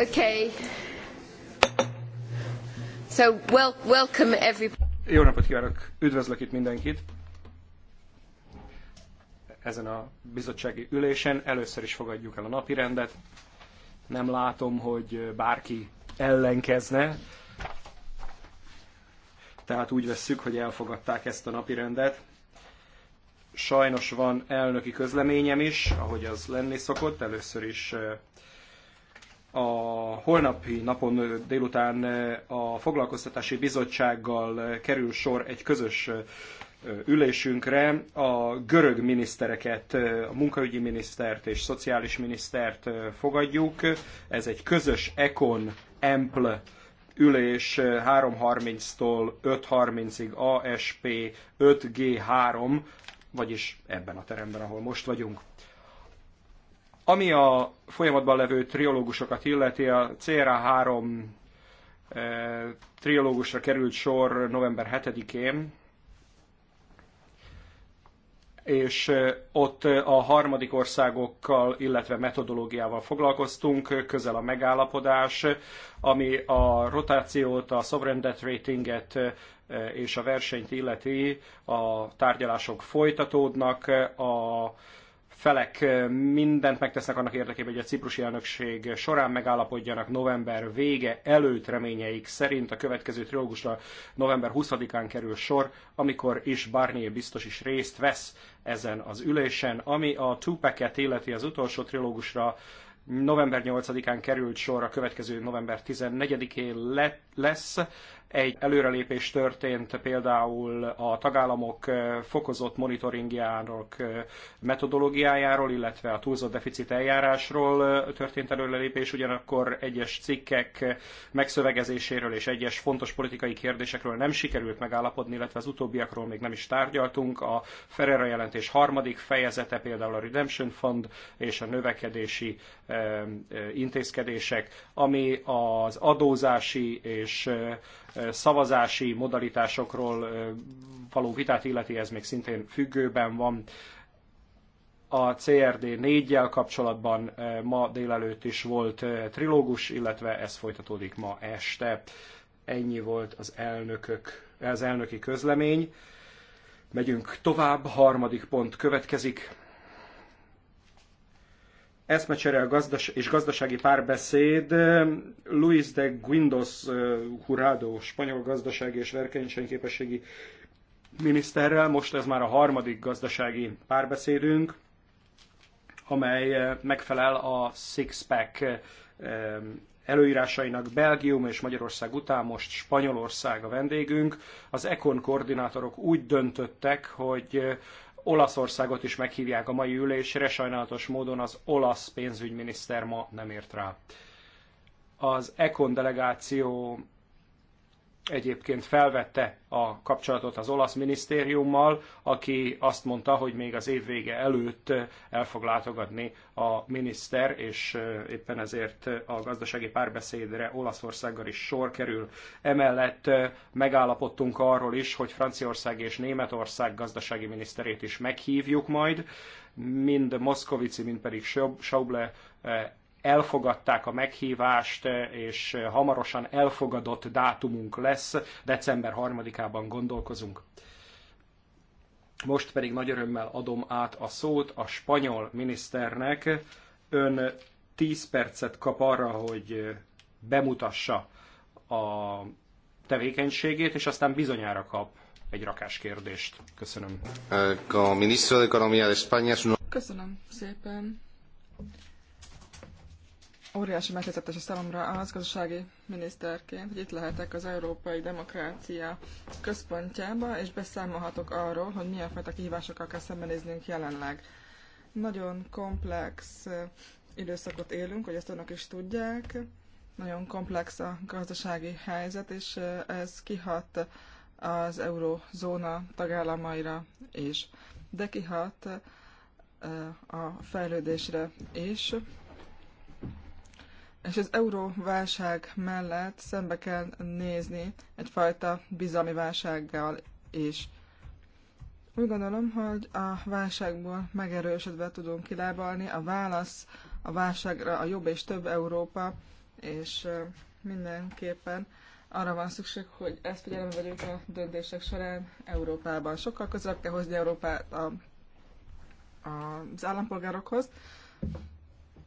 Okay. So, well, welcome Jó napot kívánok! Üdvözlök itt mindenkit! Ezen a bizottsági ülésen először is fogadjuk el a napi rendet. Nem látom, hogy bárki ellenkezne. Tehát úgy vesszük, hogy elfogadták ezt a napi rendet. Sajnos van elnöki közleményem is, ahogy az lenni szokott. Először is eh, a holnapi napon délután a foglalkoztatási bizottsággal kerül sor egy közös ülésünkre a görög minisztereket, a munkaügyi minisztert és szociális minisztert fogadjuk. Ez egy közös Econ Empl ülés 3.30-tól 5.30-ig ASP 5G3, vagyis ebben a teremben, ahol most vagyunk. Ami a folyamatban levő triológusokat illeti, a CRA 3 e, triológusra került sor november 7-én, és e, ott e, a harmadik országokkal, illetve metodológiával foglalkoztunk, közel a megállapodás, ami a rotációt, a sovereign debt ratinget és a versenyt illeti, a tárgyalások folytatódnak, a felek mindent megtesznek annak érdekében, hogy a ciprusi elnökség során megállapodjanak november vége előtt reményeik szerint a következő trilógusra november 20-án kerül sor, amikor is Barnier biztos is részt vesz ezen az ülésen, ami a Tupac-et illeti az utolsó trilógusra november 8-án került sor, a következő november 14-én lesz. Egy előrelépés történt például a tagállamok eh, fokozott monitoringjának eh, metodológiájáról, illetve a túlzott deficit eljárásról eh, történt előrelépés, ugyanakkor egyes cikkek megszövegezéséről és egyes fontos politikai kérdésekről nem sikerült megállapodni, illetve az utóbbiakról még nem is tárgyaltunk. A Ferrera jelentés harmadik fejezete például a Redemption Fund és a növekedési intézkedések, ami az adózási és szavazási modalitásokról való vitát illeti, ez még szintén függőben van. A CRD 4-jel kapcsolatban ma délelőtt is volt trilógus, illetve ez folytatódik ma este. Ennyi volt az, elnökök, az elnöki közlemény. Megyünk tovább, harmadik pont következik eszmecsere gazdas- és gazdasági párbeszéd Luis de Guindos Jurado, eh, spanyol gazdasági és versenyképességi miniszterrel. Most ez már a harmadik gazdasági párbeszédünk, amely eh, megfelel a Six-Pack eh, előírásainak Belgium és Magyarország után most Spanyolország a vendégünk. Az ECON koordinátorok úgy döntöttek, hogy Olaszországot is meghívják a mai ülésre, sajnálatos módon az olasz pénzügyminiszter ma nem ért rá. Az ECON delegáció egyébként felvette a kapcsolatot az olasz minisztériummal, aki azt mondta, hogy még az év vége előtt el fog látogatni a miniszter, és éppen ezért a gazdasági párbeszédre Olaszországgal is sor kerül. Emellett megállapodtunk arról is, hogy Franciaország és Németország gazdasági miniszterét is meghívjuk majd, mind Moszkovici, mind pedig Schauble elfogadták a meghívást, és hamarosan elfogadott dátumunk lesz, december 3-ában gondolkozunk. Most pedig nagy örömmel adom át a szót a spanyol miniszternek. Ön 10 percet kap arra, hogy bemutassa a tevékenységét, és aztán bizonyára kap egy rakás kérdést. Köszönöm. Eh, Köszönöm szépen óriási megtiszteltetés a számomra az gazdasági miniszterként, hogy itt lehetek az európai demokrácia központjába, és beszámolhatok arról, hogy milyen fajta kihívásokkal kell szembenéznünk jelenleg. Nagyon komplex időszakot élünk, hogy ezt önök is tudják. Nagyon komplex a gazdasági helyzet, és ez kihat az eurózóna tagállamaira is, de kihat a fejlődésre is és az euróválság mellett szembe kell nézni egyfajta bizalmi válsággal is. Úgy gondolom, hogy a válságból megerősödve tudunk kilábalni. A válasz a válságra a jobb és több Európa, és mindenképpen arra van szükség, hogy ezt figyelembe vegyük a döntések során Európában. Sokkal közelebb kell hozni Európát a, a, az állampolgárokhoz,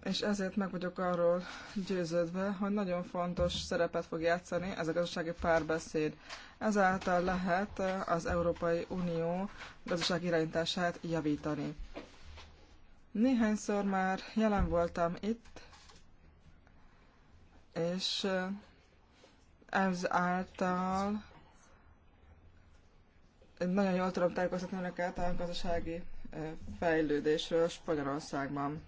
és ezért meg vagyok arról győződve, hogy nagyon fontos szerepet fog játszani ez a gazdasági párbeszéd. Ezáltal lehet az Európai Unió gazdasági irányítását javítani. Néhányszor már jelen voltam itt, és ez által nagyon jól tudom tájékoztatni önöket a gazdasági fejlődésről Spanyolországban.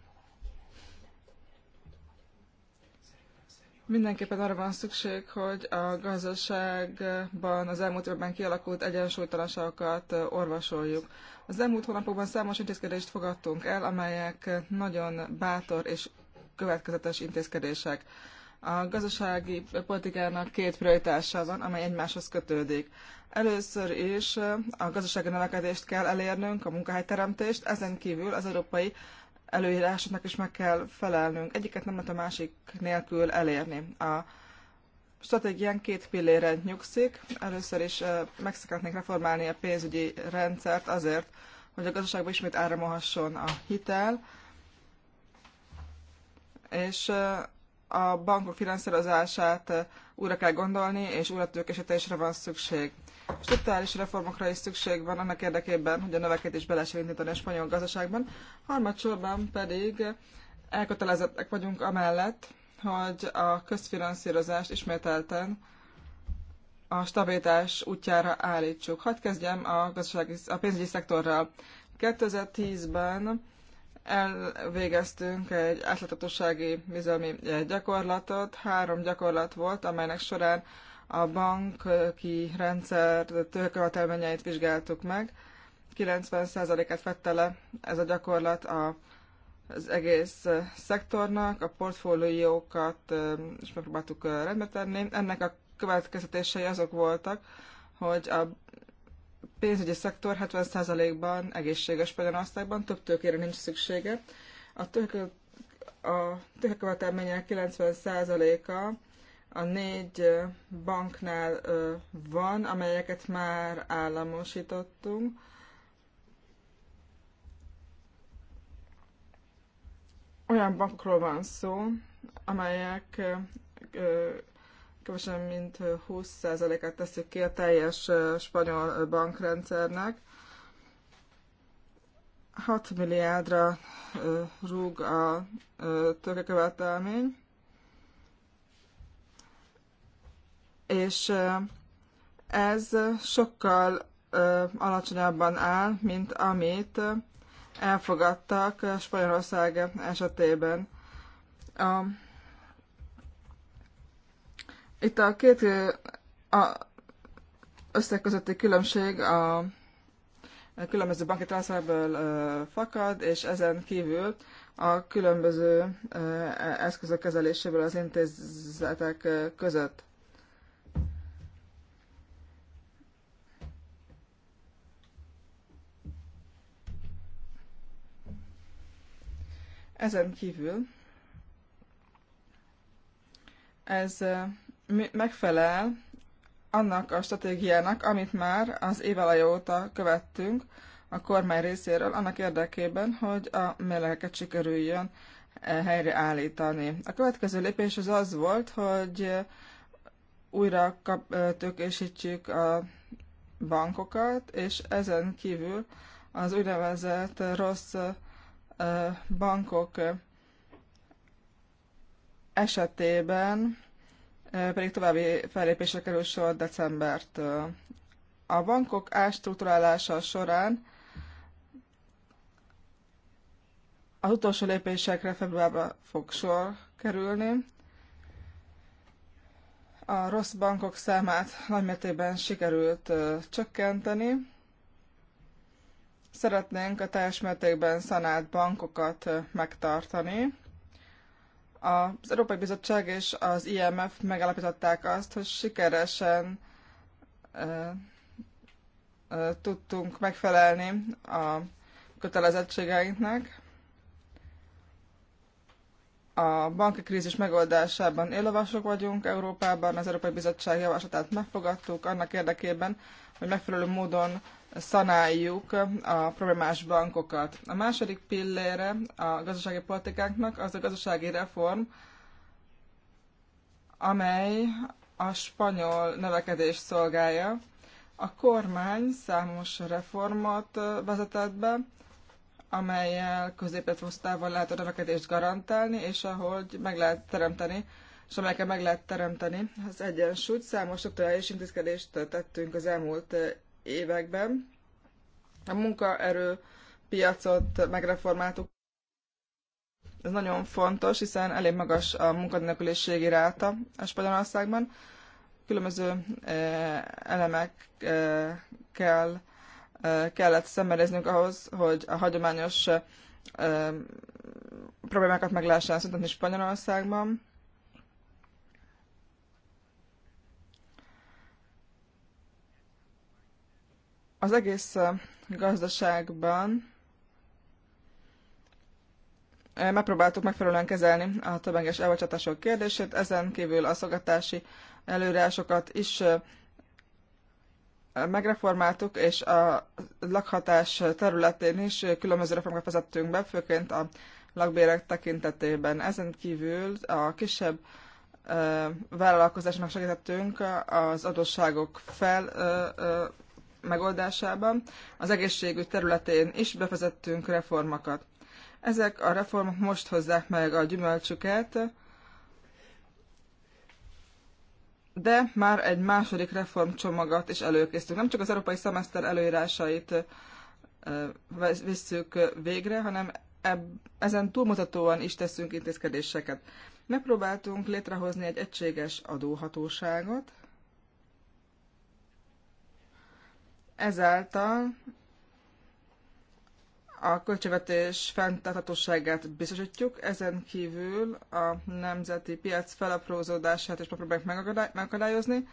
Mindenképpen arra van szükség, hogy a gazdaságban az elmúlt évben kialakult egyensúlytalanságokat orvosoljuk. Az elmúlt hónapokban számos intézkedést fogadtunk el, amelyek nagyon bátor és következetes intézkedések. A gazdasági politikának két prioritása van, amely egymáshoz kötődik. Először is a gazdasági növekedést kell elérnünk, a munkahelyteremtést, ezen kívül az európai előírásoknak is meg kell felelnünk. Egyiket nem lehet a másik nélkül elérni. A stratégián két pillére nyugszik. Először is meg szeretnénk reformálni a pénzügyi rendszert azért, hogy a gazdaságban ismét áramolhasson a hitel, és a bankok finanszírozását újra kell gondolni, és újra tőkesítésre van szükség. Struktúrális reformokra is szükség van annak érdekében, hogy a növekedés be a spanyol gazdaságban. Harmadsorban pedig elkötelezettek vagyunk amellett, hogy a közfinanszírozást ismételten a stabilitás útjára állítsuk. Hadd kezdjem a, gazdasági, a pénzügyi szektorral. 2010-ben elvégeztünk egy átláthatósági bizalmi eh, gyakorlatot. Három gyakorlat volt, amelynek során a banki rendszer tőkekövetelményeit vizsgáltuk meg. 90%-át vette le ez a gyakorlat a, az egész eh, szektornak, a portfóliókat eh, is megpróbáltuk rendbe tenni. Ennek a következtetései azok voltak, hogy a pénzügyi szektor 70%-ban egészséges Spanyolországban, több tőkére nincs szüksége. A tőke, a tőkekövetelmények 90%-a a négy banknál van, amelyeket már államosítottunk. Olyan bankról van szó, amelyek kevesen mint 20%-át teszik ki a teljes spanyol bankrendszernek. 6 milliárdra rúg a tőkekövetelmény, és ez sokkal alacsonyabban áll, mint amit elfogadtak Spanyolország esetében. A itt a két a összeközötti különbség a különböző banki transferből fakad, és ezen kívül a különböző eszközök kezeléséből az intézetek között. Ezen kívül ez megfelel annak a stratégiának, amit már az éveleje óta követtünk a kormány részéről, annak érdekében, hogy a mérlegeket sikerüljön e helyreállítani. A következő lépés az az volt, hogy újra kap, tökésítsük a bankokat, és ezen kívül az úgynevezett rossz bankok esetében pedig további fellépésre kerül sor decembertől. A bankok ástruktúrálása során az utolsó lépésekre februárban fog sor kerülni. A rossz bankok számát nagymértékben sikerült csökkenteni. Szeretnénk a teljes mértékben szanált bankokat megtartani az Európai Bizottság és az IMF megállapították azt, hogy sikeresen tudtunk megfelelni a kötelezettségeinknek. A banki krízis megoldásában élovasok vagyunk Európában, az Európai Bizottság javaslatát megfogadtuk annak érdekében, hogy megfelelő módon szanáljuk a problémás bankokat. A második pillére a gazdasági politikánknak az a gazdasági reform, amely a spanyol növekedés szolgálja. A kormány számos reformot vezetett be, amelyel középetfosztával lehet a növekedést garantálni, és ahogy meg lehet teremteni, és amelyeket meg lehet teremteni az egyensúlyt. Számos struktúrális intézkedést tettünk az elmúlt években. A munkaerő piacot megreformáltuk. Ez nagyon fontos, hiszen elég magas a munkanélküliségi ráta a Spanyolországban. Különböző eh, elemek eh, kell eh, kellett szembenéznünk ahhoz, hogy a hagyományos eh, problémákat meg lehessen szüntetni Spanyolországban Az egész gazdaságban megpróbáltuk megfelelően kezelni a tömeges elbocsátások kérdését, ezen kívül a szolgatási előrásokat is megreformáltuk, és a lakhatás területén is különböző reformokat vezettünk be, főként a lakbérek tekintetében. Ezen kívül a kisebb vállalkozásnak segítettünk az adósságok fel megoldásában, az egészségügy területén is bevezettünk reformokat. Ezek a reformok most hozzák meg a gyümölcsüket, de már egy második reformcsomagot is előkészítünk. Nem csak az európai szemeszter előírásait visszük végre, hanem ezen túlmutatóan is teszünk intézkedéseket. Megpróbáltunk létrehozni egy egységes adóhatóságot, Ezáltal a költségvetés fenntarthatóságát biztosítjuk, ezen kívül a nemzeti piac felaprózódását is megpróbáljuk megakadályozni,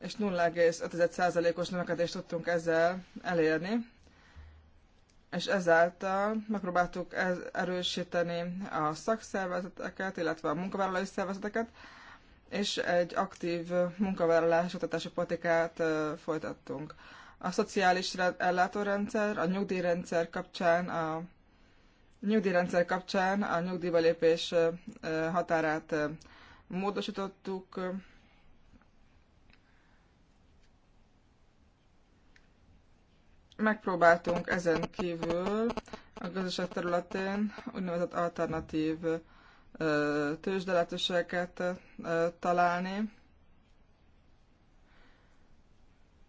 és 0,5%-os növekedést tudtunk ezzel elérni, és ezáltal megpróbáltuk erősíteni a szakszervezeteket, illetve a munkavállalói szervezeteket, és egy aktív munkavállalás oktatási politikát folytattunk. A szociális ellátórendszer, a nyugdíjrendszer kapcsán a nyugdíjrendszer kapcsán a nyugdíjbelépés határát módosítottuk. Megpróbáltunk ezen kívül a gazdaság területén úgynevezett alternatív tőzsdeletőségeket találni.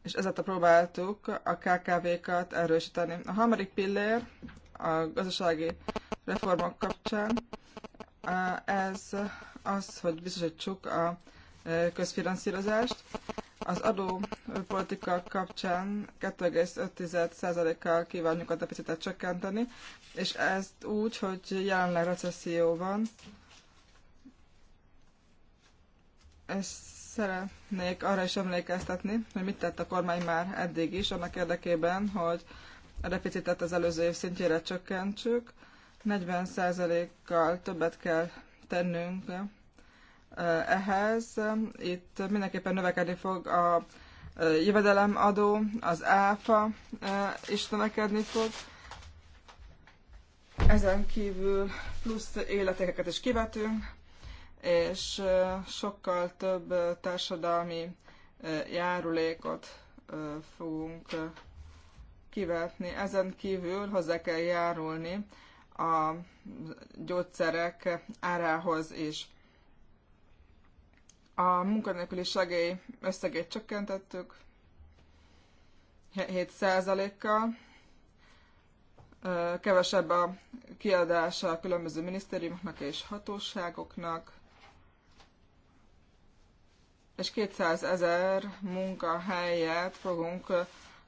És ezzel próbáltuk a KKV-kat erősíteni. A harmadik pillér a gazdasági reformok kapcsán ez az, hogy biztosítsuk a közfinanszírozást. Az adópolitika kapcsán 2,5%-kal kívánjuk a deficitet csökkenteni, és ezt úgy, hogy jelenleg recesszió van. Ezt szeretnék arra is emlékeztetni, hogy mit tett a kormány már eddig is, annak érdekében, hogy a deficitet az előző év szintjére csökkentsük. 40%-kal többet kell tennünk Eh, ehhez. Itt mindenképpen növekedni fog a eh, jövedelemadó, az áfa eh, is növekedni fog. Ezen kívül plusz életeket is kivetünk, és sokkal több társadalmi járulékot fogunk kivetni. Ezen kívül hozzá kell járulni a gyógyszerek árához is. A munkanélküli segély összegét csökkentettük 7%-kal, kevesebb a kiadása a különböző minisztériumoknak és hatóságoknak, és 200 ezer munkahelyet fogunk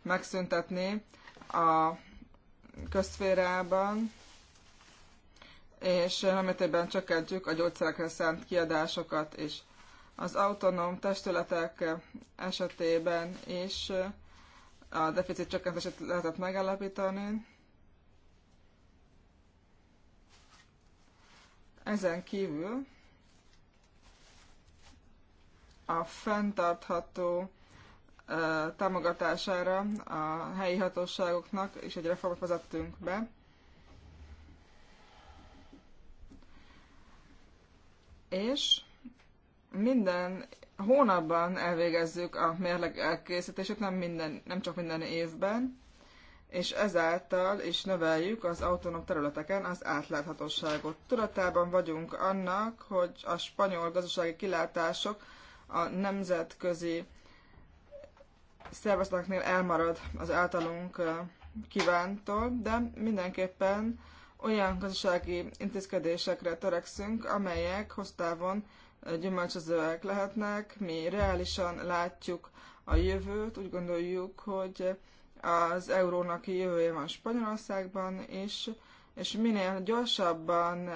megszüntetni a közférában, és nem csökkentjük a gyógyszerekre szánt kiadásokat is. És az autonóm testületek esetében is a deficit csökkentését lehetett megállapítani. Ezen kívül a fenntartható támogatására a helyi hatóságoknak is egy reformot vezettünk be. És minden hónapban elvégezzük a mérleg elkészítését, nem, minden, nem csak minden évben, és ezáltal is növeljük az autonóm területeken az átláthatóságot. Tudatában vagyunk annak, hogy a spanyol gazdasági kilátások a nemzetközi szervezeteknél elmarad az általunk kívántól, de mindenképpen olyan gazdasági intézkedésekre törekszünk, amelyek hoztávon gyümölcsözőek lehetnek. Mi reálisan látjuk a jövőt, úgy gondoljuk, hogy az eurónak jövője van Spanyolországban is, és minél gyorsabban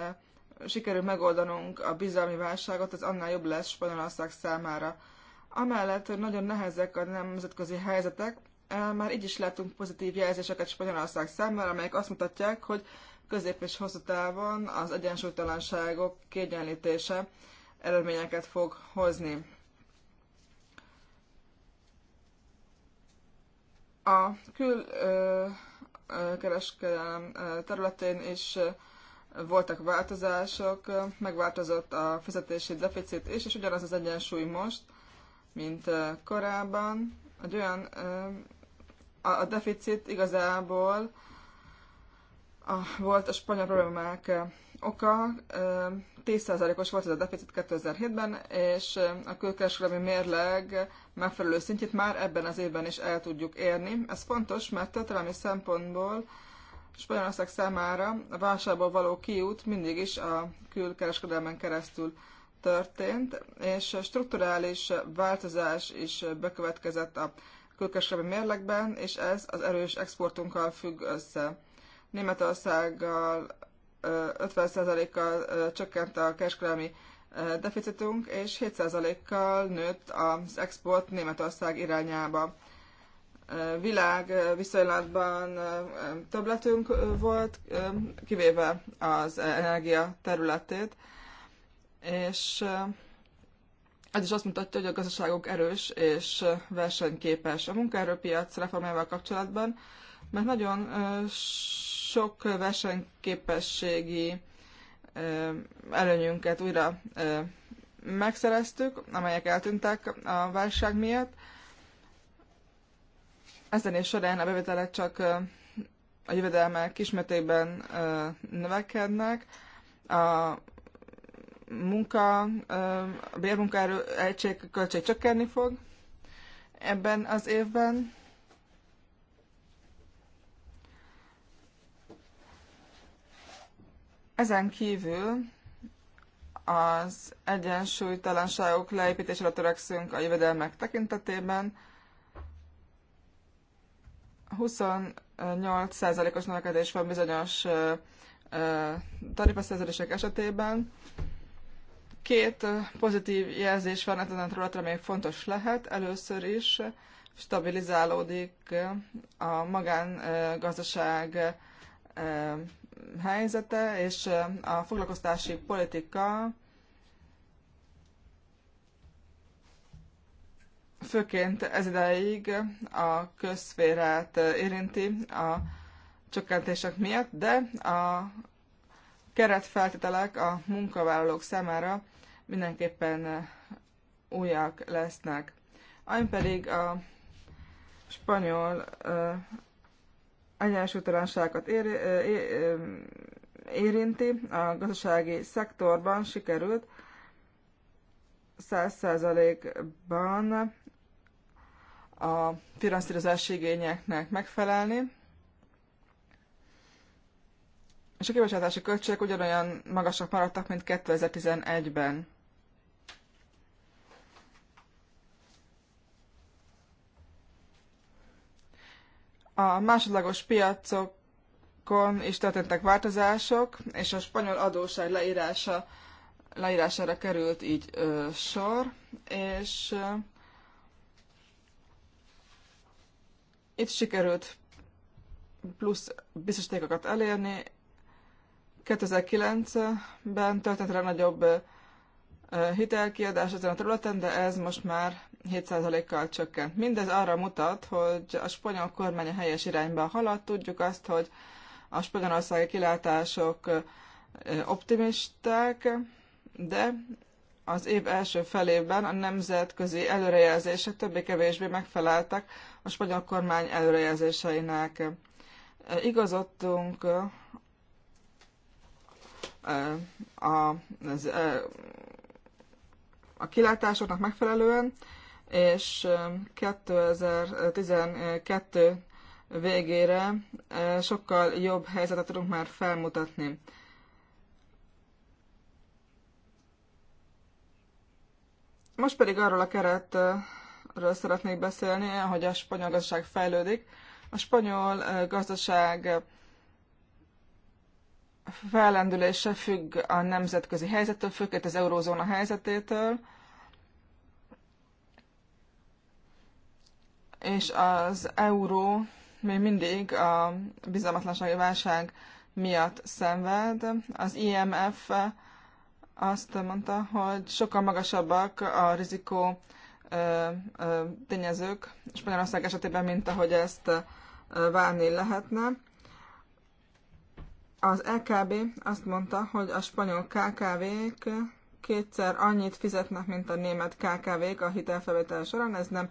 sikerül megoldanunk a bizalmi válságot, az annál jobb lesz Spanyolország számára. Amellett, hogy nagyon nehezek a nemzetközi helyzetek, eh, már így is látunk pozitív jelzéseket Spanyolország számára, amelyek azt mutatják, hogy közép és hosszú távon az egyensúlytalanságok kiegyenlítése eredményeket fog hozni. A külkereskedelem területén is voltak változások, megváltozott a fizetési deficit is, és ugyanaz az egyensúly most, mint korábban. Egy olyan, a deficit igazából a, volt a spanyol problémák oka. 10%-os volt ez a deficit 2007-ben, és a külkereskedelmi mérleg megfelelő szintjét már ebben az évben is el tudjuk érni. Ez fontos, mert történelmi szempontból Spanyolország számára a válságból való kiút mindig is a külkereskedelmen keresztül történt, és strukturális változás is bekövetkezett a külkereskedelmi mérlegben, és ez az erős exportunkkal függ össze. Németországgal 50%-kal csökkent a kereskedelmi deficitünk, és 7%-kal nőtt az export Németország irányába. Világ viszonylatban többletünk volt, kivéve az energia területét, és ez is azt mutatja, hogy a gazdaságok erős és versenyképes a munkaerőpiac reformjával kapcsolatban, mert nagyon sok versenyképességi előnyünket újra megszereztük, amelyek eltűntek a válság miatt. Ezen és során a bevételek csak a jövedelmek kismetében növekednek. A munka, a bérmunkaerő egység költség csökkenni fog ebben az évben, Ezen kívül az egyensúlytalanságok leépítésre törekszünk a jövedelmek tekintetében. 28%-os növekedés van bizonyos tarifaszerződések esetében. Két pozitív jelzés van ezen a területen, még fontos lehet. Először is stabilizálódik a magángazdaság helyzete, és a foglalkoztási politika főként ez ideig a közszférát érinti a csökkentések miatt, de a keretfeltételek a munkavállalók számára mindenképpen újak lesznek. Ami pedig a spanyol egyensúlytalanságokat ér, érinti. A gazdasági szektorban sikerült 100%-ban a finanszírozási igényeknek megfelelni, és a kibocsátási költségek ugyanolyan magasak maradtak, mint 2011-ben. A másodlagos piacokon is történtek változások, és a spanyol adóság leírása, leírására került így ö, sor, és ö, itt sikerült plusz biztosítékokat elérni. 2009-ben történt rá nagyobb hitelkiadás ezen a területen, de ez most már 7%-kal csökkent. Mindez arra mutat, hogy a spanyol kormány a helyes irányba haladt. Tudjuk azt, hogy a spanyolországi kilátások optimisták, de az év első felében a nemzetközi előrejelzések többé-kevésbé megfeleltek a spanyol kormány előrejelzéseinek. Igazodtunk a, a, a kilátásoknak megfelelően, és 2012 végére sokkal jobb helyzetet tudunk már felmutatni. Most pedig arról a keretről szeretnék beszélni, hogy a spanyol gazdaság fejlődik. A spanyol gazdaság fellendülése függ a nemzetközi helyzettől, főként az eurózóna helyzetétől. és az euró még mindig a bizalmatlansági válság miatt szenved. Az IMF azt mondta, hogy sokkal magasabbak a rizikó tényezők Spanyolország esetében, mint ahogy ezt várni lehetne. Az LKB e azt mondta, hogy a spanyol KKV-k kétszer annyit fizetnek, mint a német KKV-k a hitelfelvétel során, ez nem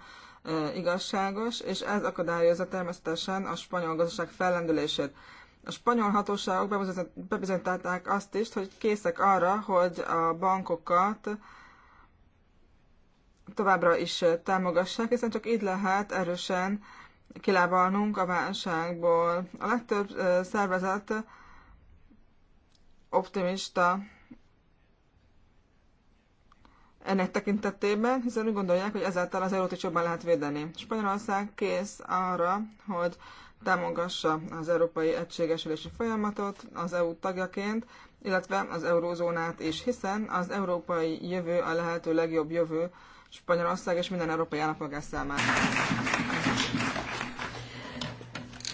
igazságos, és ez akadályozza természetesen a spanyol gazdaság fellendülését. A spanyol hatóságok bebizonyították azt is, hogy készek arra, hogy a bankokat továbbra is támogassák, hiszen csak így lehet erősen kilábalnunk a válságból. A legtöbb szervezet optimista ennek tekintetében, hiszen úgy gondolják, hogy ezáltal az eurót is jobban lehet védeni. Spanyolország kész arra, hogy támogassa az európai egységesülési folyamatot az EU tagjaként, illetve az eurózónát is, hiszen az európai jövő a lehető legjobb jövő Spanyolország és minden európai állampolgár számára.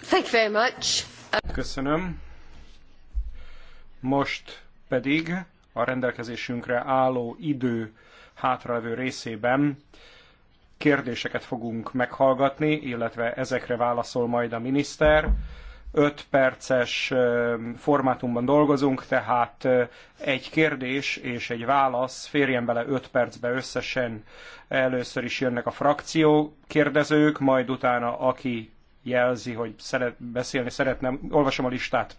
Thank you very much. Köszönöm. Most pedig a rendelkezésünkre álló idő hátralévő részében kérdéseket fogunk meghallgatni, illetve ezekre válaszol majd a miniszter. 5 perces formátumban dolgozunk, tehát egy kérdés és egy válasz férjen bele 5 percbe összesen. Először is jönnek a frakció kérdezők, majd utána aki jelzi, hogy szeret, beszélni szeretne, olvasom a listát.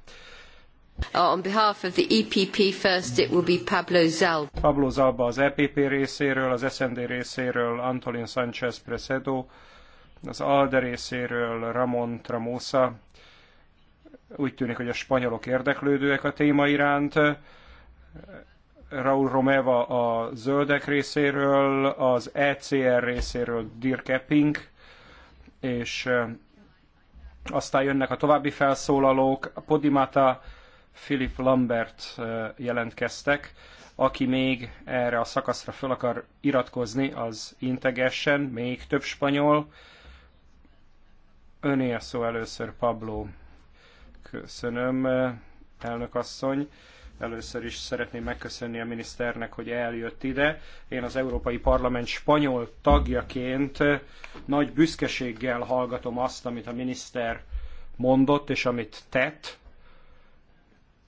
Uh, on behalf of the EPP first, it will be Pablo Zalba. Pablo Zalba az EPP részéről, az SND részéről Antolin Sanchez Presedo, az ALDE részéről Ramon Tramosa. Úgy tűnik, hogy a spanyolok érdeklődőek a téma iránt. Raúl Romeva a zöldek részéről, az ECR részéről Dirk Epping, és eh, aztán jönnek a további felszólalók, a Podimata, Philip Lambert jelentkeztek, aki még erre a szakaszra fel akar iratkozni, az integessen, még több spanyol. Öné a szó először, Pablo. Köszönöm, elnök asszony. Először is szeretném megköszönni a miniszternek, hogy eljött ide. Én az Európai Parlament spanyol tagjaként nagy büszkeséggel hallgatom azt, amit a miniszter mondott és amit tett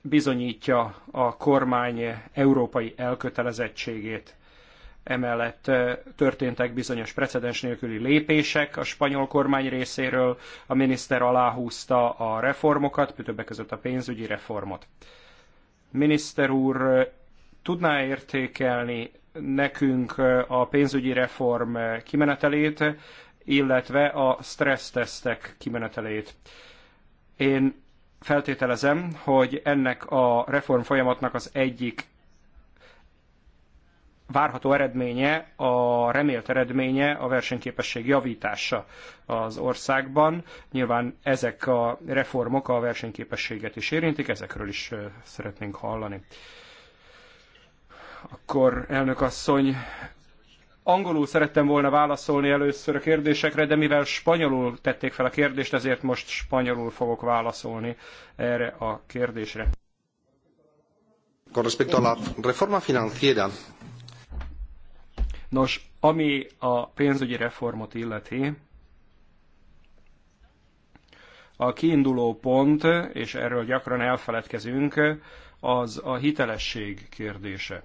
bizonyítja a kormány európai elkötelezettségét. Emellett történtek bizonyos precedens nélküli lépések a spanyol kormány részéről, a miniszter aláhúzta a reformokat, többek között a pénzügyi reformot. Miniszter úr, tudná értékelni nekünk a pénzügyi reform kimenetelét, illetve a stressztesztek kimenetelét. Én feltételezem, hogy ennek a reform folyamatnak az egyik várható eredménye, a remélt eredménye a versenyképesség javítása az országban. Nyilván ezek a reformok a versenyképességet is érintik, ezekről is szeretnénk hallani. Akkor elnök asszony, Angolul szerettem volna válaszolni először a kérdésekre, de mivel spanyolul tették fel a kérdést, ezért most spanyolul fogok válaszolni erre a kérdésre. Con respecto a la reforma financiera. Nos, ami a pénzügyi reformot illeti, a kiinduló pont, és erről gyakran elfeledkezünk, az a hitelesség kérdése.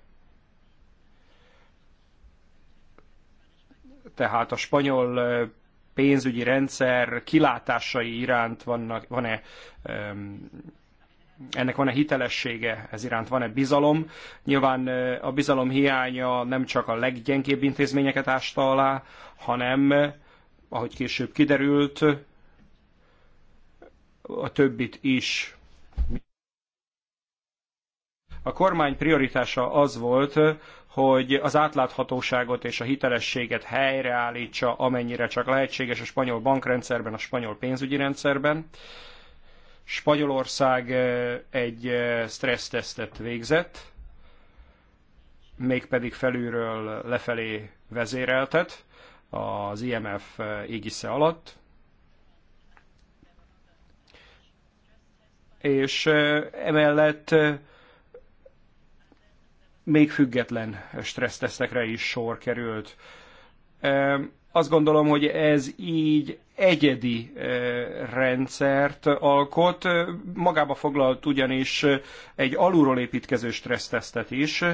tehát a spanyol pénzügyi rendszer kilátásai iránt vannak, van-e ennek van-e hitelessége, ez iránt van-e bizalom. Nyilván a bizalom hiánya nem csak a leggyengébb intézményeket ásta alá, hanem, ahogy később kiderült, a többit is. A kormány prioritása az volt, hogy az átláthatóságot és a hitelességet helyreállítsa, amennyire csak lehetséges a spanyol bankrendszerben, a spanyol pénzügyi rendszerben. Spanyolország eh, egy eh, stressztesztet végzett, mégpedig felülről lefelé vezéreltet az IMF eh, égisze alatt, és emellett még független stressztesztekre is sor került. Azt gondolom, hogy ez így egyedi rendszert alkot, magába foglalt ugyanis egy alulról építkező stressztesztet is,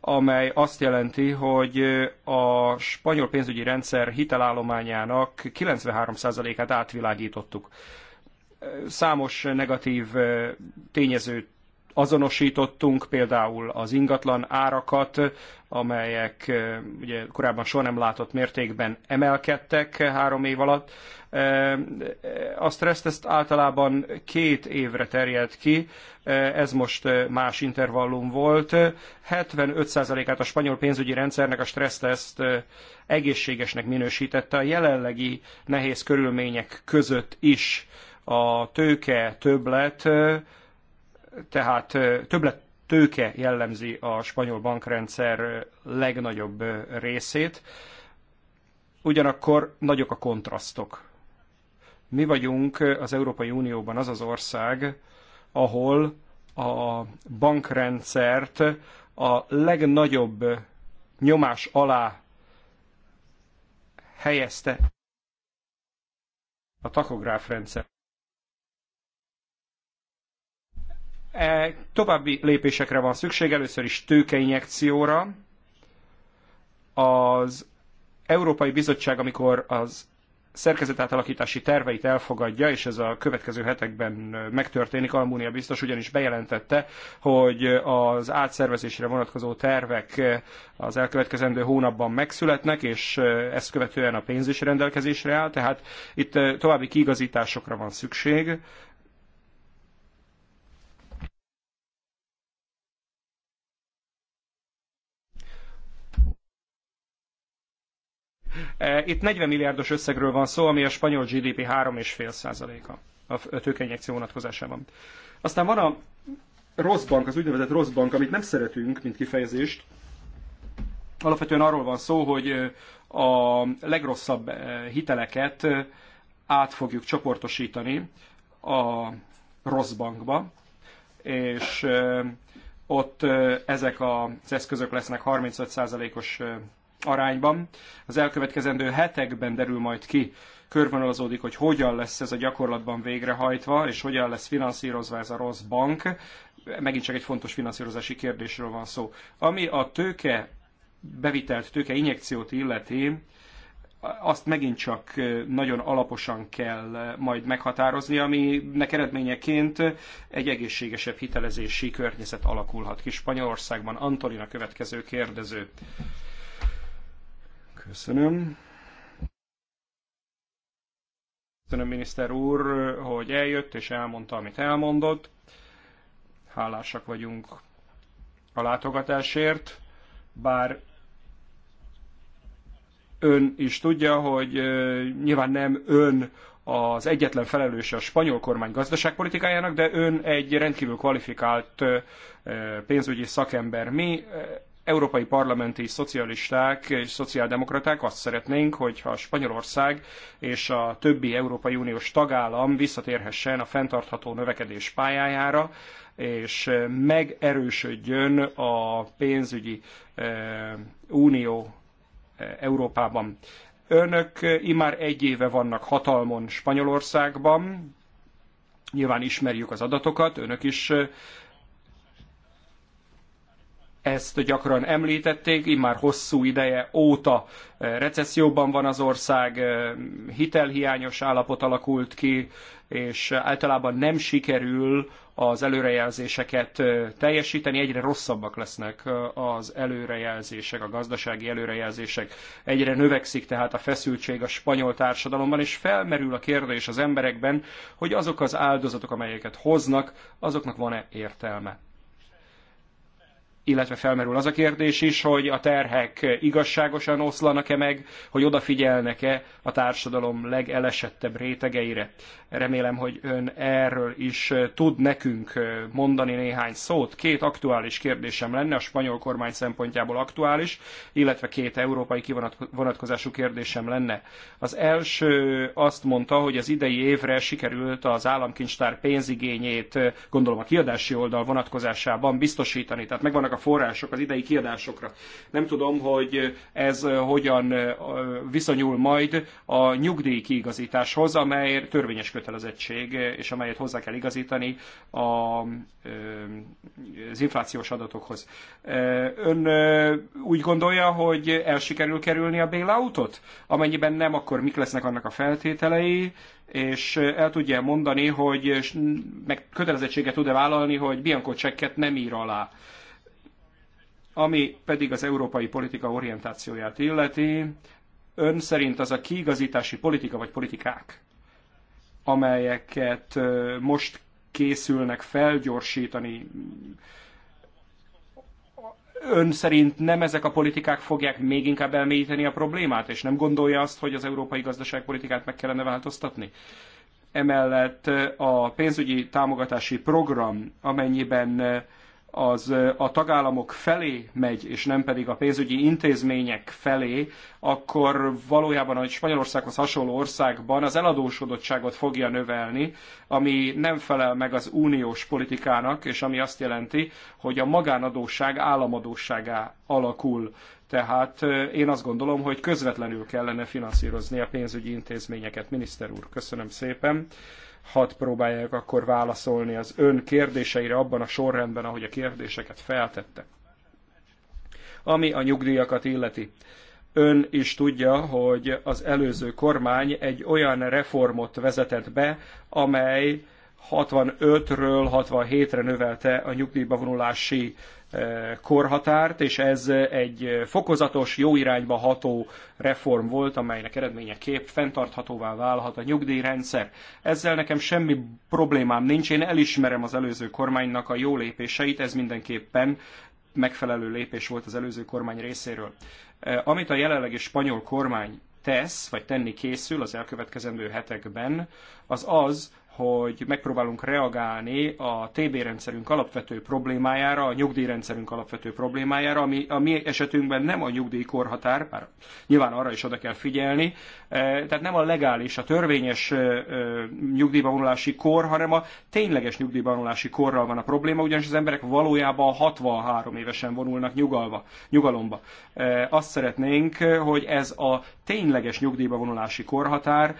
amely azt jelenti, hogy a spanyol pénzügyi rendszer hitelállományának 93%-át átvilágítottuk. Számos negatív tényezőt azonosítottunk, például az ingatlan árakat, amelyek eh, ugye korábban soha nem látott mértékben emelkedtek három év alatt. Eh, a ezt általában két évre terjed ki, eh, ez most más intervallum volt. 75%-át a spanyol pénzügyi rendszernek a stresszteszt egészségesnek minősítette a jelenlegi nehéz körülmények között is. A tőke többlet tehát többlet tőke jellemzi a spanyol bankrendszer legnagyobb részét, ugyanakkor nagyok a kontrasztok. Mi vagyunk az Európai Unióban az az ország, ahol a bankrendszert a legnagyobb nyomás alá helyezte a takográfrendszer E, további lépésekre van szükség, először is tőkeinjekcióra. Az Európai Bizottság, amikor az szerkezetátalakítási terveit elfogadja, és ez a következő hetekben megtörténik. Almunia biztos ugyanis bejelentette, hogy az átszervezésre vonatkozó tervek az elkövetkezendő hónapban megszületnek, és ezt követően a pénz is rendelkezésre áll, tehát itt további kiigazításokra van szükség E, itt 40 milliárdos összegről van szó, ami a spanyol GDP 3,5%-a a tőkeinjekció vonatkozásában. Aztán van a rossz bank, az úgynevezett rossz bank, amit nem szeretünk, mint kifejezést. Alapvetően arról van szó, hogy e, a legrosszabb e, hiteleket át fogjuk csoportosítani a rossz bankba, és ott ezek az eszközök lesznek 35%-os arányban. Az elkövetkezendő hetekben derül majd ki, körvonalazódik, hogy hogyan lesz ez a gyakorlatban végrehajtva, és hogyan lesz finanszírozva ez a rossz bank. Megint csak egy fontos finanszírozási kérdésről van szó. Ami a tőke bevitelt tőke injekciót illeti, azt megint csak nagyon alaposan kell majd meghatározni, ami eredményeként egy egészségesebb hitelezési környezet alakulhat ki Spanyolországban. Antolina következő kérdező. Köszönöm. Köszönöm miniszter úr, hogy eljött és elmondta, amit elmondott. Hálásak vagyunk a látogatásért, bár ön is tudja, hogy nyilván nem ön az egyetlen felelős a spanyol kormány gazdaságpolitikájának, de ön egy rendkívül kvalifikált pénzügyi szakember. Mi európai parlamenti szocialisták és szociáldemokraták azt szeretnénk, hogyha Spanyolország és a többi Európai Uniós tagállam visszatérhessen a fenntartható növekedés pályájára, és megerősödjön a pénzügyi eh, unió eh, Európában. Önök immár egy éve vannak hatalmon Spanyolországban, nyilván ismerjük az adatokat, önök is eh, ezt gyakran említették, immár hosszú ideje óta eh, recesszióban van az ország, eh, hitelhiányos állapot alakult ki, és általában nem sikerül az előrejelzéseket eh, teljesíteni, egyre rosszabbak lesznek az előrejelzések, a gazdasági előrejelzések, egyre növekszik tehát a feszültség a spanyol társadalomban, és felmerül a kérdés az emberekben, hogy azok az áldozatok, amelyeket hoznak, azoknak van-e értelme illetve felmerül az a kérdés is, hogy a terhek igazságosan oszlanak-e meg, hogy odafigyelnek-e a társadalom legelesettebb rétegeire. Remélem, hogy ön erről is tud nekünk mondani néhány szót. Két aktuális kérdésem lenne, a spanyol kormány szempontjából aktuális, illetve két európai vonatkozású kérdésem lenne. Az első azt mondta, hogy az idei évre sikerült az államkincstár pénzigényét, gondolom a kiadási oldal vonatkozásában biztosítani. Tehát megvan a források az idei kiadásokra. Nem tudom, hogy ez hogyan viszonyul majd a nyugdíj kiigazításhoz, amely törvényes kötelezettség, és amelyet hozzá kell igazítani a, az inflációs adatokhoz. Ön úgy gondolja, hogy el sikerül kerülni a bailoutot? Amennyiben nem, akkor mik lesznek annak a feltételei, és el tudja mondani, hogy meg kötelezettséget tud-e vállalni, hogy Bianco csekket nem ír alá. Ami pedig az európai politika orientációját illeti, ön szerint az a kiigazítási politika vagy politikák, amelyeket most készülnek felgyorsítani, ön szerint nem ezek a politikák fogják még inkább elmélyíteni a problémát, és nem gondolja azt, hogy az európai gazdaságpolitikát meg kellene változtatni? Emellett a pénzügyi támogatási program, amennyiben az a tagállamok felé megy, és nem pedig a pénzügyi intézmények felé, akkor valójában a Spanyolországhoz hasonló országban az eladósodottságot fogja növelni, ami nem felel meg az uniós politikának, és ami azt jelenti, hogy a magánadósság államadóságá alakul. Tehát én azt gondolom, hogy közvetlenül kellene finanszírozni a pénzügyi intézményeket. Miniszter úr, köszönöm szépen hadd próbálják akkor válaszolni az ön kérdéseire abban a sorrendben, ahogy a kérdéseket feltette. Ami a nyugdíjakat illeti. Ön is tudja, hogy az előző kormány egy olyan reformot vezetett be, amely 65-ről 67-re növelte a nyugdíjba vonulási korhatárt, és ez egy fokozatos, jó irányba ható reform volt, amelynek eredménye kép fenntarthatóvá válhat a nyugdíjrendszer. Ezzel nekem semmi problémám nincs, én elismerem az előző kormánynak a jó lépéseit, ez mindenképpen megfelelő lépés volt az előző kormány részéről. Eh, amit a jelenlegi spanyol kormány tesz, vagy tenni készül az elkövetkezendő hetekben, az az, hogy megpróbálunk reagálni a TB rendszerünk alapvető problémájára, a nyugdíjrendszerünk alapvető problémájára, ami a mi esetünkben nem a nyugdíjkorhatár, bár nyilván arra is oda kell figyelni, e, tehát nem a legális, a törvényes e, e, nyugdíjbanulási kor, hanem a tényleges nyugdíjbanulási korral van a probléma, ugyanis az emberek valójában 63 évesen vonulnak nyugalva, nyugalomba. Azt szeretnénk, hogy ez a tényleges nyugdíjba korhatár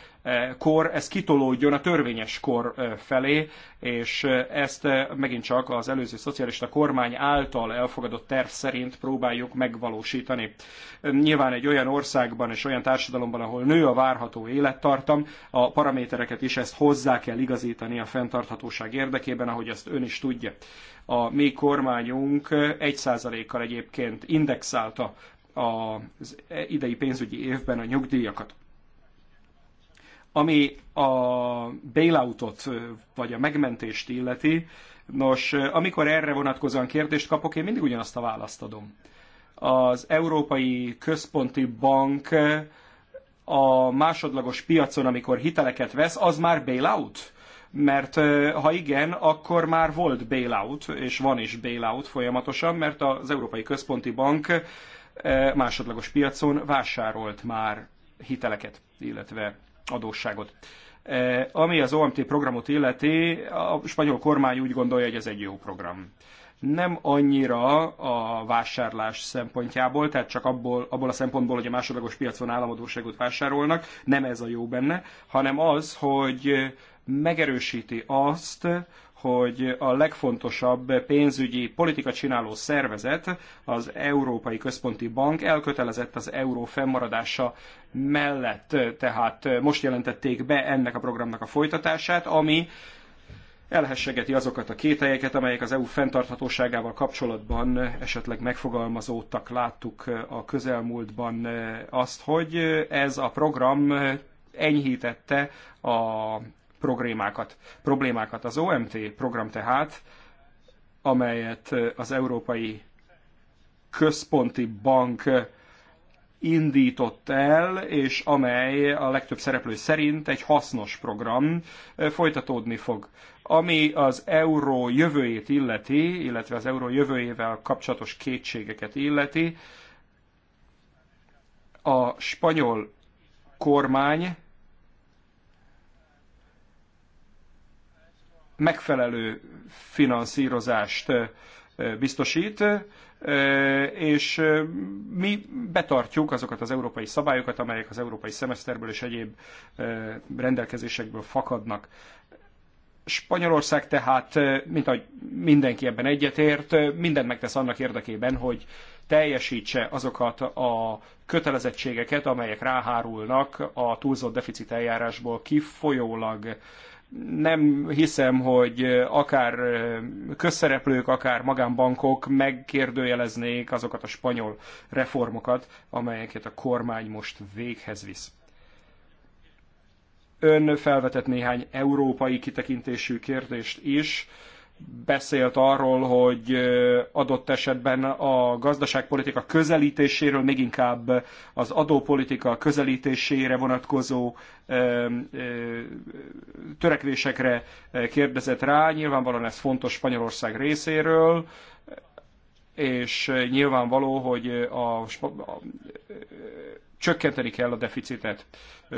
kor, ez kitolódjon a törvényes kor felé, és ezt megint csak az előző szocialista kormány által elfogadott terv szerint próbáljuk megvalósítani. Nyilván egy olyan országban és olyan társadalomban, ahol nő a várható élettartam, a paramétereket is ezt hozzá kell igazítani a fenntarthatóság érdekében, ahogy azt ön is tudja. A mi kormányunk 1%-kal egyébként indexálta az idei pénzügyi évben a nyugdíjakat. Ami a bailoutot, vagy a megmentést illeti, nos, amikor erre vonatkozóan kérdést kapok, én mindig ugyanazt a választ adom. Az Európai Központi Bank a másodlagos piacon, amikor hiteleket vesz, az már bailout? Mert ha igen, akkor már volt bailout, és van is bailout folyamatosan, mert az Európai Központi Bank másodlagos piacon vásárolt már hiteleket, illetve adósságot. E, ami az OMT programot illeti, a spanyol kormány úgy gondolja, hogy ez egy jó program nem annyira a vásárlás szempontjából, tehát csak abból, abból a szempontból, hogy a másodlagos piacon államadóságot vásárolnak, nem ez a jó benne, hanem az, hogy megerősíti azt, hogy a legfontosabb pénzügyi politika csináló szervezet, az Európai Központi Bank elkötelezett az euró fennmaradása mellett, tehát most jelentették be ennek a programnak a folytatását, ami elhessegeti azokat a kételyeket, amelyek az EU fenntarthatóságával kapcsolatban esetleg megfogalmazódtak. Láttuk a közelmúltban azt, hogy ez a program enyhítette a problémákat. problémákat. Az OMT program tehát, amelyet az Európai Központi Bank indított el, és amely a legtöbb szereplő szerint egy hasznos program folytatódni fog. Ami az euró jövőjét illeti, illetve az euró jövőjével kapcsolatos kétségeket illeti, a spanyol kormány megfelelő finanszírozást biztosít, és mi betartjuk azokat az európai szabályokat, amelyek az európai szemeszterből és egyéb rendelkezésekből fakadnak. Spanyolország tehát, mint ahogy mindenki ebben egyetért, mindent megtesz annak érdekében, hogy teljesítse azokat a kötelezettségeket, amelyek ráhárulnak a túlzott deficit eljárásból kifolyólag nem hiszem, hogy akár közszereplők, akár magánbankok megkérdőjeleznék azokat a spanyol reformokat, amelyeket a kormány most véghez visz. Ön felvetett néhány európai kitekintésű kérdést is, beszélt arról, hogy adott esetben a gazdaságpolitika közelítéséről, még inkább az adópolitika közelítésére vonatkozó törekvésekre kérdezett rá. Nyilvánvalóan ez fontos Spanyolország részéről, és nyilvánvaló, hogy a, a, a, csökkenteni kell a deficitet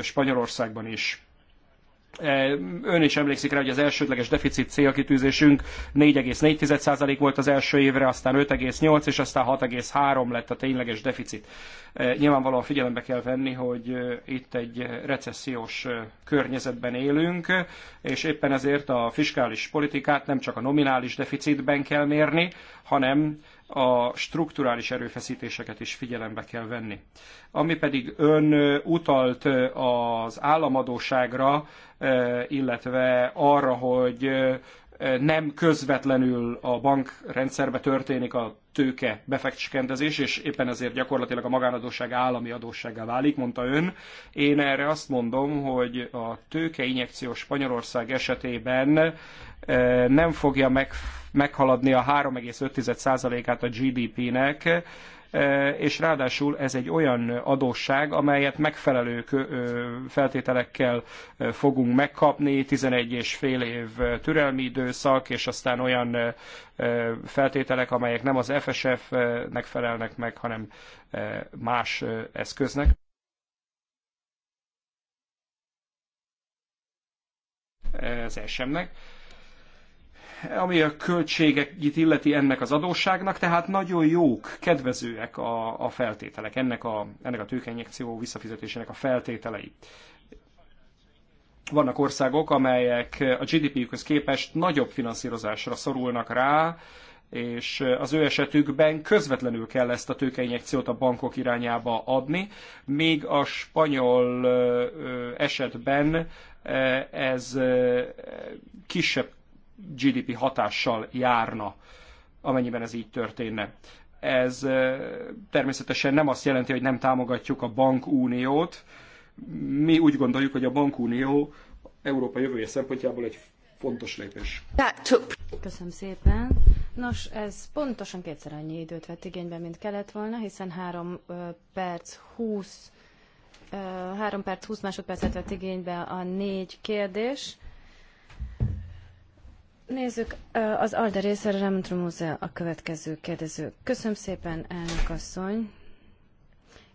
Spanyolországban is. E, ön is emlékszik rá, hogy az elsődleges deficit célkitűzésünk 4,4% volt az első évre, aztán 5,8 és aztán 6,3 lett a tényleges deficit. E, nyilvánvalóan figyelembe kell venni, hogy e, itt egy recessziós környezetben élünk, és éppen ezért a fiskális politikát nem csak a nominális deficitben kell mérni, hanem a strukturális erőfeszítéseket is figyelembe kell venni. Ami pedig ön utalt az államadóságra, illetve arra, hogy nem közvetlenül a bankrendszerbe történik a tőke befektetéskedezés, és éppen ezért gyakorlatilag a magánadóság állami adóssággá válik, mondta ön. Én erre azt mondom, hogy a tőkeinjekció Spanyolország esetében eh, nem fogja meg, meghaladni a 3,5%-át a GDP-nek, és ráadásul ez egy olyan adósság, amelyet megfelelő feltételekkel fogunk megkapni, 11 és fél év türelmi időszak, és aztán olyan feltételek, amelyek nem az FSF-nek felelnek meg, hanem más eszköznek. az sm ami a költségeit illeti ennek az adósságnak, tehát nagyon jók, kedvezőek a, a feltételek, ennek a, ennek a tőkeinjekció visszafizetésének a feltételei. Vannak országok, amelyek a GDP-jükhöz képest nagyobb finanszírozásra szorulnak rá, és az ő esetükben közvetlenül kell ezt a tőkeinjekciót a bankok irányába adni, míg a spanyol esetben ez kisebb GDP hatással járna, amennyiben ez így történne. Ez eh, természetesen nem azt jelenti, hogy nem támogatjuk a bankuniót. Mi úgy gondoljuk, hogy a bankunió Európa jövője szempontjából egy fontos lépés. Köszönöm szépen. Nos, ez pontosan kétszer annyi időt vett igénybe, mint kellett volna, hiszen 3 perc 20 3 perc 20 másodpercet vett igénybe a négy kérdés. Nézzük az Alde részéről, Raymond a következő kérdező. Köszönöm szépen, elnök asszony.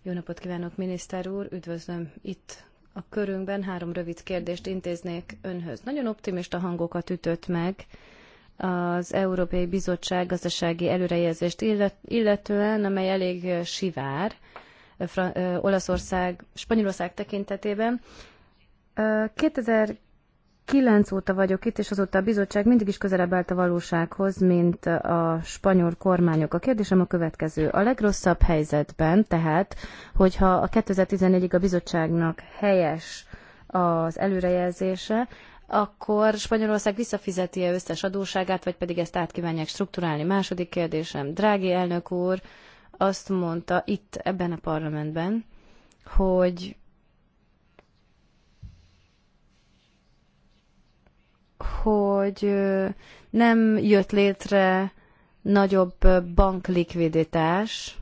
Jó napot kívánok, miniszter úr. Üdvözlöm itt a körünkben. Három rövid kérdést intéznék önhöz. Nagyon optimista hangokat ütött meg az Európai Bizottság gazdasági előrejelzést illetően, amely elég sivár Olaszország, Spanyolország tekintetében. 2000 2009 óta vagyok itt, és azóta a bizottság mindig is közelebb állt a valósághoz, mint a spanyol kormányok. A kérdésem a következő. A legrosszabb helyzetben, tehát, hogyha a 2014-ig a bizottságnak helyes az előrejelzése, akkor Spanyolország visszafizeti-e összes adóságát, vagy pedig ezt átkívánják strukturálni? Második kérdésem. Drági elnök úr azt mondta itt, ebben a parlamentben, hogy hogy nem jött létre nagyobb banklikviditás,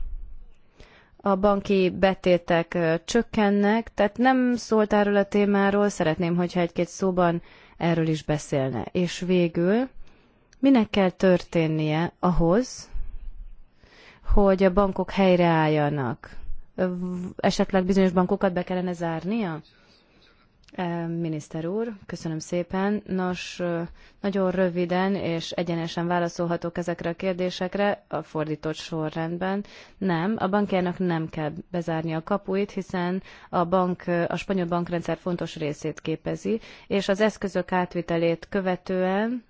a banki betétek csökkennek, tehát nem szólt erről a témáról, szeretném, hogyha egy-két szóban erről is beszélne. És végül, minek kell történnie ahhoz, hogy a bankok helyreálljanak? Esetleg bizonyos bankokat be kellene zárnia? Miniszter úr, köszönöm szépen. Nos, nagyon röviden és egyenesen válaszolhatok ezekre a kérdésekre a fordított sorrendben. Nem, a bankjának nem kell bezárni a kapuit, hiszen a, bank, a spanyol bankrendszer fontos részét képezi, és az eszközök átvitelét követően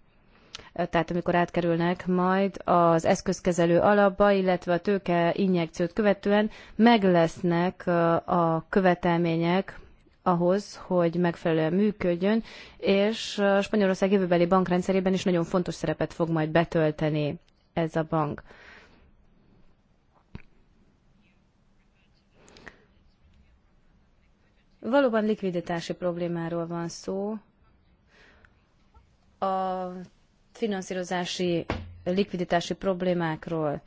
tehát amikor átkerülnek majd az eszközkezelő alapba, illetve a tőke injekciót követően meg lesznek a követelmények ahhoz, hogy megfelelően működjön, és a Spanyolország jövőbeli bankrendszerében is nagyon fontos szerepet fog majd betölteni ez a bank. Valóban likviditási problémáról van szó. A finanszírozási likviditási problémákról.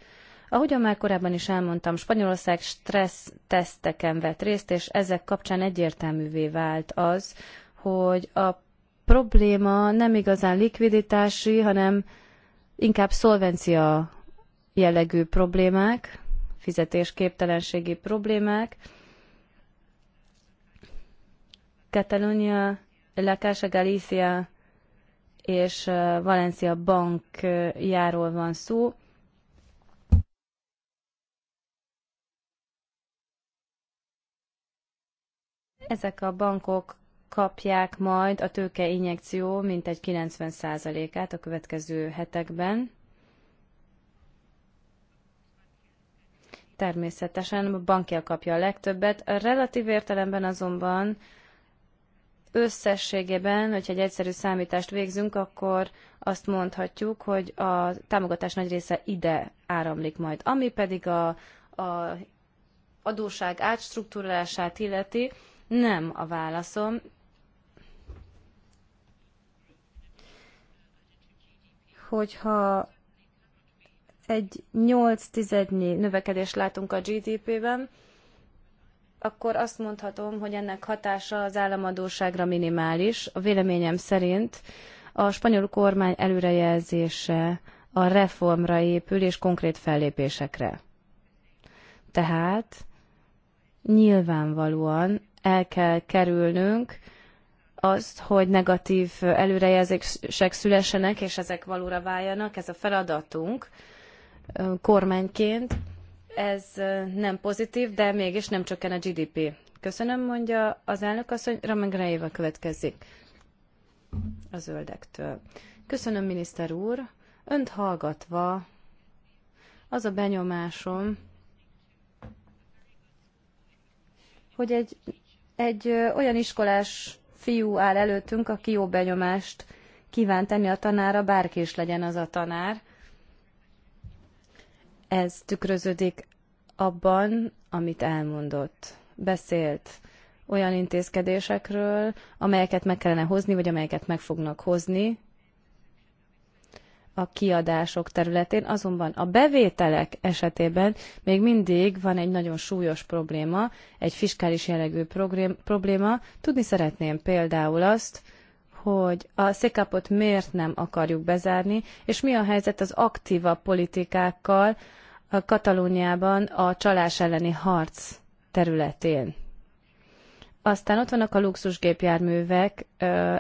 Ahogyan már korábban is elmondtam, Spanyolország stressz teszteken vett részt, és ezek kapcsán egyértelművé vált az, hogy a probléma nem igazán likviditási, hanem inkább szolvencia jellegű problémák, fizetésképtelenségi problémák. Katalónia, La Casa Galicia és uh, Valencia bankjáról uh, van szó, Ezek a bankok kapják majd a tőke injekció mintegy 90%-át a következő hetekben. Természetesen a bankja kapja a legtöbbet. A relatív értelemben azonban összességében, hogyha egy egyszerű számítást végzünk, akkor azt mondhatjuk, hogy a támogatás nagy része ide áramlik majd. Ami pedig a, a adóság átstruktúrálását illeti, nem a válaszom. Hogyha egy 8 tizednyi növekedést látunk a GDP-ben, akkor azt mondhatom, hogy ennek hatása az államadóságra minimális. A véleményem szerint a spanyol kormány előrejelzése a reformra épül és konkrét fellépésekre. Tehát nyilvánvalóan el kell kerülnünk azt, hogy negatív előrejelzések szülessenek, és ezek valóra váljanak. Ez a feladatunk kormányként. Ez nem pozitív, de mégis nem csökken a GDP. Köszönöm, mondja az elnök asszony. Ramengre éve következik a zöldektől. Köszönöm, miniszter úr. Önt hallgatva az a benyomásom, hogy egy egy olyan iskolás fiú áll előttünk, aki jó benyomást kíván tenni a tanára, bárki is legyen az a tanár. Ez tükröződik abban, amit elmondott. Beszélt olyan intézkedésekről, amelyeket meg kellene hozni, vagy amelyeket meg fognak hozni, a kiadások területén, azonban a bevételek esetében még mindig van egy nagyon súlyos probléma, egy fiskális jellegű probléma. Tudni szeretném például azt, hogy a székapot miért nem akarjuk bezárni, és mi a helyzet az aktíva politikákkal a Katalóniában a csalás elleni harc területén. Aztán ott vannak a luxusgépjárművek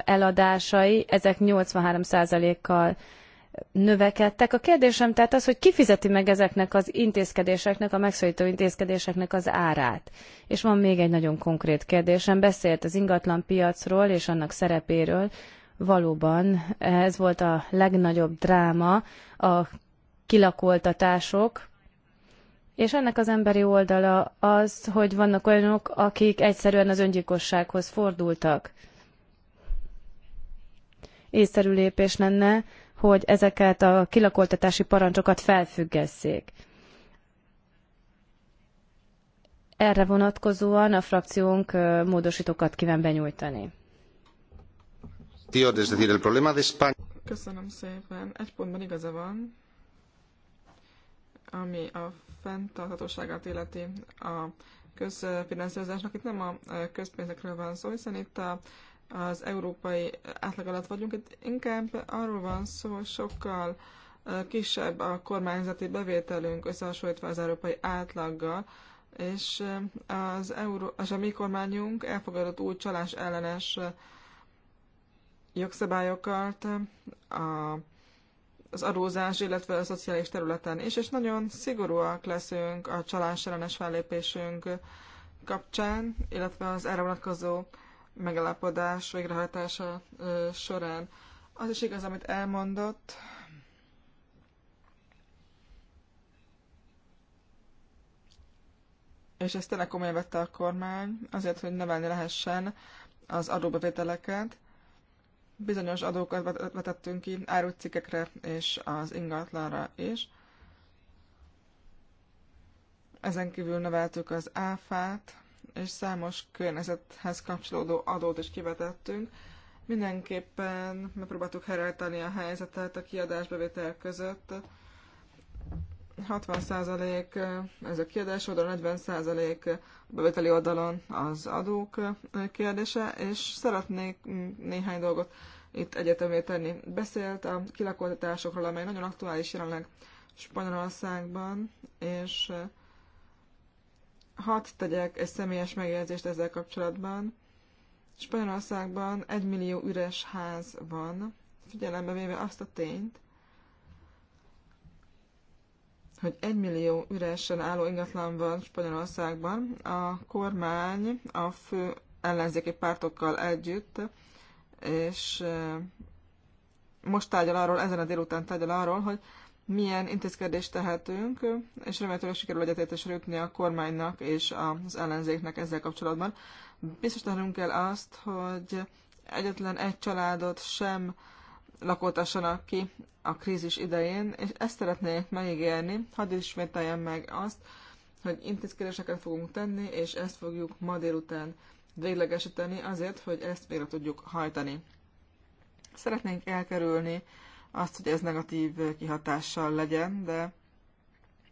eladásai, ezek 83%-kal növekedtek. A kérdésem tehát az, hogy ki fizeti meg ezeknek az intézkedéseknek, a megszólító intézkedéseknek az árát. És van még egy nagyon konkrét kérdésem. Beszélt az ingatlan piacról és annak szerepéről. Valóban ez volt a legnagyobb dráma, a kilakoltatások, és ennek az emberi oldala az, hogy vannak olyanok, akik egyszerűen az öngyilkossághoz fordultak. Észszerű lépés lenne, hogy ezeket a kilakoltatási parancsokat felfüggesszék. Erre vonatkozóan a frakciónk módosítókat kíván benyújtani. Köszönöm szépen. Egy pontban igaza van, ami a fenntarthatóságát illeti a közfinanszírozásnak. Itt nem a közpénzekről van szó, hiszen itt a az európai átlag alatt vagyunk. Itt inkább arról van szó, hogy sokkal kisebb a kormányzati bevételünk összehasonlítva az európai átlaggal, és az, euró, az a mi kormányunk elfogadott új csalás ellenes jogszabályokat a, az adózás, illetve a szociális területen is, és nagyon szigorúak leszünk a csalás ellenes fellépésünk kapcsán, illetve az erre vonatkozó megalapodás végrehajtása során. Az is igaz, amit elmondott, és ezt tényleg komolyan vette a kormány, azért, hogy növelni lehessen az adóbevételeket. Bizonyos adókat vetettünk ki árucikkekre és az ingatlanra is. Ezen kívül növeltük az áfát, és számos környezethez kapcsolódó adót is kivetettünk. Mindenképpen megpróbáltuk helyreállítani a helyzetet a kiadásbevétel között. 60% ez a kiadás oldalon, 40% a bevételi oldalon az adók kérdése, és szeretnék néhány dolgot itt egyetemé tenni. Beszélt a kilakoltatásokról, amely nagyon aktuális jelenleg Spanyolországban, és Hadd tegyek egy személyes megjegyzést ezzel kapcsolatban. Spanyolországban egy millió üres ház van, figyelembe véve azt a tényt, hogy egy millió üresen álló ingatlan van Spanyolországban. A kormány a fő ellenzéki pártokkal együtt, és eh, most tárgyal arról, ezen a délután tárgyal arról, hogy milyen intézkedést tehetünk, és remélhetőleg sikerül egyetértésre jutni a kormánynak és az ellenzéknek ezzel kapcsolatban. Biztosítanunk kell azt, hogy egyetlen egy családot sem lakoltassanak ki a krízis idején, és ezt szeretnék megígérni, hadd ismételjem meg azt, hogy intézkedéseket fogunk tenni, és ezt fogjuk ma délután véglegesíteni azért, hogy ezt végre tudjuk hajtani. Szeretnénk elkerülni azt, hogy ez negatív kihatással legyen, de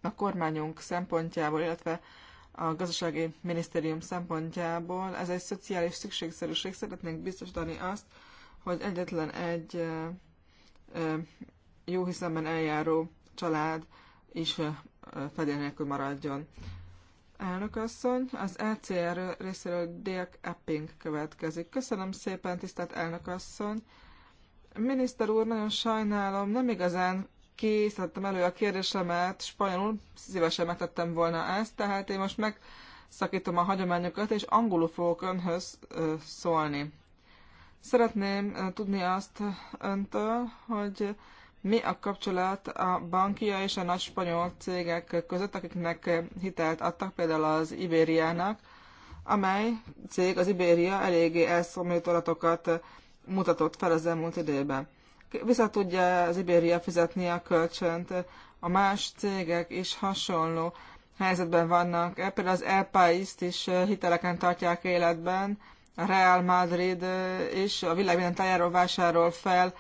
a kormányunk szempontjából, illetve a gazdasági minisztérium szempontjából ez egy szociális szükségszerűség. Szeretnénk biztosítani azt, hogy egyetlen egy jó hiszemben eljáró család is fedél nélkül maradjon. Elnök asszony, az ECR részéről Dirk Epping következik. Köszönöm szépen, tisztelt elnök asszony! Miniszter úr, nagyon sajnálom, nem igazán készítettem elő a kérdésemet spanyolul, szívesen megtettem volna ezt, tehát én most megszakítom a hagyományokat, és angolul fogok önhöz szólni. Szeretném tudni azt öntől, hogy mi a kapcsolat a bankia és a nagy spanyol cégek között, akiknek hitelt adtak, például az Ibériának, amely cég, az Ibéria eléggé elszomlított adatokat mutatott fel az elmúlt időben. Vissza tudja az Iberia fizetni a kölcsönt, a más cégek is hasonló helyzetben vannak. E, például az El País-t is hiteleken tartják életben, a Real Madrid is a világ minden tájáról vásárol fel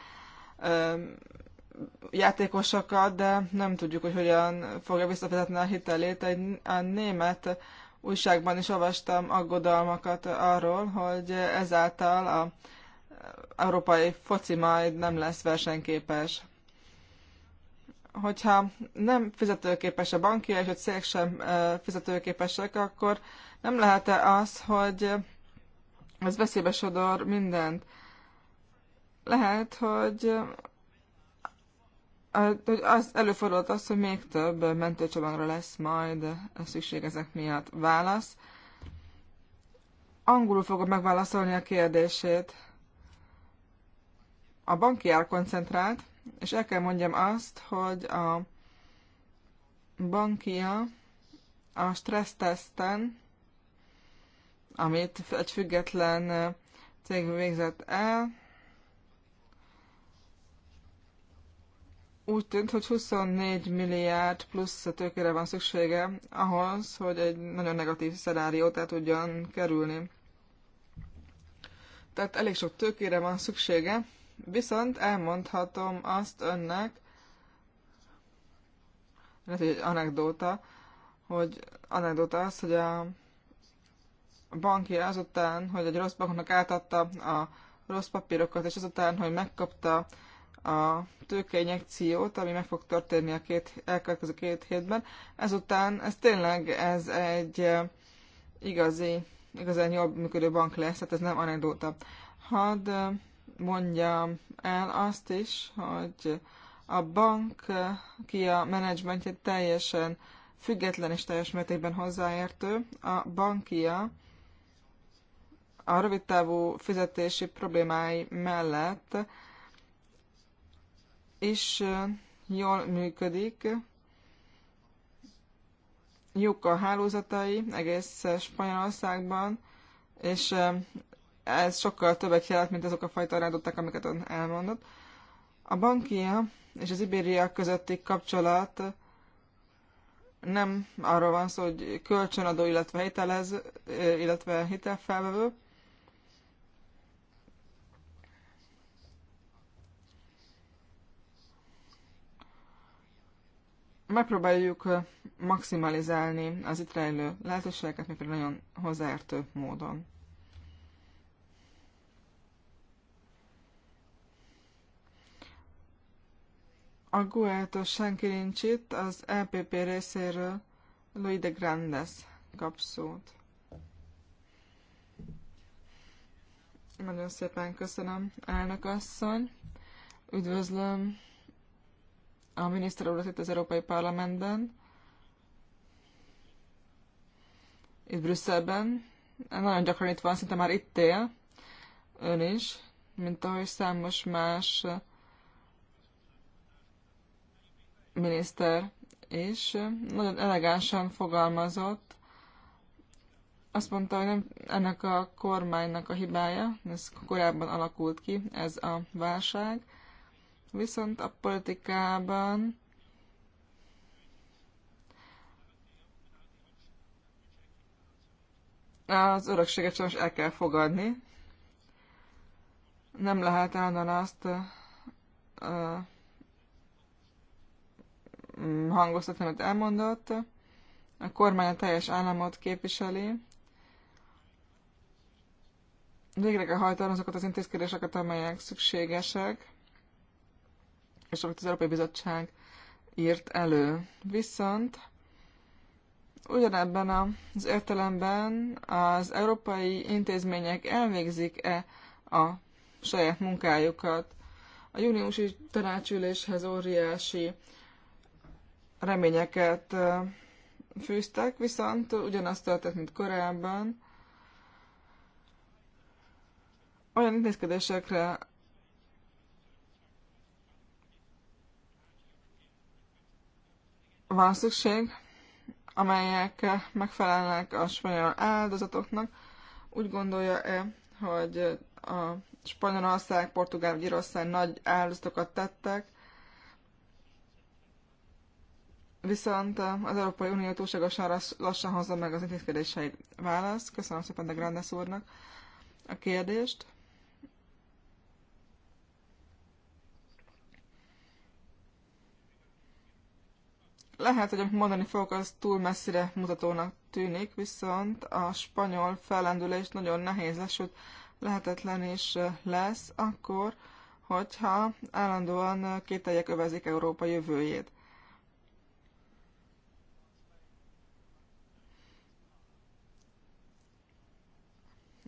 játékosokat, de nem tudjuk, hogy hogyan fogja visszafizetni a hitelét. Egy, a német újságban is olvastam aggodalmakat arról, hogy ezáltal a európai foci majd nem lesz versenyképes. Hogyha nem fizetőképes a banki, és a cég sem fizetőképesek, akkor nem lehet-e az, hogy ez veszélybe sodor mindent? Lehet, hogy hogy az előfordulhat az, hogy még több mentőcsomagra lesz majd szükség ezek miatt válasz. Angolul fogom megválaszolni a kérdését a banki elkoncentrált, és el kell mondjam azt, hogy a bankia a stressztesten, amit egy független cég végzett el, úgy tűnt, hogy 24 milliárd plusz tőkére van szüksége ahhoz, hogy egy nagyon negatív szenáriót el tudjon kerülni. Tehát elég sok tőkére van szüksége, Viszont elmondhatom azt önnek, lehet, hogy egy anekdóta, hogy anekdóta az, hogy a banki azután, hogy egy rossz banknak átadta a rossz papírokat, és azután, hogy megkapta a tőkeinjekciót, ami meg fog történni a két, elkövetkező két hétben. Ezután ez tényleg ez egy eh, igazi, igazán jobb működő bank lesz, tehát ez nem anekdóta. Hadd eh, mondjam el azt is, hogy a bank ki a menedzsmentje teljesen független és teljes mértékben hozzáértő. A bankia a rövidtávú fizetési problémái mellett is jól működik. Jók a hálózatai egész Spanyolországban, és ez sokkal többet jelent, mint azok a fajta rádották, amiket ön elmondott. A Bankia és az Ibéria közötti kapcsolat nem arról van szó, hogy kölcsönadó, illetve hitelez, illetve hitelfelvevő. Megpróbáljuk maximalizálni az itt rejlő lehetőségeket, mert nagyon hozzáértő módon. A Guelto től az LPP e részéről Louis de Grandes kap szót. Nagyon szépen köszönöm, elnök asszony. Üdvözlöm a miniszter urat itt az Európai Parlamentben, itt Brüsszelben. Nagyon gyakran itt van, szinte már itt él, ön is, mint ahogy számos más miniszter is nagyon elegánsan fogalmazott. Azt mondta, hogy nem ennek a kormánynak a hibája, ez korábban alakult ki, ez a válság. Viszont a politikában az örökséget sem el kell fogadni. Nem lehet állandóan azt uh, hangoztatni, amit elmondott. A kormány a teljes államot képviseli. Végre kell hajtani azokat az intézkedéseket, amelyek szükségesek, és amit az Európai Bizottság írt elő. Viszont ugyanebben az értelemben az európai intézmények elvégzik-e a saját munkájukat. A júniusi tanácsüléshez óriási reményeket fűztek, viszont ugyanazt történt, mint korábban. Olyan intézkedésekre van szükség, amelyek megfelelnek a spanyol áldozatoknak. Úgy gondolja-e, hogy a Spanyolország, Portugál vagy Írország nagy áldozatokat tettek, Viszont az Európai Unió túlságosan lassan hozza meg az intézkedései választ. Köszönöm szépen a Grandes úrnak a kérdést. Lehet, hogy amit mondani fogok, az túl messzire mutatónak tűnik, viszont a spanyol fellendülés nagyon nehéz lesz, sőt lehetetlen is lesz akkor, hogyha állandóan kételjek övezik Európa jövőjét.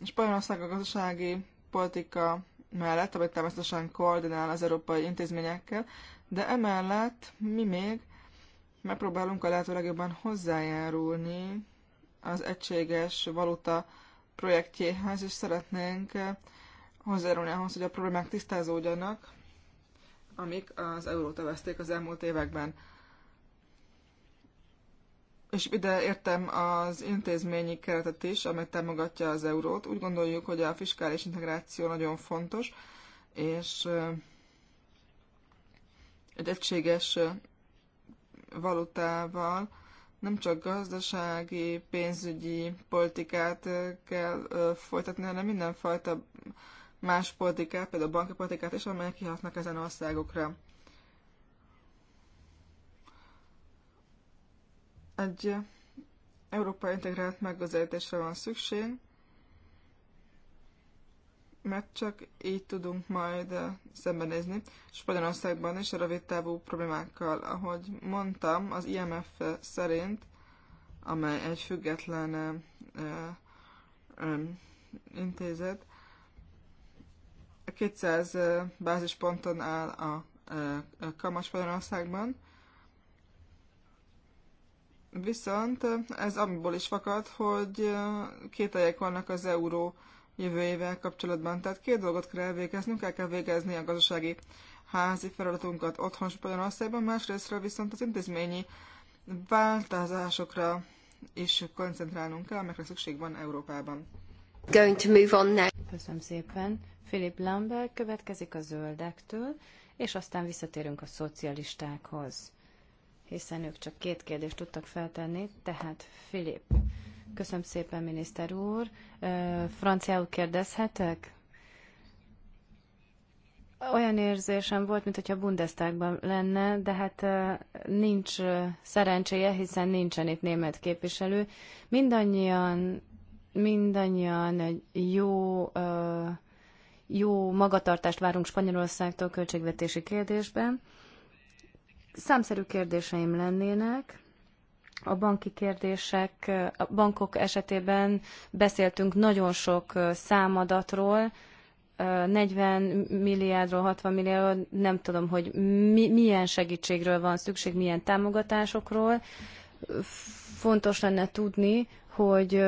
Spanyolország a gazdasági politika mellett, amit természetesen koordinál az európai intézményekkel, de emellett mi még megpróbálunk a lehető legjobban hozzájárulni az egységes valuta projektjéhez, és szeretnénk eh, hozzájárulni ahhoz, hogy a problémák tisztázódjanak, amik az eurót övezték az elmúlt években és ide értem az intézményi keretet is, amely támogatja az eurót. Úgy gondoljuk, hogy a fiskális integráció nagyon fontos, és egy egységes valutával nem csak gazdasági, pénzügyi politikát kell folytatni, hanem mindenfajta más politikát, például banki politikát is, amelyek kihatnak ezen országokra. Egy európai integrált megközelítésre van szükség, mert csak így tudunk majd szembenézni Spanyolországban is a rövid távú problémákkal. Ahogy mondtam, az IMF szerint, amely egy független ö, eh, ö, intézet, 200 eh, bázisponton áll a, eh, a, a Spanyolországban, Viszont eh, ez abból is fakad, hogy eh, kételjek vannak az euró jövőjével kapcsolatban. Tehát két dolgot kell elvégeznünk, el kell végezni a gazdasági házi feladatunkat otthon Spanyolországban, másrésztről viszont az intézményi változásokra is koncentrálnunk kell, amikre szükség van Európában. Going to move on now. Köszönöm szépen. Philip Lambert következik a zöldektől, és aztán visszatérünk a szocialistákhoz hiszen ők csak két kérdést tudtak feltenni, tehát Filip, köszönöm szépen, miniszter úr. Franciául kérdezhetek? Olyan érzésem volt, mintha Bundestagban lenne, de hát nincs szerencséje, hiszen nincsen itt német képviselő. Mindannyian, mindannyian jó, jó magatartást várunk Spanyolországtól költségvetési kérdésben. Számszerű kérdéseim lennének. A banki kérdések, a bankok esetében beszéltünk nagyon sok számadatról, 40 milliárdról, 60 milliárdról, nem tudom, hogy mi, milyen segítségről van szükség, milyen támogatásokról. Fontos lenne tudni, hogy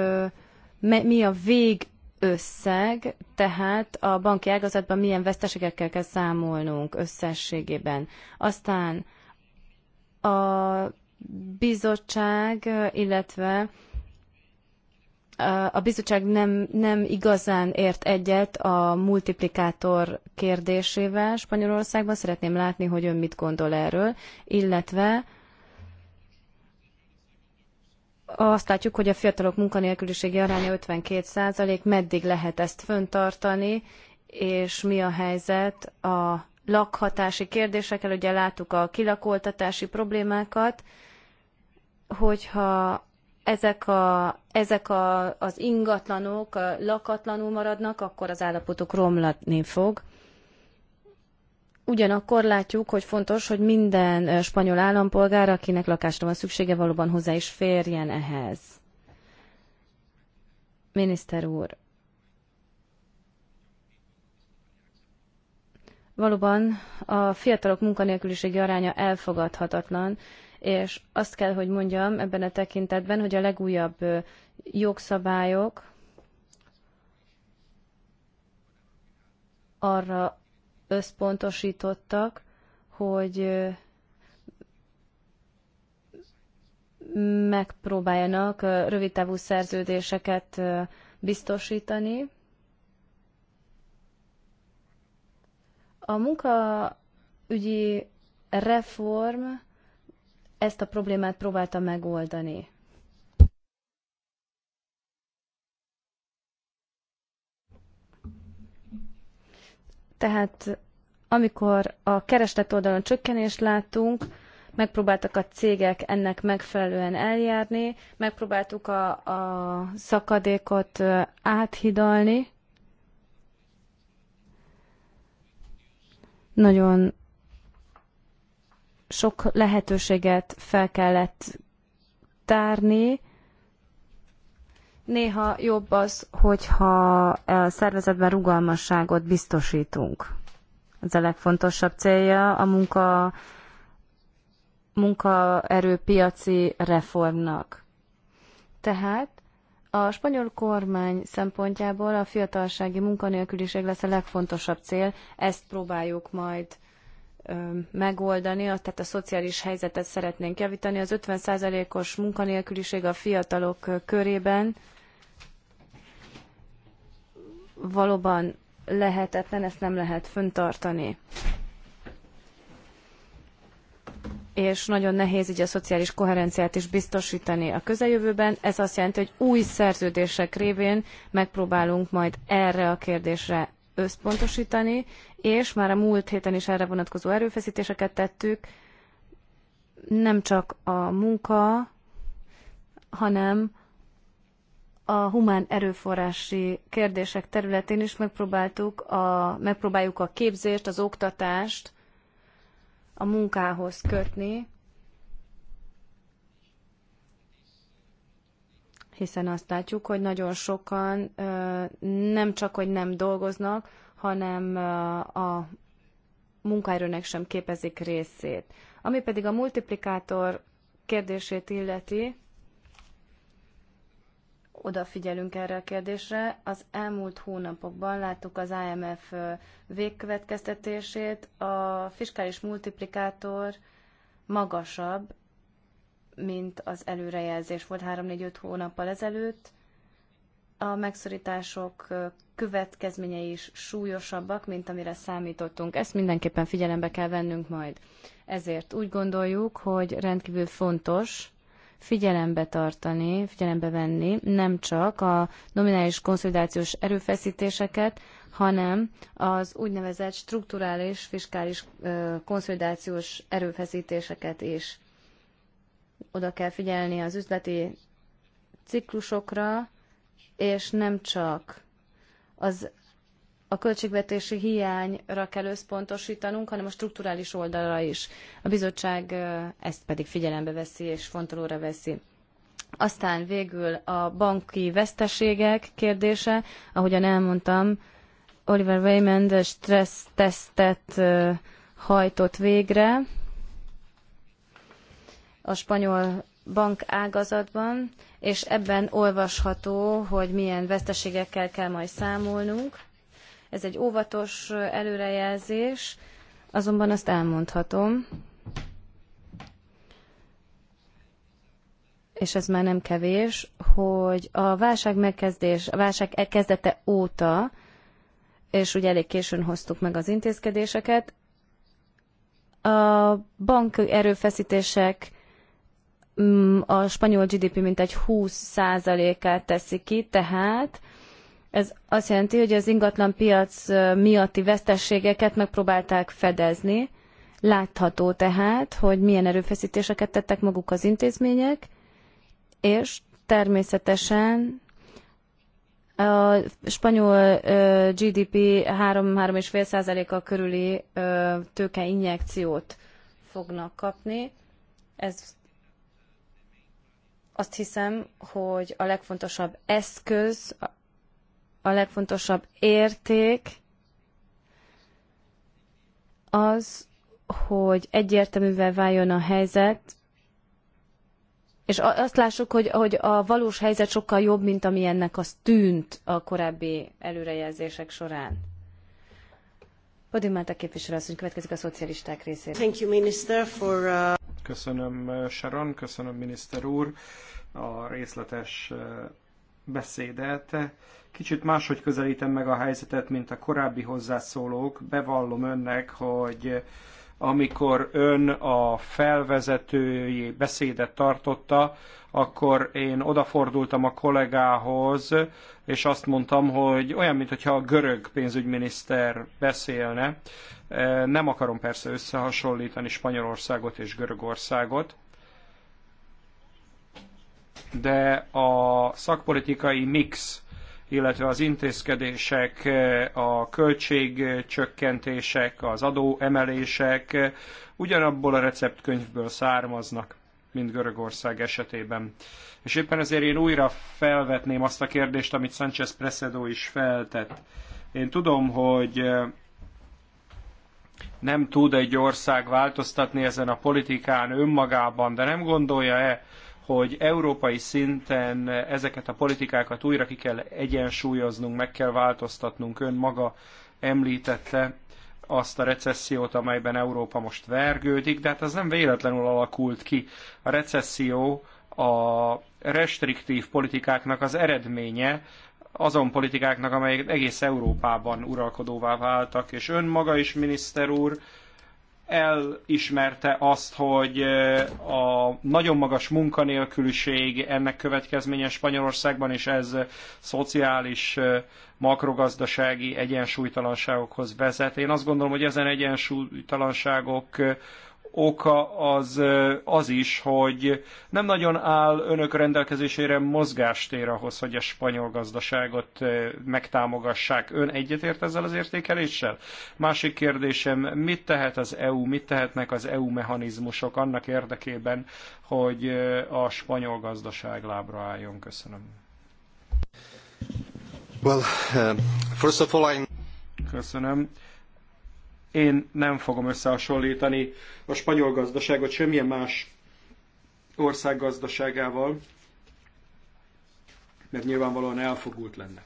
mi a vég összeg, tehát a banki ágazatban milyen veszteségekkel kell számolnunk összességében. Aztán a bizottság, illetve a bizottság nem, nem igazán ért egyet a multiplikátor kérdésével Spanyolországban. Szeretném látni, hogy ön mit gondol erről, illetve azt látjuk, hogy a fiatalok munkanélküliségi aránya 52 meddig lehet ezt föntartani, és mi a helyzet a lakhatási kérdésekkel, ugye láttuk a kilakoltatási problémákat, hogyha ezek, a, ezek a, az ingatlanok lakatlanul maradnak, akkor az állapotuk romlatni fog. Ugyanakkor látjuk, hogy fontos, hogy minden spanyol állampolgár, akinek lakásra van szüksége, valóban hozzá is férjen ehhez. Miniszter úr, Valóban a fiatalok munkanélküliségi aránya elfogadhatatlan, és azt kell, hogy mondjam ebben a tekintetben, hogy a legújabb jogszabályok arra összpontosítottak, hogy megpróbáljanak rövidtávú szerződéseket biztosítani, A munkaügyi reform ezt a problémát próbálta megoldani. Tehát amikor a kereslet oldalon csökkenést láttunk, megpróbáltak a cégek ennek megfelelően eljárni, megpróbáltuk a, a szakadékot áthidalni, Nagyon sok lehetőséget fel kellett tárni. Néha jobb az, hogyha a szervezetben rugalmasságot biztosítunk. Ez a legfontosabb célja a munka, munkaerőpiaci reformnak. Tehát a spanyol kormány szempontjából a fiatalsági munkanélküliség lesz a legfontosabb cél, ezt próbáljuk majd megoldani, tehát a szociális helyzetet szeretnénk javítani. Az 50%-os munkanélküliség a fiatalok körében valóban lehetetlen, ezt nem lehet föntartani és nagyon nehéz így a szociális koherenciát is biztosítani a közeljövőben. Ez azt jelenti, hogy új szerződések révén megpróbálunk majd erre a kérdésre összpontosítani, és már a múlt héten is erre vonatkozó erőfeszítéseket tettük, nem csak a munka, hanem a humán erőforrási kérdések területén is megpróbáltuk a, megpróbáljuk a képzést, az oktatást a munkához kötni, hiszen azt látjuk, hogy nagyon sokan nem csak, hogy nem dolgoznak, hanem a munkaerőnek sem képezik részét. Ami pedig a multiplikátor kérdését illeti, odafigyelünk erre a kérdésre. Az elmúlt hónapokban láttuk az IMF végkövetkeztetését, a fiskális multiplikátor magasabb, mint az előrejelzés volt 3-4-5 hónappal ezelőtt. A megszorítások következményei is súlyosabbak, mint amire számítottunk. Ezt mindenképpen figyelembe kell vennünk majd. Ezért úgy gondoljuk, hogy rendkívül fontos, figyelembe tartani, figyelembe venni nem csak a nominális konszolidációs erőfeszítéseket, hanem az úgynevezett strukturális fiskális konszolidációs erőfeszítéseket is. Oda kell figyelni az üzleti ciklusokra, és nem csak az a költségvetési hiányra kell összpontosítanunk, hanem a strukturális oldalra is. A bizottság ezt pedig figyelembe veszi és fontolóra veszi. Aztán végül a banki veszteségek kérdése, ahogyan elmondtam, Oliver Raymond stressz tesztet hajtott végre a spanyol bankágazatban, és ebben olvasható, hogy milyen veszteségekkel kell majd számolnunk. Ez egy óvatos előrejelzés, azonban azt elmondhatom, és ez már nem kevés, hogy a válság megkezdés, a válság e kezdete óta, és ugye elég későn hoztuk meg az intézkedéseket, a bank erőfeszítések mm, a spanyol GDP mintegy 20%-át teszi ki, tehát ez azt jelenti, hogy az ingatlan piac miatti vesztességeket megpróbálták fedezni. Látható tehát, hogy milyen erőfeszítéseket tettek maguk az intézmények, és természetesen a spanyol GDP 3-3,5%-a körüli tőke injekciót fognak kapni. Ez azt hiszem, hogy a legfontosabb eszköz a legfontosabb érték az, hogy egyértelművel váljon a helyzet, és azt lássuk, hogy, hogy a valós helyzet sokkal jobb, mint amilyennek az tűnt a korábbi előrejelzések során. Podimáta képviselő asszony, következik a szocialisták részéről. Thank you, minister, for, uh... Köszönöm, Sharon, köszönöm, miniszter úr, a részletes uh, beszédet. Kicsit máshogy közelítem meg a helyzetet, mint a korábbi hozzászólók. Bevallom önnek, hogy amikor ön a felvezetői beszédet tartotta, akkor én odafordultam a kollégához, és azt mondtam, hogy olyan, mintha a görög pénzügyminiszter beszélne. Nem akarom persze összehasonlítani Spanyolországot és Görögországot, de a szakpolitikai mix, illetve az intézkedések, a költségcsökkentések, az adóemelések ugyanabból a receptkönyvből származnak, mint Görögország esetében. És éppen ezért én újra felvetném azt a kérdést, amit Sanchez Presedo is feltett. Én tudom, hogy eh, nem tud egy ország változtatni ezen a politikán önmagában, de nem gondolja-e, hogy európai szinten ezeket a politikákat újra ki kell egyensúlyoznunk, meg kell változtatnunk. Ön maga említette azt a recessziót, amelyben Európa most vergődik, de hát ez nem véletlenül alakult ki. A recesszió a restriktív politikáknak az eredménye, azon politikáknak, amelyek egész Európában uralkodóvá váltak, és ön maga is, miniszter úr, elismerte azt, hogy a nagyon magas munkanélküliség ennek következménye Spanyolországban, és ez szociális makrogazdasági egyensúlytalanságokhoz vezet. Én azt gondolom, hogy ezen egyensúlytalanságok oka az az is, hogy nem nagyon áll önök rendelkezésére mozgástér ahhoz, hogy a spanyol gazdaságot megtámogassák. Ön egyetért ezzel az értékeléssel? Másik kérdésem, mit tehet az EU, mit tehetnek az EU mechanizmusok annak érdekében, hogy a spanyol gazdaság lábra álljon? Köszönöm. Well, uh, first of all, I'm... Köszönöm. Én nem fogom összehasonlítani a spanyol gazdaságot semmilyen más ország gazdaságával, mert nyilvánvalóan elfogult lenne.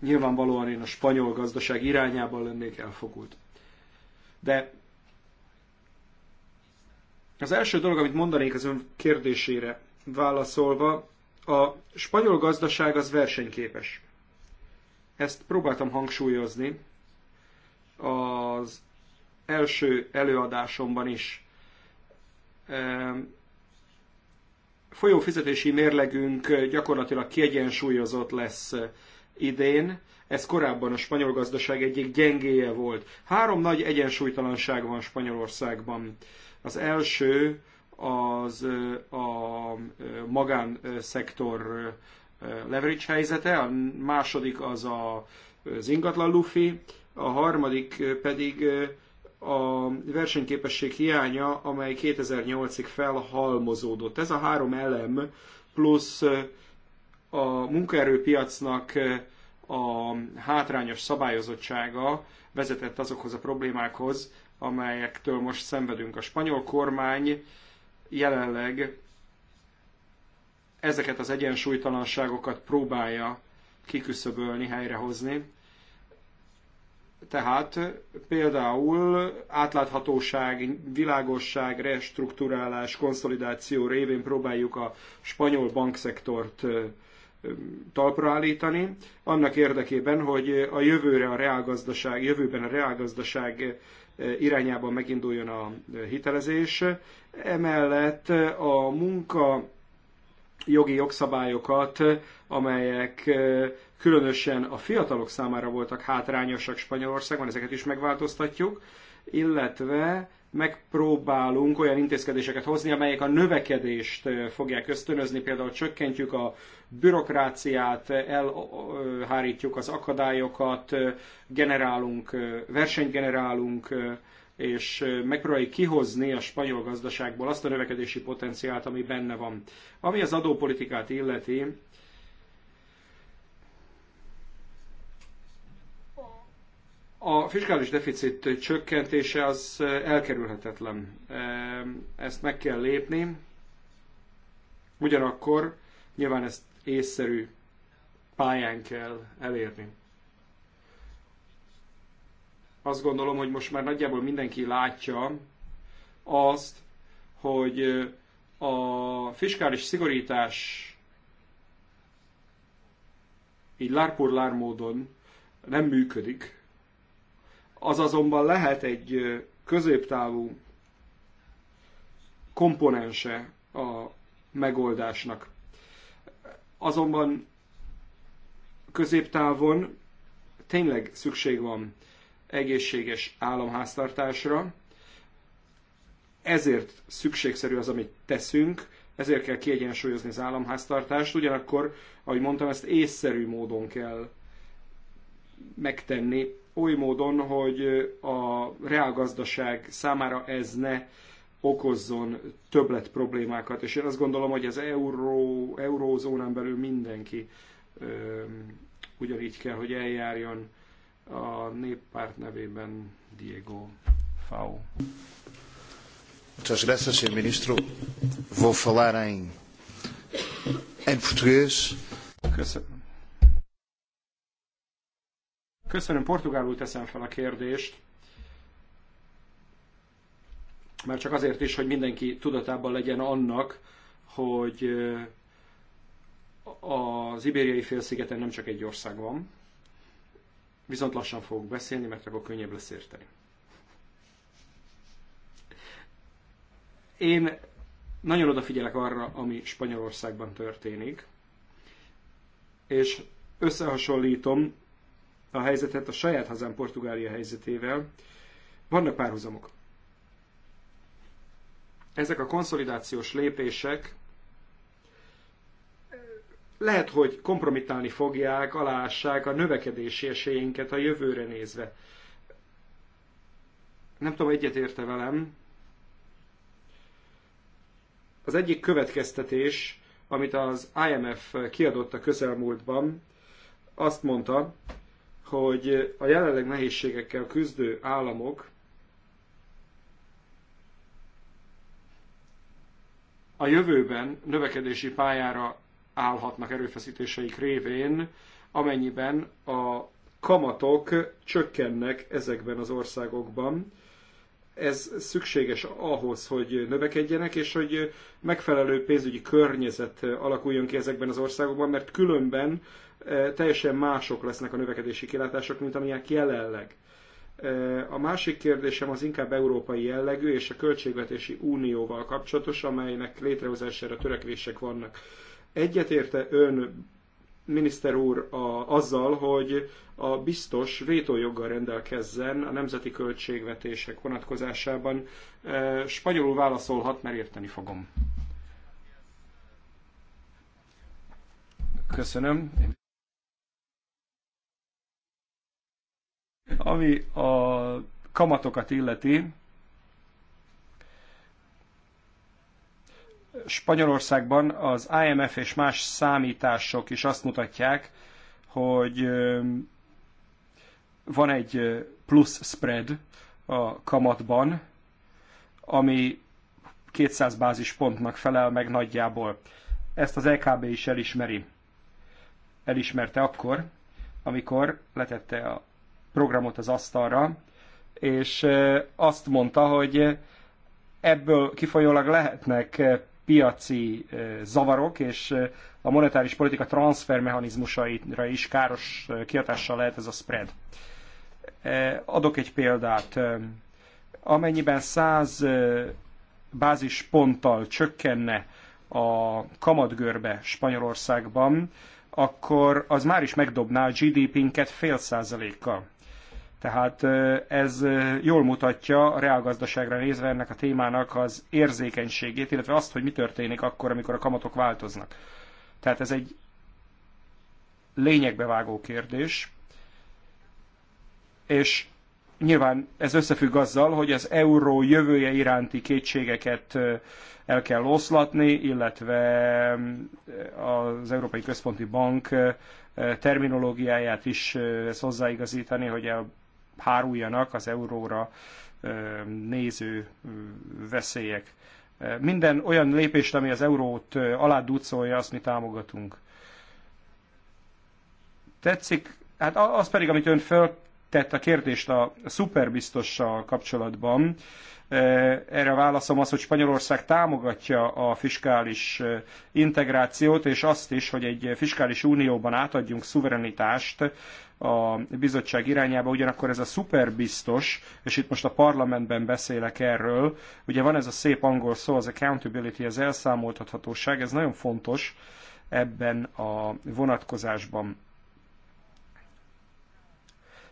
Nyilvánvalóan én a spanyol gazdaság irányában lennék elfogult. De az első dolog, amit mondanék az ön kérdésére válaszolva, a spanyol gazdaság az versenyképes. Ezt próbáltam hangsúlyozni az első előadásomban is. Folyó fizetési mérlegünk gyakorlatilag kiegyensúlyozott lesz idén, ez korábban a spanyol gazdaság egyik gyengéje volt. Három nagy egyensúlytalanság van Spanyolországban. Az első az a magánszektor leverage helyzete, a második az a, az ingatlan lufi, a harmadik pedig a versenyképesség hiánya, amely 2008-ig felhalmozódott. Ez a három elem plusz a munkaerőpiacnak a hátrányos szabályozottsága vezetett azokhoz a problémákhoz, amelyektől most szenvedünk. A spanyol kormány jelenleg ezeket az egyensúlytalanságokat próbálja kiküszöbölni, helyrehozni. Tehát például átláthatóság, világosság, restruktúrálás, konszolidáció révén próbáljuk a spanyol bankszektort talpra állítani, annak érdekében, hogy a jövőre a reálgazdaság, jövőben a reálgazdaság irányában meginduljon a hitelezés. Emellett a munka jogi jogszabályokat, amelyek különösen a fiatalok számára voltak hátrányosak Spanyolországban, ezeket is megváltoztatjuk, illetve megpróbálunk olyan intézkedéseket hozni, amelyek a növekedést fogják ösztönözni, például csökkentjük a bürokráciát, elhárítjuk az akadályokat, generálunk, versenyt generálunk, és megpróbáljuk kihozni a spanyol gazdaságból azt a növekedési potenciált, ami benne van. Ami az adópolitikát illeti, A fiskális deficit csökkentése az elkerülhetetlen. Ezt meg kell lépni. Ugyanakkor nyilván ezt észszerű pályán kell elérni azt gondolom, hogy most már nagyjából mindenki látja azt, hogy a fiskális szigorítás így lárpurlár módon nem működik. Az azonban lehet egy középtávú komponense a megoldásnak. Azonban középtávon tényleg szükség van egészséges államháztartásra. Ezért szükségszerű az, amit teszünk, ezért kell kiegyensúlyozni az államháztartást, ugyanakkor, ahogy mondtam, ezt észszerű módon kell megtenni, oly módon, hogy a reálgazdaság számára ez ne okozzon többlet problémákat. És én azt gondolom, hogy az euró, eurózónán belül mindenki ö, ugyanígy kell, hogy eljárjon. A néppárt nevében Diego Fau. Muchas gracias, señor Ministro. Vou falar em, em português. Köszönöm. Köszönöm, portugálul teszem fel a kérdést. Már csak azért is, hogy mindenki tudatában legyen annak, hogy az ibériai félszigeten nem csak egy ország van, viszont lassan fogok beszélni, mert akkor könnyebb lesz érteni. Én nagyon odafigyelek arra, ami Spanyolországban történik, és összehasonlítom a helyzetet a saját hazám Portugália helyzetével. Vannak párhuzamok. Ezek a konszolidációs lépések lehet, hogy kompromittálni fogják, alássák a növekedési esélyeinket a jövőre nézve. Nem tudom, egyetérte velem. Az egyik következtetés, amit az IMF kiadott a közelmúltban, azt mondta, hogy a jelenleg nehézségekkel küzdő államok a jövőben növekedési pályára állhatnak erőfeszítéseik révén, amennyiben a kamatok csökkennek ezekben az országokban. Ez szükséges ahhoz, hogy növekedjenek, és hogy megfelelő pénzügyi környezet alakuljon ki ezekben az országokban, mert különben e, teljesen mások lesznek a növekedési kilátások, mint amilyen jelenleg. E, a másik kérdésem az inkább európai jellegű és a költségvetési unióval kapcsolatos, amelynek létrehozására törekvések vannak. Egyetérte ön, miniszter úr, a, azzal, hogy a biztos vétójoggal rendelkezzen a nemzeti költségvetések vonatkozásában. E, spanyolul válaszolhat, mert érteni fogom. Köszönöm. Ami a kamatokat illeti, Spanyolországban az IMF és más számítások is azt mutatják, hogy van egy plusz spread a kamatban, ami 200 bázispontnak felel meg nagyjából. Ezt az LKB e is elismeri. Elismerte akkor, amikor letette a programot az asztalra, és azt mondta, hogy ebből kifolyólag lehetnek piaci zavarok és a monetáris politika transfer mechanizmusaira is káros kiatással lehet ez a spread. Adok egy példát. Amennyiben 100 bázisponttal csökkenne a kamatgörbe Spanyolországban, akkor az már is megdobná a GDP-nket fél százalékkal. Tehát ez jól mutatja a reálgazdaságra nézve ennek a témának az érzékenységét, illetve azt, hogy mi történik akkor, amikor a kamatok változnak. Tehát ez egy lényegbevágó kérdés, és nyilván ez összefügg azzal, hogy az euró jövője iránti kétségeket el kell oszlatni, illetve az Európai Központi Bank terminológiáját is hozzáigazítani, hogy a háruljanak az euróra néző veszélyek. Minden olyan lépést, ami az eurót alá ducolja, azt mi támogatunk. Tetszik, hát az pedig, amit ön föltett a kérdést a szuperbiztossal kapcsolatban, erre a válaszom az, hogy Spanyolország támogatja a fiskális integrációt, és azt is, hogy egy fiskális unióban átadjunk szuverenitást a bizottság irányába, ugyanakkor ez a szuperbiztos, és itt most a parlamentben beszélek erről, ugye van ez a szép angol szó, az accountability, az elszámoltathatóság, ez nagyon fontos ebben a vonatkozásban.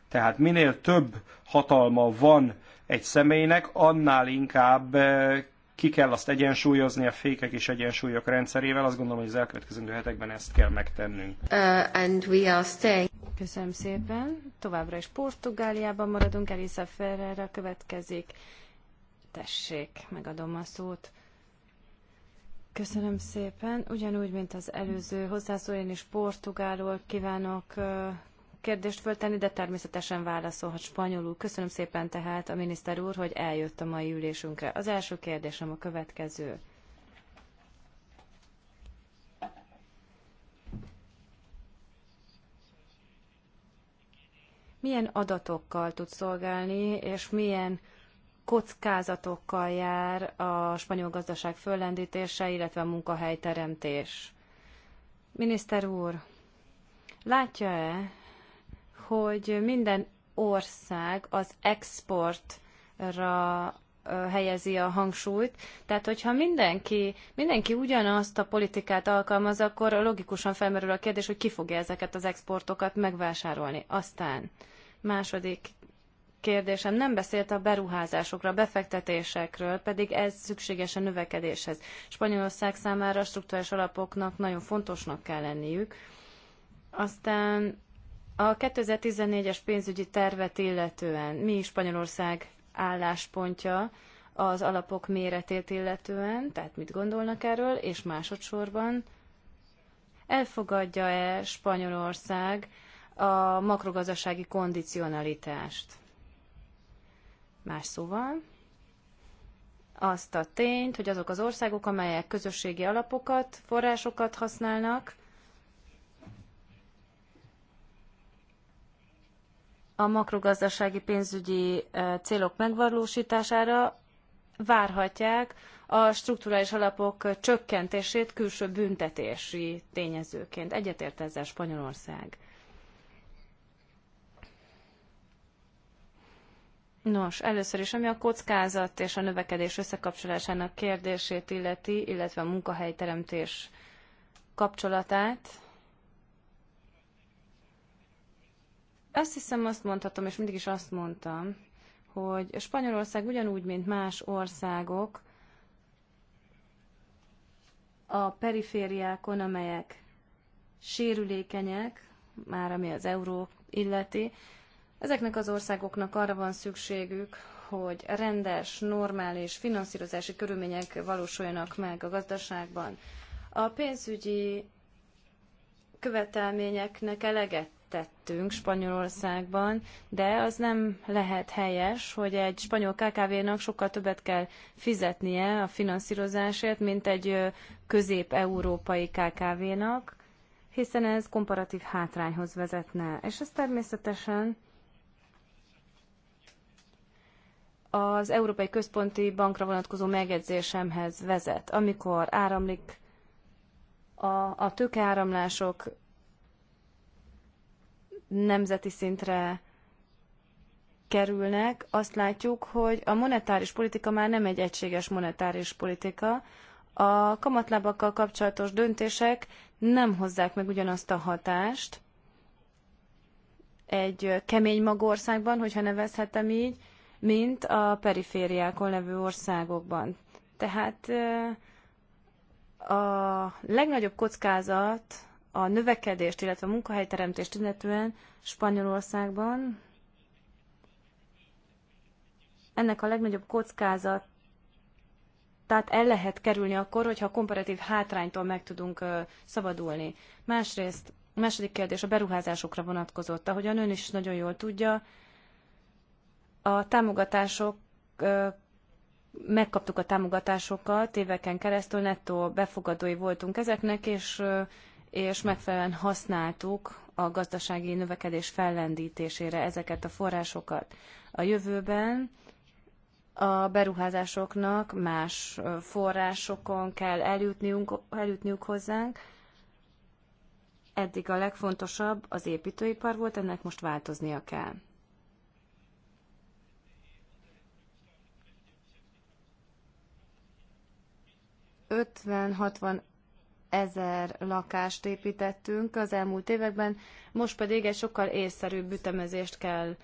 Tehát minél több hatalma van egy személynek, annál inkább eh, ki kell azt egyensúlyozni a fékek és egyensúlyok rendszerével. Azt gondolom, hogy az elkövetkező hetekben ezt kell megtennünk. Uh, and we are staying. Köszönöm szépen. Továbbra is Portugáliában maradunk. Elisa Ferreira következik. Tessék, megadom a szót. Köszönöm szépen. Ugyanúgy, mint az előző hozzászól, én is portugálul kívánok kérdést föltenni, de természetesen válaszolhat spanyolul. Köszönöm szépen tehát a miniszter úr, hogy eljött a mai ülésünkre. Az első kérdésem a következő. milyen adatokkal tud szolgálni, és milyen kockázatokkal jár a spanyol gazdaság föllendítése, illetve a munkahelyteremtés. Miniszter úr, látja-e, hogy minden ország az exportra helyezi a hangsúlyt. Tehát, hogyha mindenki, mindenki ugyanazt a politikát alkalmaz, akkor logikusan felmerül a kérdés, hogy ki fogja ezeket az exportokat megvásárolni. Aztán második kérdésem, nem beszélt a beruházásokra, a befektetésekről, pedig ez szükséges a növekedéshez. Spanyolország számára a struktúrás alapoknak nagyon fontosnak kell lenniük. Aztán a 2014-es pénzügyi tervet illetően mi Spanyolország álláspontja az alapok méretét illetően, tehát mit gondolnak erről, és másodszorban elfogadja-e Spanyolország a makrogazdasági kondicionalitást. Más szóval, azt a tényt, hogy azok az országok, amelyek közösségi alapokat, forrásokat használnak, a makrogazdasági pénzügyi célok megvalósítására várhatják a strukturális alapok csökkentését külső büntetési tényezőként. Egyetért ezzel Spanyolország. Nos, először is, ami a kockázat és a növekedés összekapcsolásának kérdését illeti, illetve a munkahelyteremtés kapcsolatát, Azt hiszem, azt mondhatom, és mindig is azt mondtam, hogy Spanyolország ugyanúgy, mint más országok a perifériákon, amelyek sérülékenyek, már ami az euró illeti, ezeknek az országoknak arra van szükségük, hogy rendes, normális finanszírozási körülmények valósuljanak meg a gazdaságban. A pénzügyi követelményeknek eleget tettünk Spanyolországban, de az nem lehet helyes, hogy egy spanyol KKV-nak sokkal többet kell fizetnie a finanszírozásért, mint egy közép-európai KKV-nak, hiszen ez komparatív hátrányhoz vezetne. És ez természetesen az Európai Központi Bankra vonatkozó megjegyzésemhez vezet. Amikor áramlik a, a tőkeáramlások nemzeti szintre kerülnek, azt látjuk, hogy a monetáris politika már nem egy egységes monetáris politika. A kamatlábakkal kapcsolatos döntések nem hozzák meg ugyanazt a hatást egy kemény magországban, hogyha nevezhetem így, mint a perifériákon levő országokban. Tehát a legnagyobb kockázat a növekedést, illetve a munkahelyteremtést illetően Spanyolországban ennek a legnagyobb kockázat tehát el lehet kerülni akkor, hogyha a komparatív hátránytól meg tudunk szabadulni. Másrészt, második kérdés a beruházásokra vonatkozott. Ahogyan ön is nagyon jól tudja, a támogatások megkaptuk a támogatásokat éveken keresztül, nettó befogadói voltunk ezeknek, és és megfelelően használtuk a gazdasági növekedés fellendítésére ezeket a forrásokat. A jövőben a beruházásoknak más forrásokon kell eljutniunk, eljutniuk hozzánk. Eddig a legfontosabb az építőipar volt, ennek most változnia kell. Ötven, hatvan ezer lakást építettünk az elmúlt években, most pedig egy sokkal észszerűbb ütemezést kell,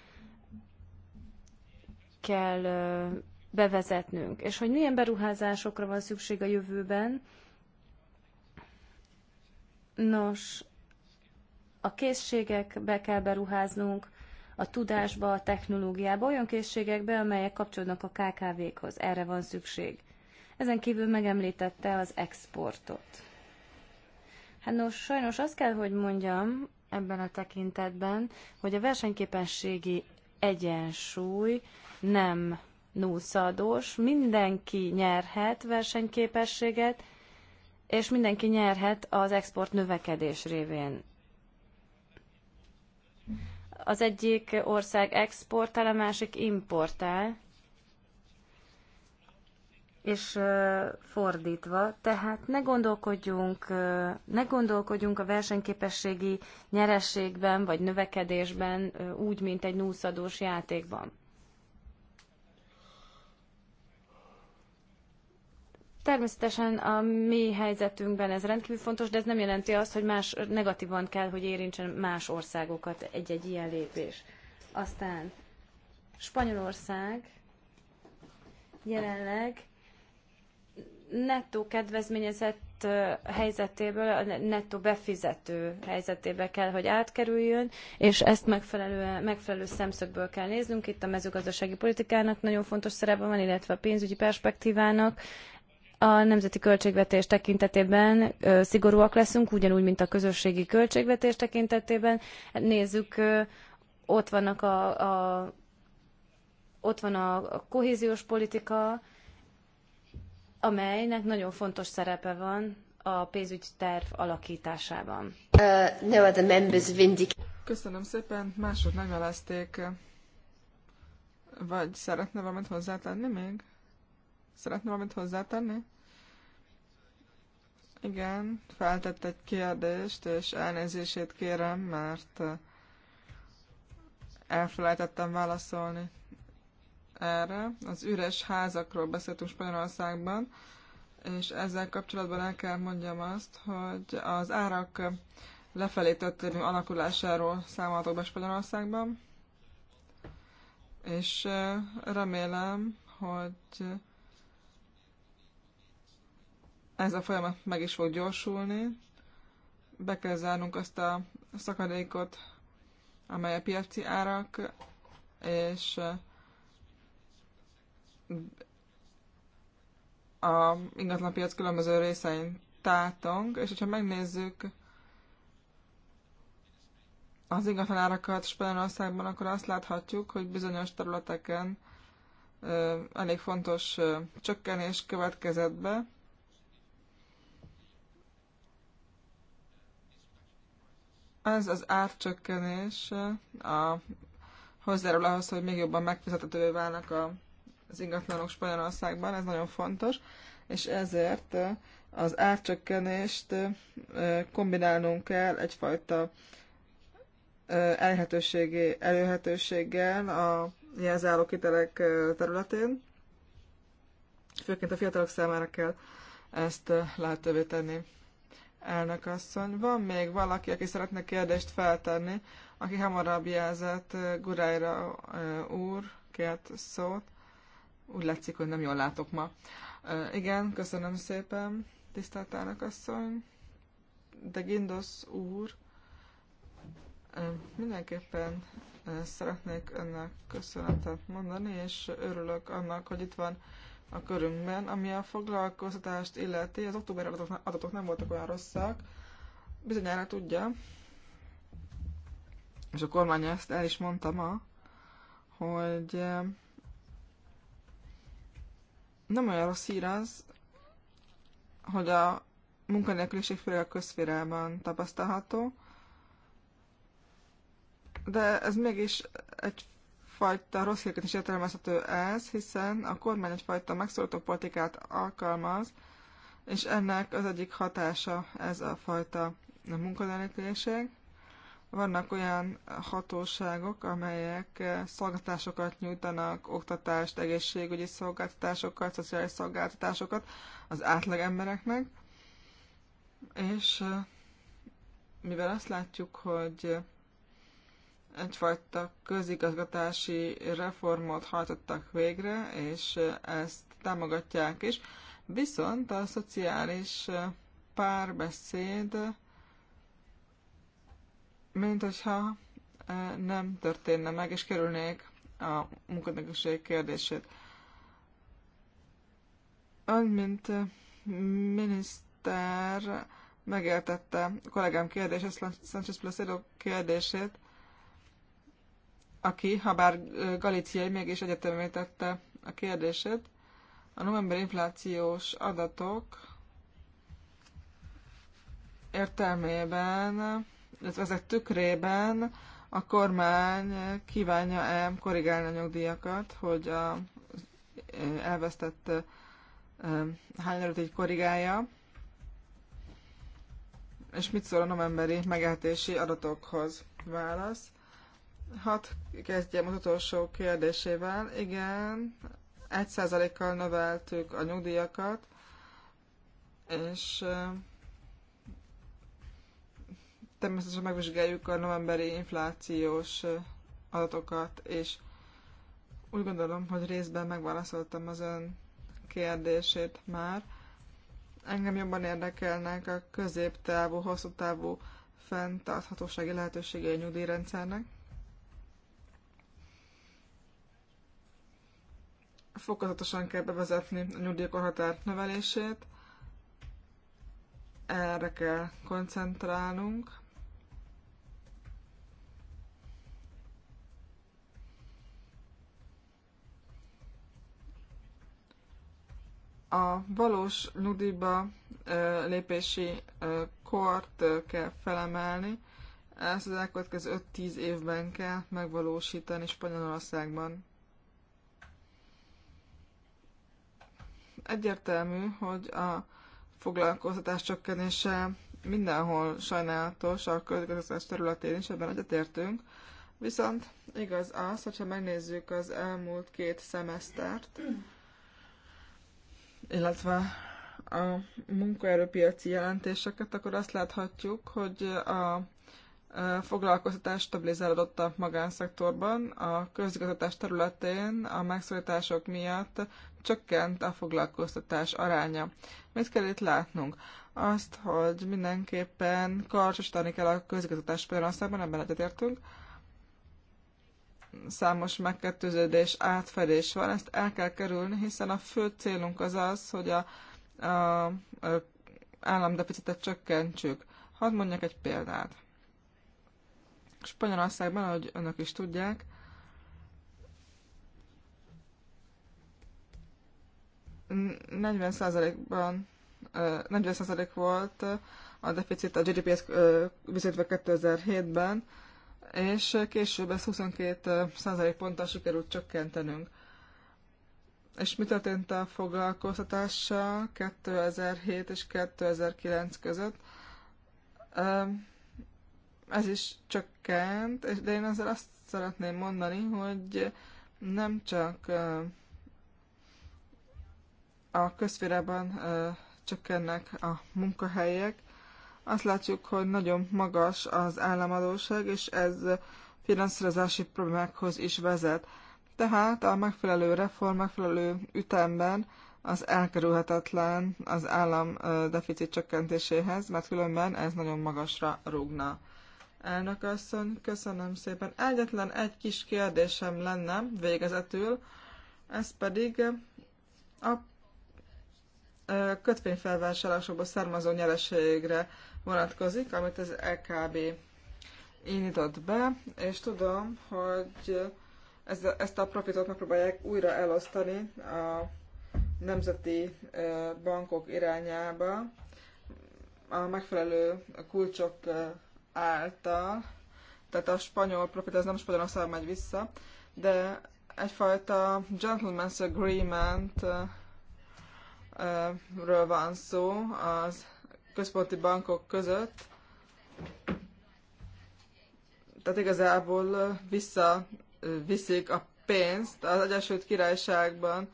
kell bevezetnünk. És hogy milyen beruházásokra van szükség a jövőben, nos, a készségekbe kell beruháznunk, a tudásba, a technológiába, olyan készségekbe, amelyek kapcsolódnak a KKV-khoz. Erre van szükség. Ezen kívül megemlítette az exportot. Hát nos, sajnos azt kell, hogy mondjam ebben a tekintetben, hogy a versenyképességi egyensúly nem nullszadós, mindenki nyerhet versenyképességet, és mindenki nyerhet az export növekedés révén. Az egyik ország exportál, a másik importál, és fordítva. Tehát ne gondolkodjunk, ne gondolkodjunk a versenyképességi nyerességben vagy növekedésben úgy, mint egy núszadós játékban. Természetesen a mi helyzetünkben ez rendkívül fontos, de ez nem jelenti azt, hogy más negatívan kell, hogy érintsen más országokat egy-egy ilyen lépés. Aztán Spanyolország jelenleg nettó kedvezményezett helyzetéből a nettó befizető helyzetébe kell, hogy átkerüljön, és ezt megfelelő, megfelelő szemszögből kell néznünk. Itt a mezőgazdasági politikának nagyon fontos szerepe van, illetve a pénzügyi perspektívának. A nemzeti költségvetés tekintetében szigorúak leszünk, ugyanúgy, mint a közösségi költségvetés tekintetében. Nézzük, ott vannak a, a ott van a kohéziós politika, amelynek nagyon fontos szerepe van a pénzügyi terv alakításában. Uh, no other members vindic- Köszönöm szépen, másod nem jelezték. Vagy szeretne valamit hozzátenni még? Szeretne valamit hozzátenni? Igen, feltett egy kérdést, és elnézését kérem, mert uh, elfelejtettem válaszolni erre. Az üres házakról beszéltünk Spanyolországban, és ezzel kapcsolatban el kell mondjam azt, hogy az árak lefelé történő alakulásáról számoltok be Spanyolországban, és remélem, hogy ez a folyamat meg is fog gyorsulni. Be kell zárnunk azt a szakadékot, amely a piaci árak és a ingatlanpiac különböző részein tátong, és hogyha megnézzük az ingatlanárakat Spanyolországban, akkor azt láthatjuk, hogy bizonyos területeken elég fontos csökkenés következett be. Ez az árcsökkenés a, hozzájárul ahhoz, hogy még jobban megfizethetővé válnak a az ingatlanok Spanyolországban, ez nagyon fontos, és ezért az árcsökkenést kombinálnunk kell egyfajta elérhetőséggel a kitelek területén. Főként a fiatalok számára kell ezt lehetővé tenni. Elnök asszony, van még valaki, aki szeretne kérdést feltenni, aki hamarabb jelzett Gurájra úr, kért szót. Úgy látszik, hogy nem jól látok ma. Igen, köszönöm szépen, tisztelt asszony. De Gindos úr, mindenképpen szeretnék önnek köszönetet mondani, és örülök annak, hogy itt van a körünkben, ami a foglalkoztatást illeti. Az október adatok, adatok nem voltak olyan rosszak, bizonyára tudja, és a kormány ezt el is mondta ma, hogy nem olyan rossz hír az, hogy a munkanélküliség főleg a közférában tapasztalható, de ez mégis egyfajta rossz hírként is értelmezhető ez, hiszen a kormány egyfajta megszólító politikát alkalmaz, és ennek az egyik hatása ez a fajta munkanélküliség. Vannak olyan hatóságok, amelyek eh, szolgáltatásokat nyújtanak, oktatást, egészségügyi szolgáltatásokat, szociális szolgáltatásokat az átlag embereknek, és eh, mivel azt látjuk, hogy egyfajta közigazgatási reformot hajtottak végre, és eh, ezt támogatják is, viszont a szociális párbeszéd mint hogyha e, nem történne meg, és kerülnék a munkanegőség kérdését. Ön, mint e, miniszter megértette a kollégám kérdését, Sanchez Placido kérdését, aki, ha bár e, galiciai, mégis egyetemé tette a kérdését. A november inflációs adatok értelmében illetve ezek tükrében a kormány kívánja-e korrigálni a nyugdíjakat, hogy a elvesztett hányadot így korrigálja, és mit szól a novemberi megehetési adatokhoz? Válasz. hát kezdjem az utolsó kérdésével. Igen, egy kal növeltük a nyugdíjakat, és természetesen megvizsgáljuk a novemberi inflációs adatokat, és úgy gondolom, hogy részben megválaszoltam az ön kérdését már. Engem jobban érdekelnek a középtávú, hosszú távú fenntarthatósági lehetőségei a nyugdíjrendszernek. Fokozatosan kell bevezetni a nyugdíjkorhatár növelését, erre kell koncentrálnunk. a valós nyugdíjba lépési kort kell felemelni, ezt az elkövetkező 5-10 évben kell megvalósítani Spanyolországban. Egyértelmű, hogy a foglalkoztatás csökkenése mindenhol sajnálatos, a közgazdaság területén is, ebben egyetértünk. Viszont igaz az, hogyha megnézzük az elmúlt két szemesztert, illetve a munkaerőpiaci jelentéseket, akkor azt láthatjuk, hogy a foglalkoztatás stabilizálódott a magánszektorban, a közigazgatás területén a megszorítások miatt csökkent a foglalkoztatás aránya. Mit kell itt látnunk? Azt, hogy mindenképpen karcsosítani kell a közigazgatás Spanyolországban, ebben egyetértünk, számos megkettőződés, átfedés van, ezt el kell kerülni, hiszen a fő célunk az az, hogy a, a, a államdeficitet csökkentsük. Hadd mondjak egy példát. Spanyolországban, ahogy önök is tudják, ban 40% volt a deficit a GDP-hez viszítve 2007-ben, és később ezt 22 ponttal sikerült csökkentenünk. És mi történt a foglalkoztatással 2007 és 2009 között? Ez is csökkent, de én ezzel azt szeretném mondani, hogy nem csak a közférában csökkennek a munkahelyek, azt látjuk, hogy nagyon magas az államadóság, és ez finanszírozási problémákhoz is vezet. Tehát a megfelelő reform, megfelelő ütemben az elkerülhetetlen az állam deficit csökkentéséhez, mert különben ez nagyon magasra rúgna. Elnök asszony, köszönöm szépen. Egyetlen egy kis kérdésem lenne végezetül, ez pedig a kötvényfelvásárlásokból származó nyereségre vonatkozik, amit az EKB indított be, és tudom, hogy ezt a profitot megpróbálják újra elosztani a nemzeti bankok irányába a megfelelő kulcsok által, tehát a spanyol profit az nem szám megy vissza, de egyfajta gentleman's agreement ről van szó az központi bankok között. Tehát igazából vissza viszik a pénzt. Az Egyesült Királyságban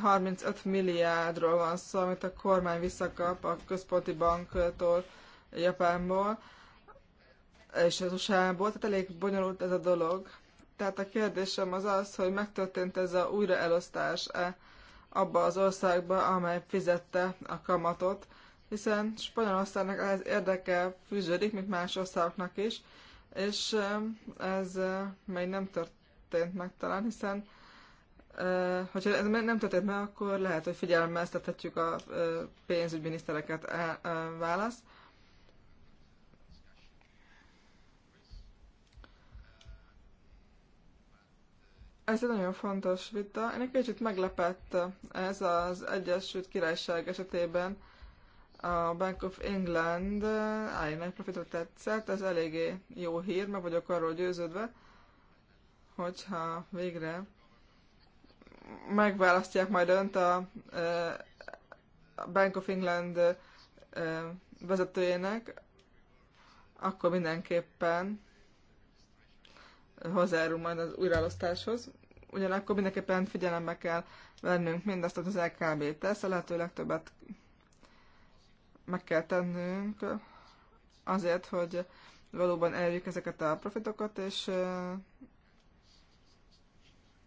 35 milliárdról van szó, amit a kormány visszakap a központi banktól Japánból és az USA-ból, tehát elég bonyolult ez a dolog. Tehát a kérdésem az az, hogy megtörtént ez a újraelosztás -e abba az országba, amely fizette a kamatot, hiszen Spanyolországnak ez érdeke fűződik, mint más országoknak is, és ez eh, még nem történt meg talán, hiszen eh, hogyha ez nem történt meg, akkor lehet, hogy figyelmeztethetjük a eh, pénzügyminisztereket e, válasz. Ez egy nagyon fontos vita. Én egy kicsit meglepett ez az Egyesült Királyság esetében, a Bank of England IMF eh, profitot tetszett, ez eléggé jó hír, meg vagyok arról győződve, hogyha végre megválasztják majd önt a, eh, a Bank of England eh, vezetőjének, akkor mindenképpen hozzájárul majd az újraelosztáshoz. Ugyanakkor mindenképpen figyelembe kell vennünk mindazt, hogy az LKB e tesz, a lehető legtöbbet meg kell tennünk azért, hogy valóban elérjük ezeket a profitokat, és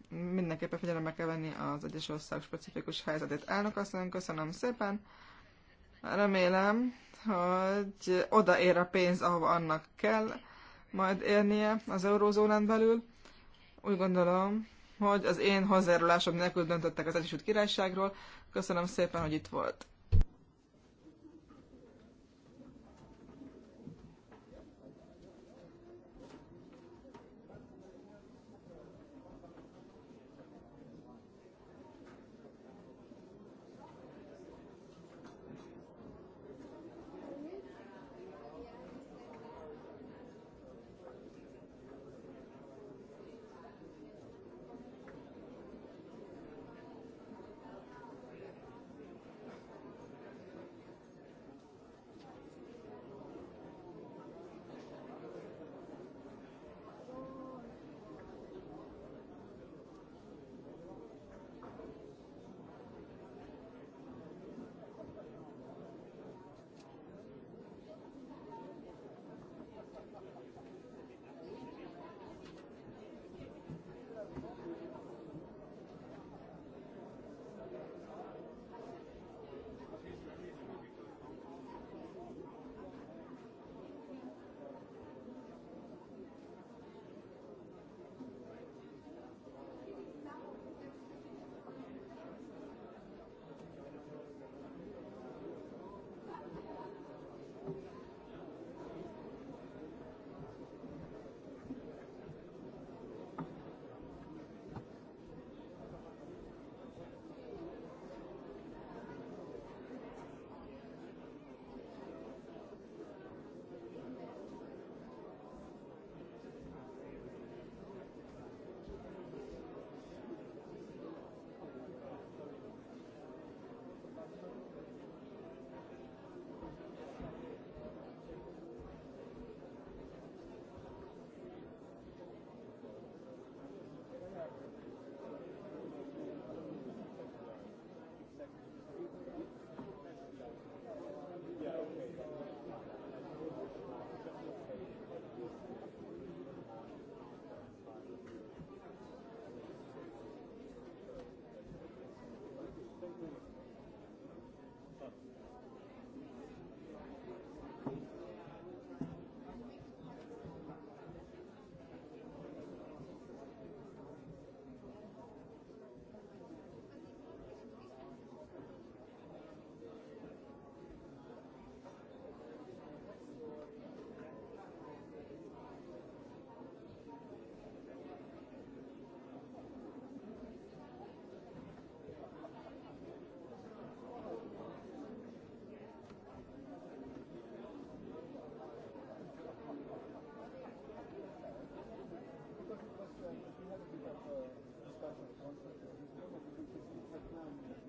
mindenképpen figyelembe kell venni az egyes ország specifikus helyzetét. Elnök asszony, köszönöm szépen. Remélem, hogy odaér a pénz, ahova annak kell majd érnie az eurózónán belül. Úgy gondolom, hogy az én hozzájárulásom nélkül döntöttek az Egyesült Királyságról. Köszönöm szépen, hogy itt volt.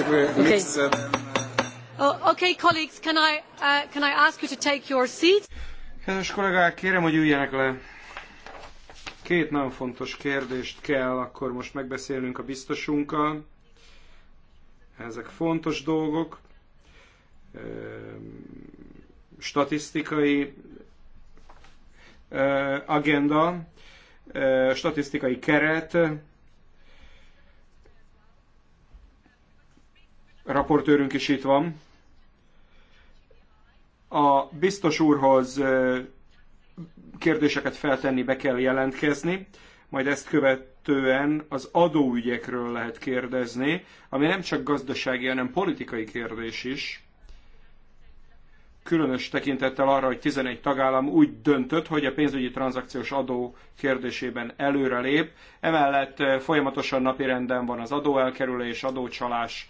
Okay. Uh, oh, okay, colleagues, can I, uh, can I ask you to take your seat? Kedves kollégák, kérem, hogy üljenek le. Két nagyon fontos kérdést kell akkor most megbeszélnünk a biztosunkkal. Ezek fontos dolgok. Ehm, statisztikai eh, agenda, eh, statisztikai keret, raportőrünk is itt van. A biztos úrhoz kérdéseket feltenni be kell jelentkezni, majd ezt követően az adóügyekről lehet kérdezni, ami nem csak gazdasági, hanem politikai kérdés is. Különös tekintettel arra, hogy 11 tagállam úgy döntött, hogy a pénzügyi tranzakciós adó kérdésében előrelép. Emellett folyamatosan napirenden van az adóelkerülés, adócsalás,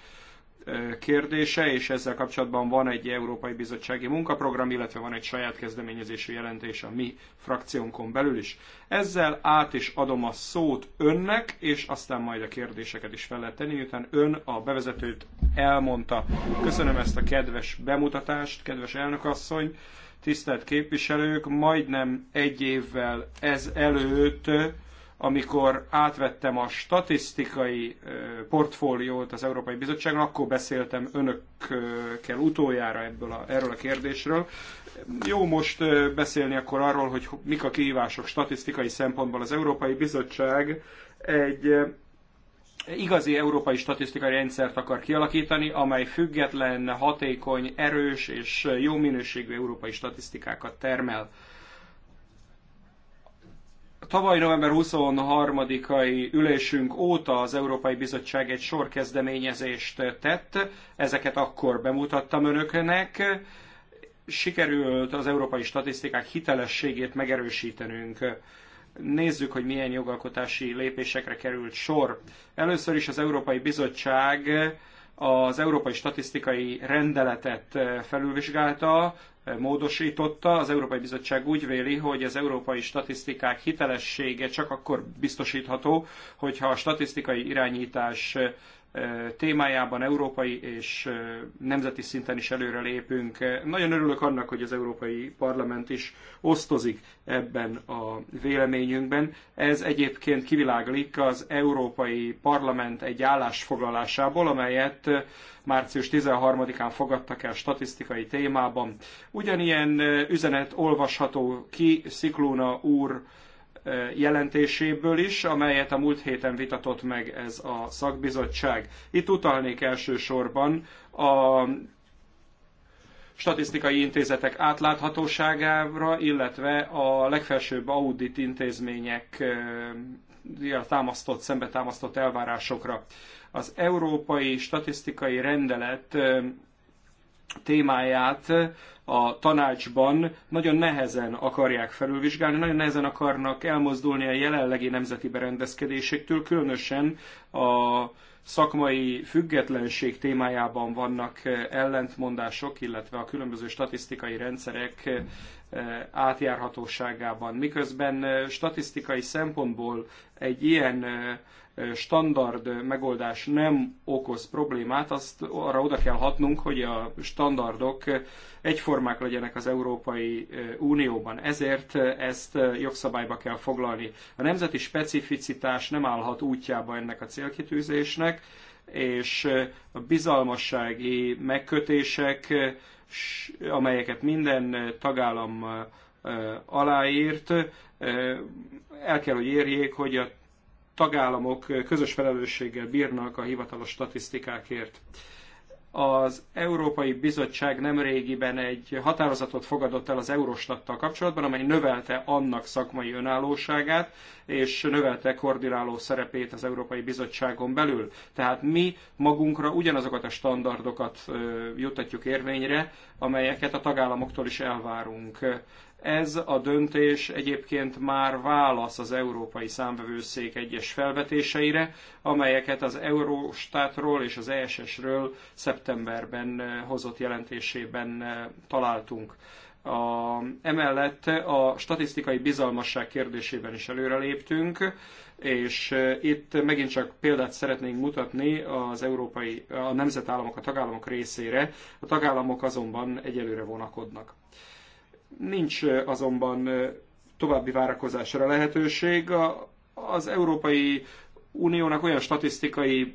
kérdése, és ezzel kapcsolatban van egy Európai Bizottsági Munkaprogram, illetve van egy saját kezdeményezésű jelentés a mi frakciónkon belül is. Ezzel át is adom a szót önnek, és aztán majd a kérdéseket is fel lehet tenni, miután ön a bevezetőt elmondta. Köszönöm ezt a kedves bemutatást, kedves elnökasszony, tisztelt képviselők, majdnem egy évvel ez előtt amikor átvettem a statisztikai portfóliót az Európai Bizottságon, akkor beszéltem önökkel utoljára ebből a, erről a kérdésről. Jó most beszélni akkor arról, hogy mik a kihívások statisztikai szempontból. Az Európai Bizottság egy igazi európai statisztikai rendszert akar kialakítani, amely független, hatékony, erős és jó minőségű európai statisztikákat termel. Tavaly november 23-ai ülésünk óta az Európai Bizottság egy sor kezdeményezést tett, ezeket akkor bemutattam önöknek. Sikerült az európai statisztikák hitelességét megerősítenünk nézzük, hogy milyen jogalkotási lépésekre került sor. Először is az Európai Bizottság az Európai Statisztikai Rendeletet felülvizsgálta, módosította. Az Európai Bizottság úgy véli, hogy az európai statisztikák hitelessége csak akkor biztosítható, hogyha a statisztikai irányítás témájában európai és nemzeti szinten is előre lépünk. Nagyon örülök annak, hogy az Európai Parlament is osztozik ebben a véleményünkben. Ez egyébként kiviláglik az Európai Parlament egy állásfoglalásából, amelyet március 13-án fogadtak el statisztikai témában. Ugyanilyen üzenet olvasható ki Sziklóna úr jelentéséből is, amelyet a múlt héten vitatott meg ez a szakbizottság. Itt utalnék elsősorban a statisztikai intézetek átláthatóságára, illetve a legfelsőbb audit intézmények támasztott, szembetámasztott elvárásokra. Az Európai Statisztikai Rendelet témáját a tanácsban nagyon nehezen akarják felülvizsgálni, nagyon nehezen akarnak elmozdulni a jelenlegi nemzeti berendezkedésektől, különösen a szakmai függetlenség témájában vannak ellentmondások, illetve a különböző statisztikai rendszerek eh, átjárhatóságában. Miközben eh, statisztikai szempontból egy ilyen eh, standard megoldás nem okoz problémát, azt arra oda kell hatnunk, hogy a standardok egyformák legyenek az Európai Unióban. Ezért ezt jogszabályba kell foglalni. A nemzeti specificitás nem állhat útjába ennek a célkitűzésnek, és a bizalmassági megkötések, amelyeket minden tagállam aláírt, el kell, hogy érjék, hogy a tagállamok közös felelősséggel bírnak a hivatalos statisztikákért. Az Európai Bizottság nemrégiben egy határozatot fogadott el az Eurostattal kapcsolatban, amely növelte annak szakmai önállóságát, és növelte koordináló szerepét az Európai Bizottságon belül. Tehát mi magunkra ugyanazokat a standardokat juttatjuk érvényre, amelyeket a tagállamoktól is elvárunk. Ez a döntés egyébként már válasz az Európai Számvevőszék egyes felvetéseire, amelyeket az Eurostátról és az ESS-ről szeptemberben eh, hozott jelentésében eh, találtunk. A, emellett a statisztikai bizalmasság kérdésében is előreléptünk, és eh, itt megint csak példát szeretnénk mutatni az európai, a nemzetállamok, a tagállamok részére, a tagállamok azonban egyelőre vonakodnak. Nincs azonban további várakozásra lehetőség. Az Európai Uniónak olyan statisztikai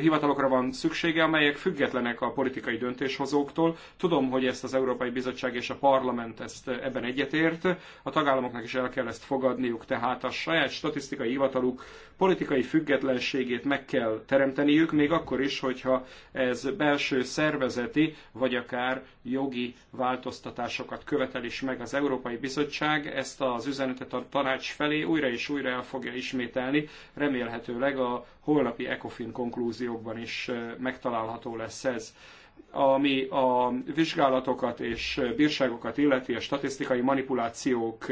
hivatalokra van szüksége, amelyek függetlenek a politikai döntéshozóktól. Tudom, hogy ezt az Európai Bizottság és a Parlament ezt ebben egyetért. A tagállamoknak is el kell ezt fogadniuk, tehát a saját statisztikai hivataluk politikai függetlenségét meg kell teremteniük, még akkor is, hogyha ez belső szervezeti, vagy akár jogi változtatásokat követel is meg az Európai Bizottság. Ezt az üzenetet a tanács felé újra és újra el fogja ismételni. Remélhetőleg a holnapi ECOFIN konklúziókban is megtalálható lesz ez ami a vizsgálatokat és bírságokat illeti, a statisztikai manipulációk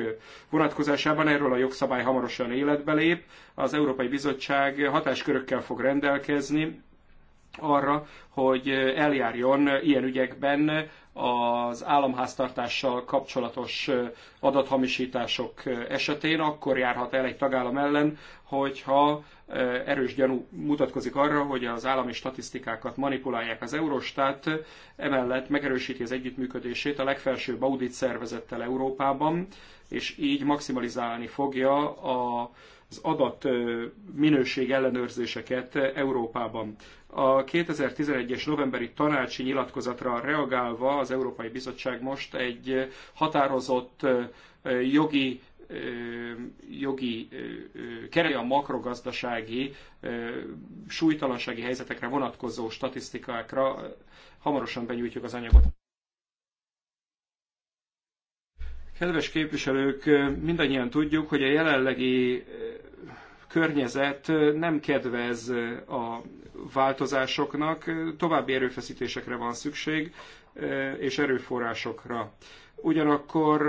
vonatkozásában erről a jogszabály hamarosan életbe lép. Az Európai Bizottság hatáskörökkel fog rendelkezni, arra, hogy eljárjon ilyen ügyekben az államháztartással kapcsolatos adathamisítások esetén, akkor járhat el egy tagállam ellen, hogyha e, erős gyanú mutatkozik arra, hogy az állami statisztikákat manipulálják az Eurostát, emellett megerősíti az együttműködését a legfelsőbb audit szervezettel Európában, és így maximalizálni fogja a az adat minőség ellenőrzéseket Európában. A 2011-es novemberi tanácsi nyilatkozatra reagálva az Európai Bizottság most egy határozott jogi jogi kerül a makrogazdasági súlytalansági helyzetekre vonatkozó statisztikákra. Hamarosan benyújtjuk az anyagot. Kedves képviselők, mindannyian tudjuk, hogy a jelenlegi környezet nem kedvez a változásoknak, további erőfeszítésekre van szükség, és erőforrásokra. Ugyanakkor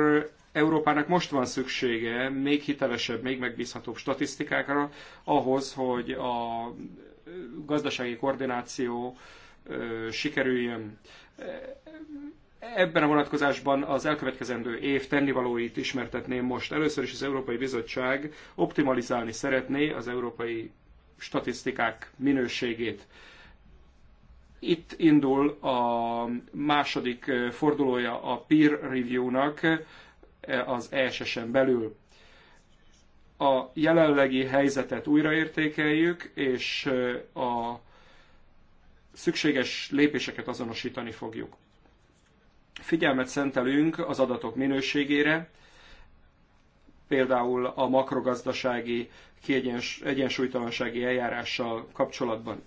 Európának most van szüksége még hitelesebb, még megbízhatóbb statisztikákra ahhoz, hogy a gazdasági koordináció sikerüljön Ebben a vonatkozásban az elkövetkezendő év tennivalóit ismertetném most. Először is az Európai Bizottság optimalizálni szeretné az európai statisztikák minőségét. Itt indul a második fordulója a peer review-nak az ESS-en belül. A jelenlegi helyzetet újraértékeljük, és a szükséges lépéseket azonosítani fogjuk. Figyelmet szentelünk az adatok minőségére, például a makrogazdasági kiegyens, egyensúlytalansági eljárással kapcsolatban.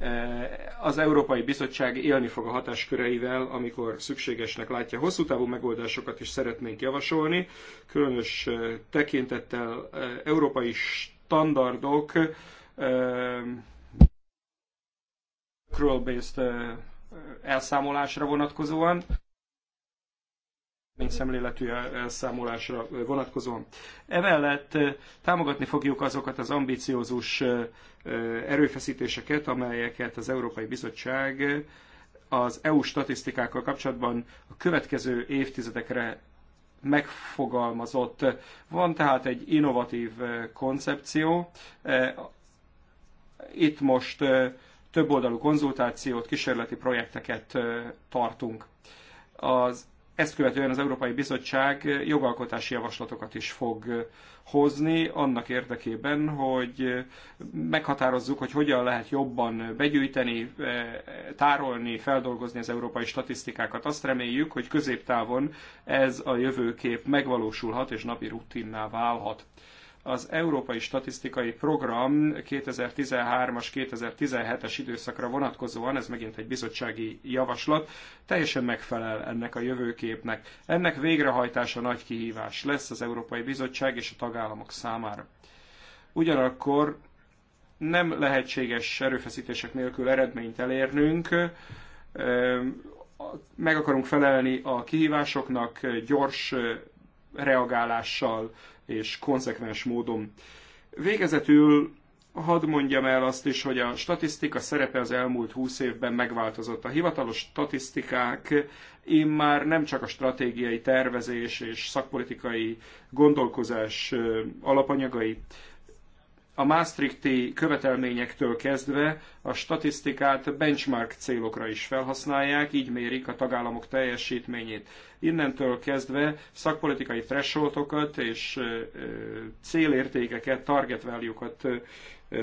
E, az Európai Bizottság élni fog a hatásköreivel, amikor szükségesnek látja. Hosszú távú megoldásokat is szeretnénk javasolni, különös e, tekintettel e, európai standardok, cruel-based elszámolásra vonatkozóan, szemléletű elszámolásra vonatkozóan. Emellett támogatni fogjuk azokat az ambiciózus erőfeszítéseket, amelyeket az Európai Bizottság az EU statisztikákkal kapcsolatban a következő évtizedekre megfogalmazott. Van tehát egy innovatív koncepció. Itt most többoldalú konzultációt, kísérleti projekteket tartunk. Az, ezt követően az Európai Bizottság jogalkotási javaslatokat is fog hozni annak érdekében, hogy meghatározzuk, hogy hogyan lehet jobban begyűjteni, tárolni, feldolgozni az európai statisztikákat. Azt reméljük, hogy középtávon ez a jövőkép megvalósulhat és napi rutinná válhat az Európai Statisztikai Program 2013-as, 2017-es időszakra vonatkozóan, ez megint egy bizottsági javaslat, teljesen megfelel ennek a jövőképnek. Ennek végrehajtása nagy kihívás lesz az Európai Bizottság és a tagállamok számára. Ugyanakkor nem lehetséges erőfeszítések nélkül eredményt elérnünk, meg akarunk felelni a kihívásoknak, gyors reagálással és konzekvens módon. Végezetül hadd mondjam el azt is, hogy a statisztika szerepe az elmúlt húsz évben megváltozott. A hivatalos statisztikák már nem csak a stratégiai tervezés és szakpolitikai gondolkozás alapanyagai, a Maastrichti követelményektől kezdve a statisztikát benchmark célokra is felhasználják, így mérik a tagállamok teljesítményét. Innentől kezdve szakpolitikai thresholdokat és célértékeket, target value-kat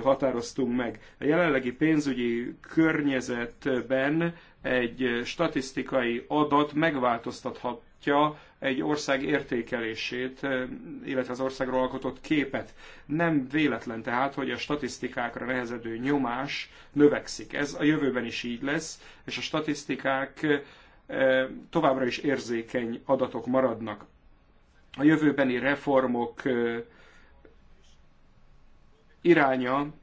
határoztunk meg. A jelenlegi pénzügyi környezetben egy statisztikai adat megváltoztathatja egy ország értékelését, illetve az országról alkotott képet. Nem véletlen tehát, hogy a statisztikákra nehezedő nyomás növekszik. Ez a jövőben is így lesz, és a statisztikák továbbra is érzékeny adatok maradnak. A jövőbeni reformok iránya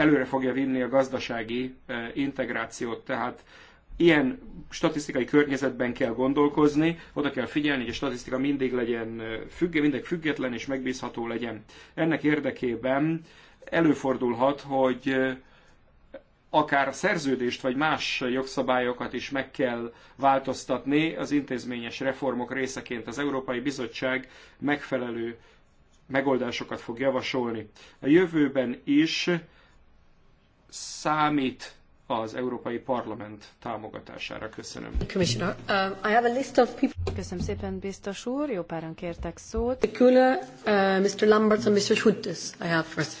előre fogja vinni a gazdasági e, integrációt. Tehát ilyen statisztikai környezetben kell gondolkozni, oda kell figyelni, hogy a statisztika mindig legyen e, mindig független és megbízható legyen. Ennek érdekében előfordulhat, hogy e, akár a szerződést vagy más jogszabályokat is meg kell változtatni az intézményes reformok részeként. Az Európai Bizottság megfelelő megoldásokat fog javasolni. A jövőben is számít az Európai Parlament támogatására. Köszönöm. Commissioner, uh, I have a list of people. Köszönöm szépen, biztos úr. Jó páran kértek szót. Kühle, uh, Mr. Lambert and Mr. Schultes. I have first.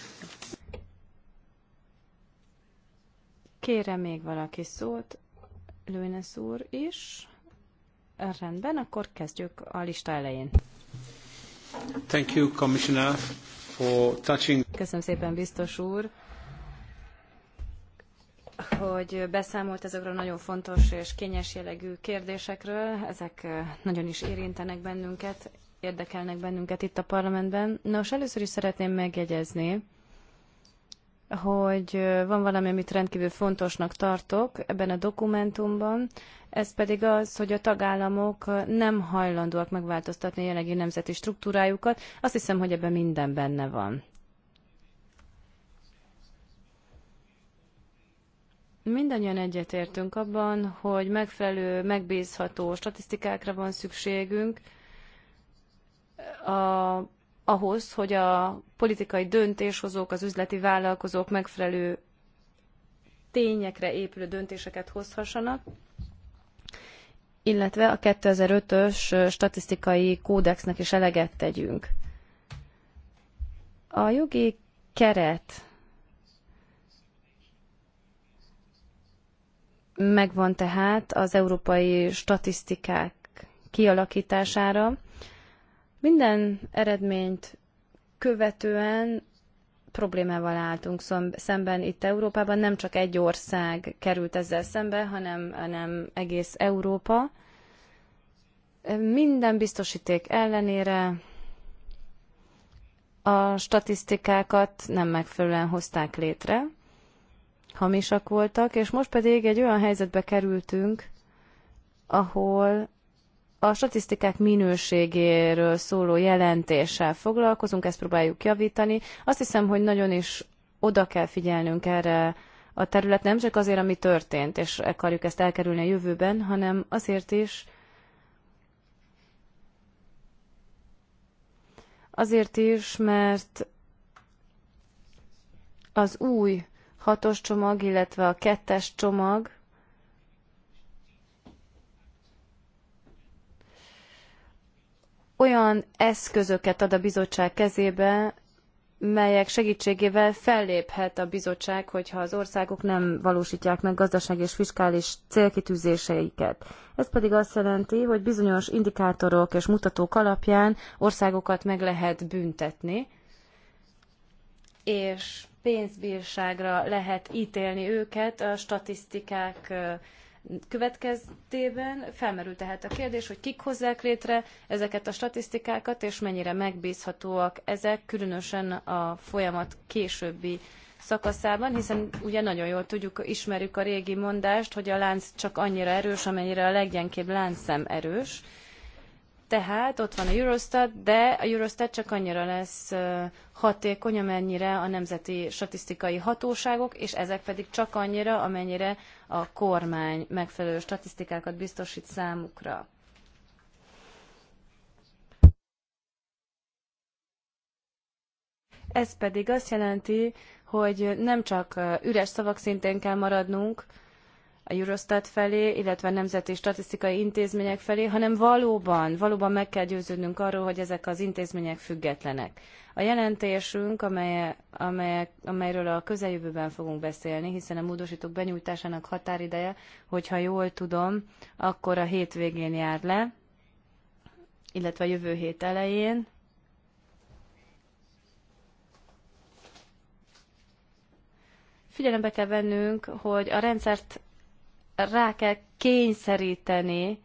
Kérem még valaki szót? Lőnes úr is. Rendben, akkor kezdjük a lista elején. Thank you, Commissioner, for touching... Köszönöm szépen, biztos úr, hogy beszámolt ezekről nagyon fontos és kényes jellegű kérdésekről. Ezek nagyon is érintenek bennünket, érdekelnek bennünket itt a parlamentben. Nos, először is szeretném megjegyezni, hogy van valami, amit rendkívül fontosnak tartok ebben a dokumentumban, ez pedig az, hogy a tagállamok nem hajlandóak megváltoztatni jelenlegi nemzeti struktúrájukat. Azt hiszem, hogy ebben minden benne van. Mindannyian egyetértünk abban, hogy megfelelő, megbízható statisztikákra van szükségünk a, ahhoz, hogy a politikai döntéshozók, az üzleti vállalkozók megfelelő tényekre épülő döntéseket hozhassanak, illetve a 2005-ös statisztikai kódexnek is eleget tegyünk. A jogi keret megvan tehát az európai statisztikák kialakítására. Minden eredményt követően problémával álltunk szemben itt Európában. Nem csak egy ország került ezzel szembe, hanem, hanem egész Európa. Minden biztosíték ellenére a statisztikákat nem megfelelően hozták létre hamisak voltak, és most pedig egy olyan helyzetbe kerültünk, ahol a statisztikák minőségéről szóló jelentéssel foglalkozunk, ezt próbáljuk javítani. Azt hiszem, hogy nagyon is oda kell figyelnünk erre a terület, nem csak azért, ami történt, és akarjuk ezt elkerülni a jövőben, hanem azért is, azért is, mert az új hatos csomag, illetve a kettes csomag, olyan eszközöket ad a bizottság kezébe, melyek segítségével felléphet a bizottság, hogyha az országok nem valósítják meg gazdasági és fiskális célkitűzéseiket. Ez pedig azt jelenti, hogy bizonyos indikátorok és mutatók alapján országokat meg lehet büntetni, és pénzbírságra lehet ítélni őket a statisztikák következtében. Felmerül tehát a kérdés, hogy kik hozzák létre ezeket a statisztikákat, és mennyire megbízhatóak ezek, különösen a folyamat későbbi szakaszában, hiszen ugye nagyon jól tudjuk, ismerjük a régi mondást, hogy a lánc csak annyira erős, amennyire a leggyenkébb láncszem erős. Tehát ott van a Eurostat, de a Eurostat csak annyira lesz hatékony, amennyire a nemzeti statisztikai hatóságok, és ezek pedig csak annyira, amennyire a kormány megfelelő statisztikákat biztosít számukra. Ez pedig azt jelenti, hogy nem csak üres szavak szintén kell maradnunk, a Eurostat felé, illetve a nemzeti statisztikai intézmények felé, hanem valóban, valóban meg kell győződnünk arról, hogy ezek az intézmények függetlenek. A jelentésünk, amely, amely, amelyről a közeljövőben fogunk beszélni, hiszen a módosítók benyújtásának határideje, hogyha jól tudom, akkor a hétvégén jár le, illetve a jövő hét elején, figyelembe kell vennünk, hogy a rendszert rá kell kényszeríteni,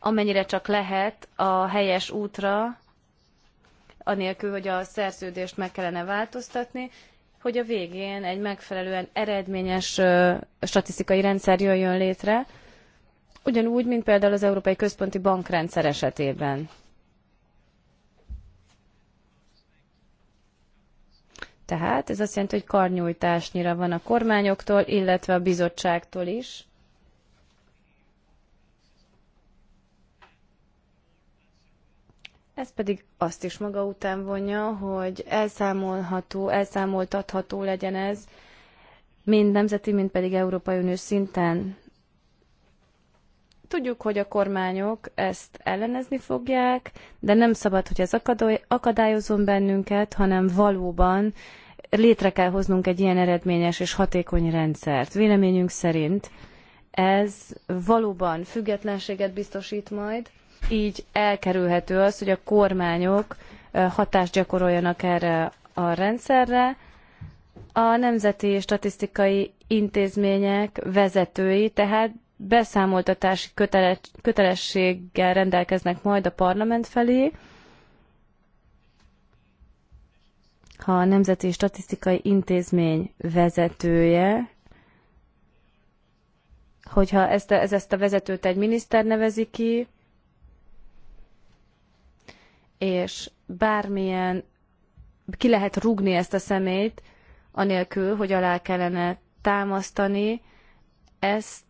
amennyire csak lehet a helyes útra, anélkül, hogy a szerződést meg kellene változtatni, hogy a végén egy megfelelően eredményes statisztikai rendszer jöjjön létre, ugyanúgy, mint például az Európai Központi Bankrendszer esetében. Tehát ez azt jelenti, hogy karnyújtásnyira van a kormányoktól, illetve a bizottságtól is. Ez pedig azt is maga után vonja, hogy elszámolható, elszámoltatható legyen ez, mind nemzeti, mind pedig Európai Uniós szinten. Tudjuk, hogy a kormányok ezt ellenezni fogják, de nem szabad, hogy ez akadályozon bennünket, hanem valóban létre kell hoznunk egy ilyen eredményes és hatékony rendszert. Véleményünk szerint ez valóban függetlenséget biztosít majd, így elkerülhető az, hogy a kormányok hatást gyakoroljanak erre a rendszerre. A nemzeti statisztikai intézmények vezetői tehát beszámoltatási kötele, kötelességgel rendelkeznek majd a parlament felé, ha a Nemzeti Statisztikai Intézmény vezetője, hogyha ezt a, ez, ezt a vezetőt egy miniszter nevezi ki, és bármilyen, ki lehet rugni ezt a szemét, anélkül, hogy alá kellene támasztani, ezt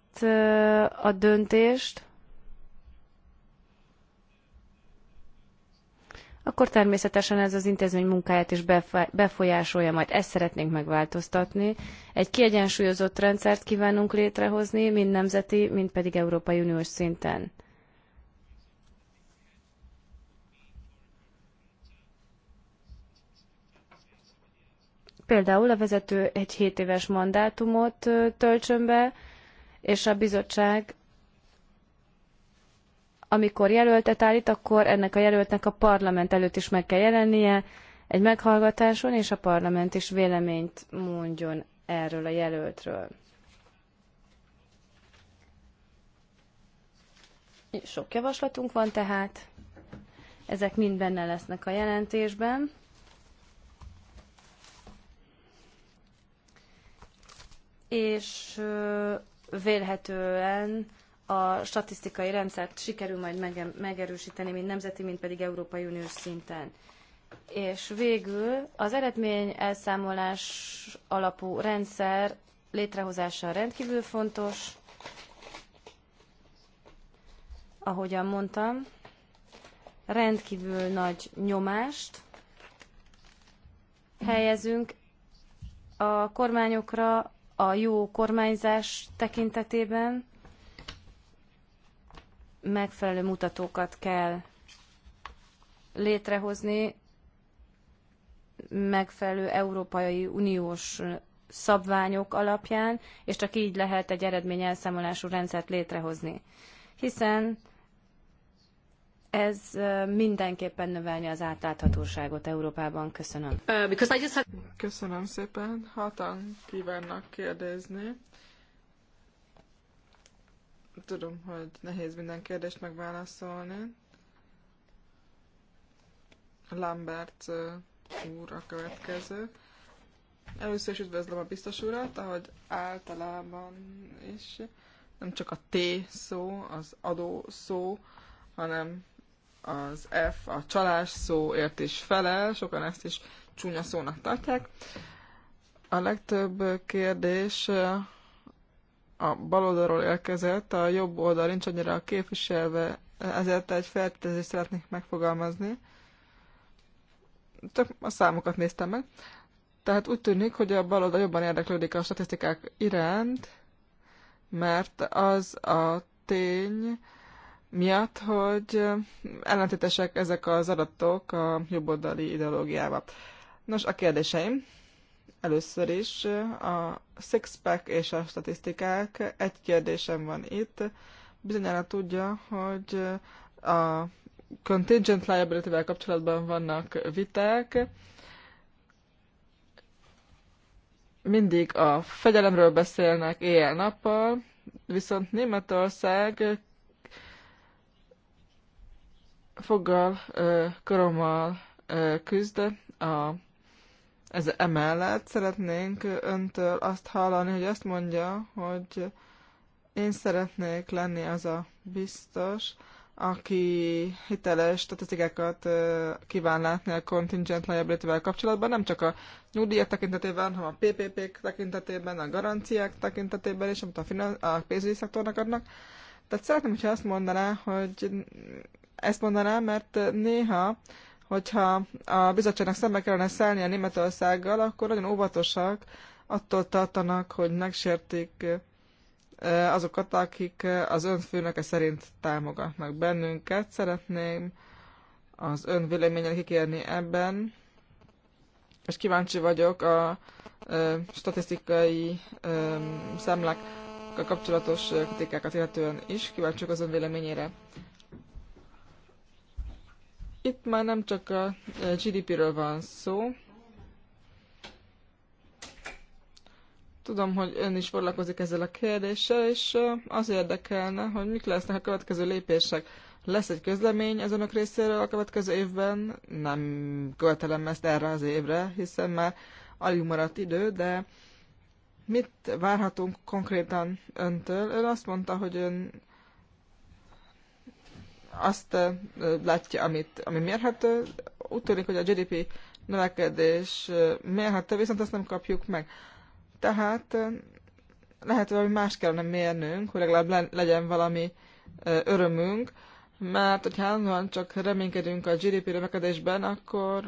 a döntést, akkor természetesen ez az intézmény munkáját is befolyásolja, majd ezt szeretnénk megváltoztatni. Egy kiegyensúlyozott rendszert kívánunk létrehozni, mind nemzeti, mind pedig Európai Uniós szinten. Például a vezető egy 7 éves mandátumot töltsön be, és a bizottság amikor jelöltet állít, akkor ennek a jelöltnek a parlament előtt is meg kell jelennie egy meghallgatáson, és a parlament is véleményt mondjon erről a jelöltről. Sok javaslatunk van tehát, ezek mind benne lesznek a jelentésben. És vélhetően a statisztikai rendszert sikerül majd megerősíteni, mind nemzeti, mind pedig Európai Uniós szinten. És végül az eredmény elszámolás alapú rendszer létrehozása rendkívül fontos, ahogyan mondtam, rendkívül nagy nyomást helyezünk a kormányokra, a jó kormányzás tekintetében megfelelő mutatókat kell létrehozni, megfelelő Európai Uniós szabványok alapján, és csak így lehet egy eredmény elszámolású rendszert létrehozni. Hiszen ez mindenképpen növelni az átláthatóságot Európában. Köszönöm. Uh, Köszönöm szépen. Hatan kívánnak kérdezni. Tudom, hogy nehéz minden kérdést megválaszolni. Lambert úr a következő. Először is üdvözlöm a biztos urat, ahogy általában is nem csak a T szó, az adó szó, hanem az F, a csalás szó értés fele, sokan ezt is csúnya szónak tartják. A legtöbb kérdés eh, a bal oldalról érkezett, a jobb oldal nincs annyira képviselve, ezért egy feltételezést szeretnék megfogalmazni. Csak a számokat néztem meg. Tehát úgy tűnik, hogy a bal oldal jobban érdeklődik a statisztikák iránt, mert az a tény, miatt, hogy ellentétesek ezek az adatok a jobboldali ideológiával. Nos, a kérdéseim először is a sixpack és a statisztikák. Egy kérdésem van itt. Bizonyára tudja, hogy a contingent liability-vel kapcsolatban vannak viták. Mindig a fegyelemről beszélnek éjjel-nappal, viszont Németország foggal, korommal küzd, a, ez emellett szeretnénk öntől azt hallani, hogy azt mondja, hogy én szeretnék lenni az a biztos, aki hiteles statisztikákat kíván látni a contingent liability kapcsolatban, nem csak a nyugdíjak tekintetében, hanem a ppp tekintetében, a garanciák tekintetében, és amit a, finan- a pénzügyi szektornak adnak. Tehát szeretném, hogyha azt mondaná, hogy ezt mondanám, mert néha, hogyha a bizottságnak szembe kellene szállnia Németországgal, akkor nagyon óvatosak, attól tartanak, hogy megsértik azokat, akik az főnöke szerint támogatnak bennünket. Szeretném az ön véleményen kikérni ebben, és kíváncsi vagyok a statisztikai ö, számlákkal kapcsolatos kritikákat illetően is, kíváncsiak az ön véleményére. Itt már nem csak a GDP-ről van szó. Tudom, hogy ön is foglalkozik ezzel a kérdéssel, és az érdekelne, hogy mik lesznek a következő lépések. Lesz egy közlemény az önök részéről a következő évben, nem követelem ezt erre az évre, hiszen már alig maradt idő, de mit várhatunk konkrétan öntől? Ön azt mondta, hogy ön azt látja, amit, ami mérhető. Úgy tűnik, hogy a GDP növekedés mérhető, viszont ezt nem kapjuk meg. Tehát lehet, hogy valami más kellene mérnünk, hogy legalább legyen valami örömünk, mert hogyha állandóan csak reménykedünk a GDP növekedésben, akkor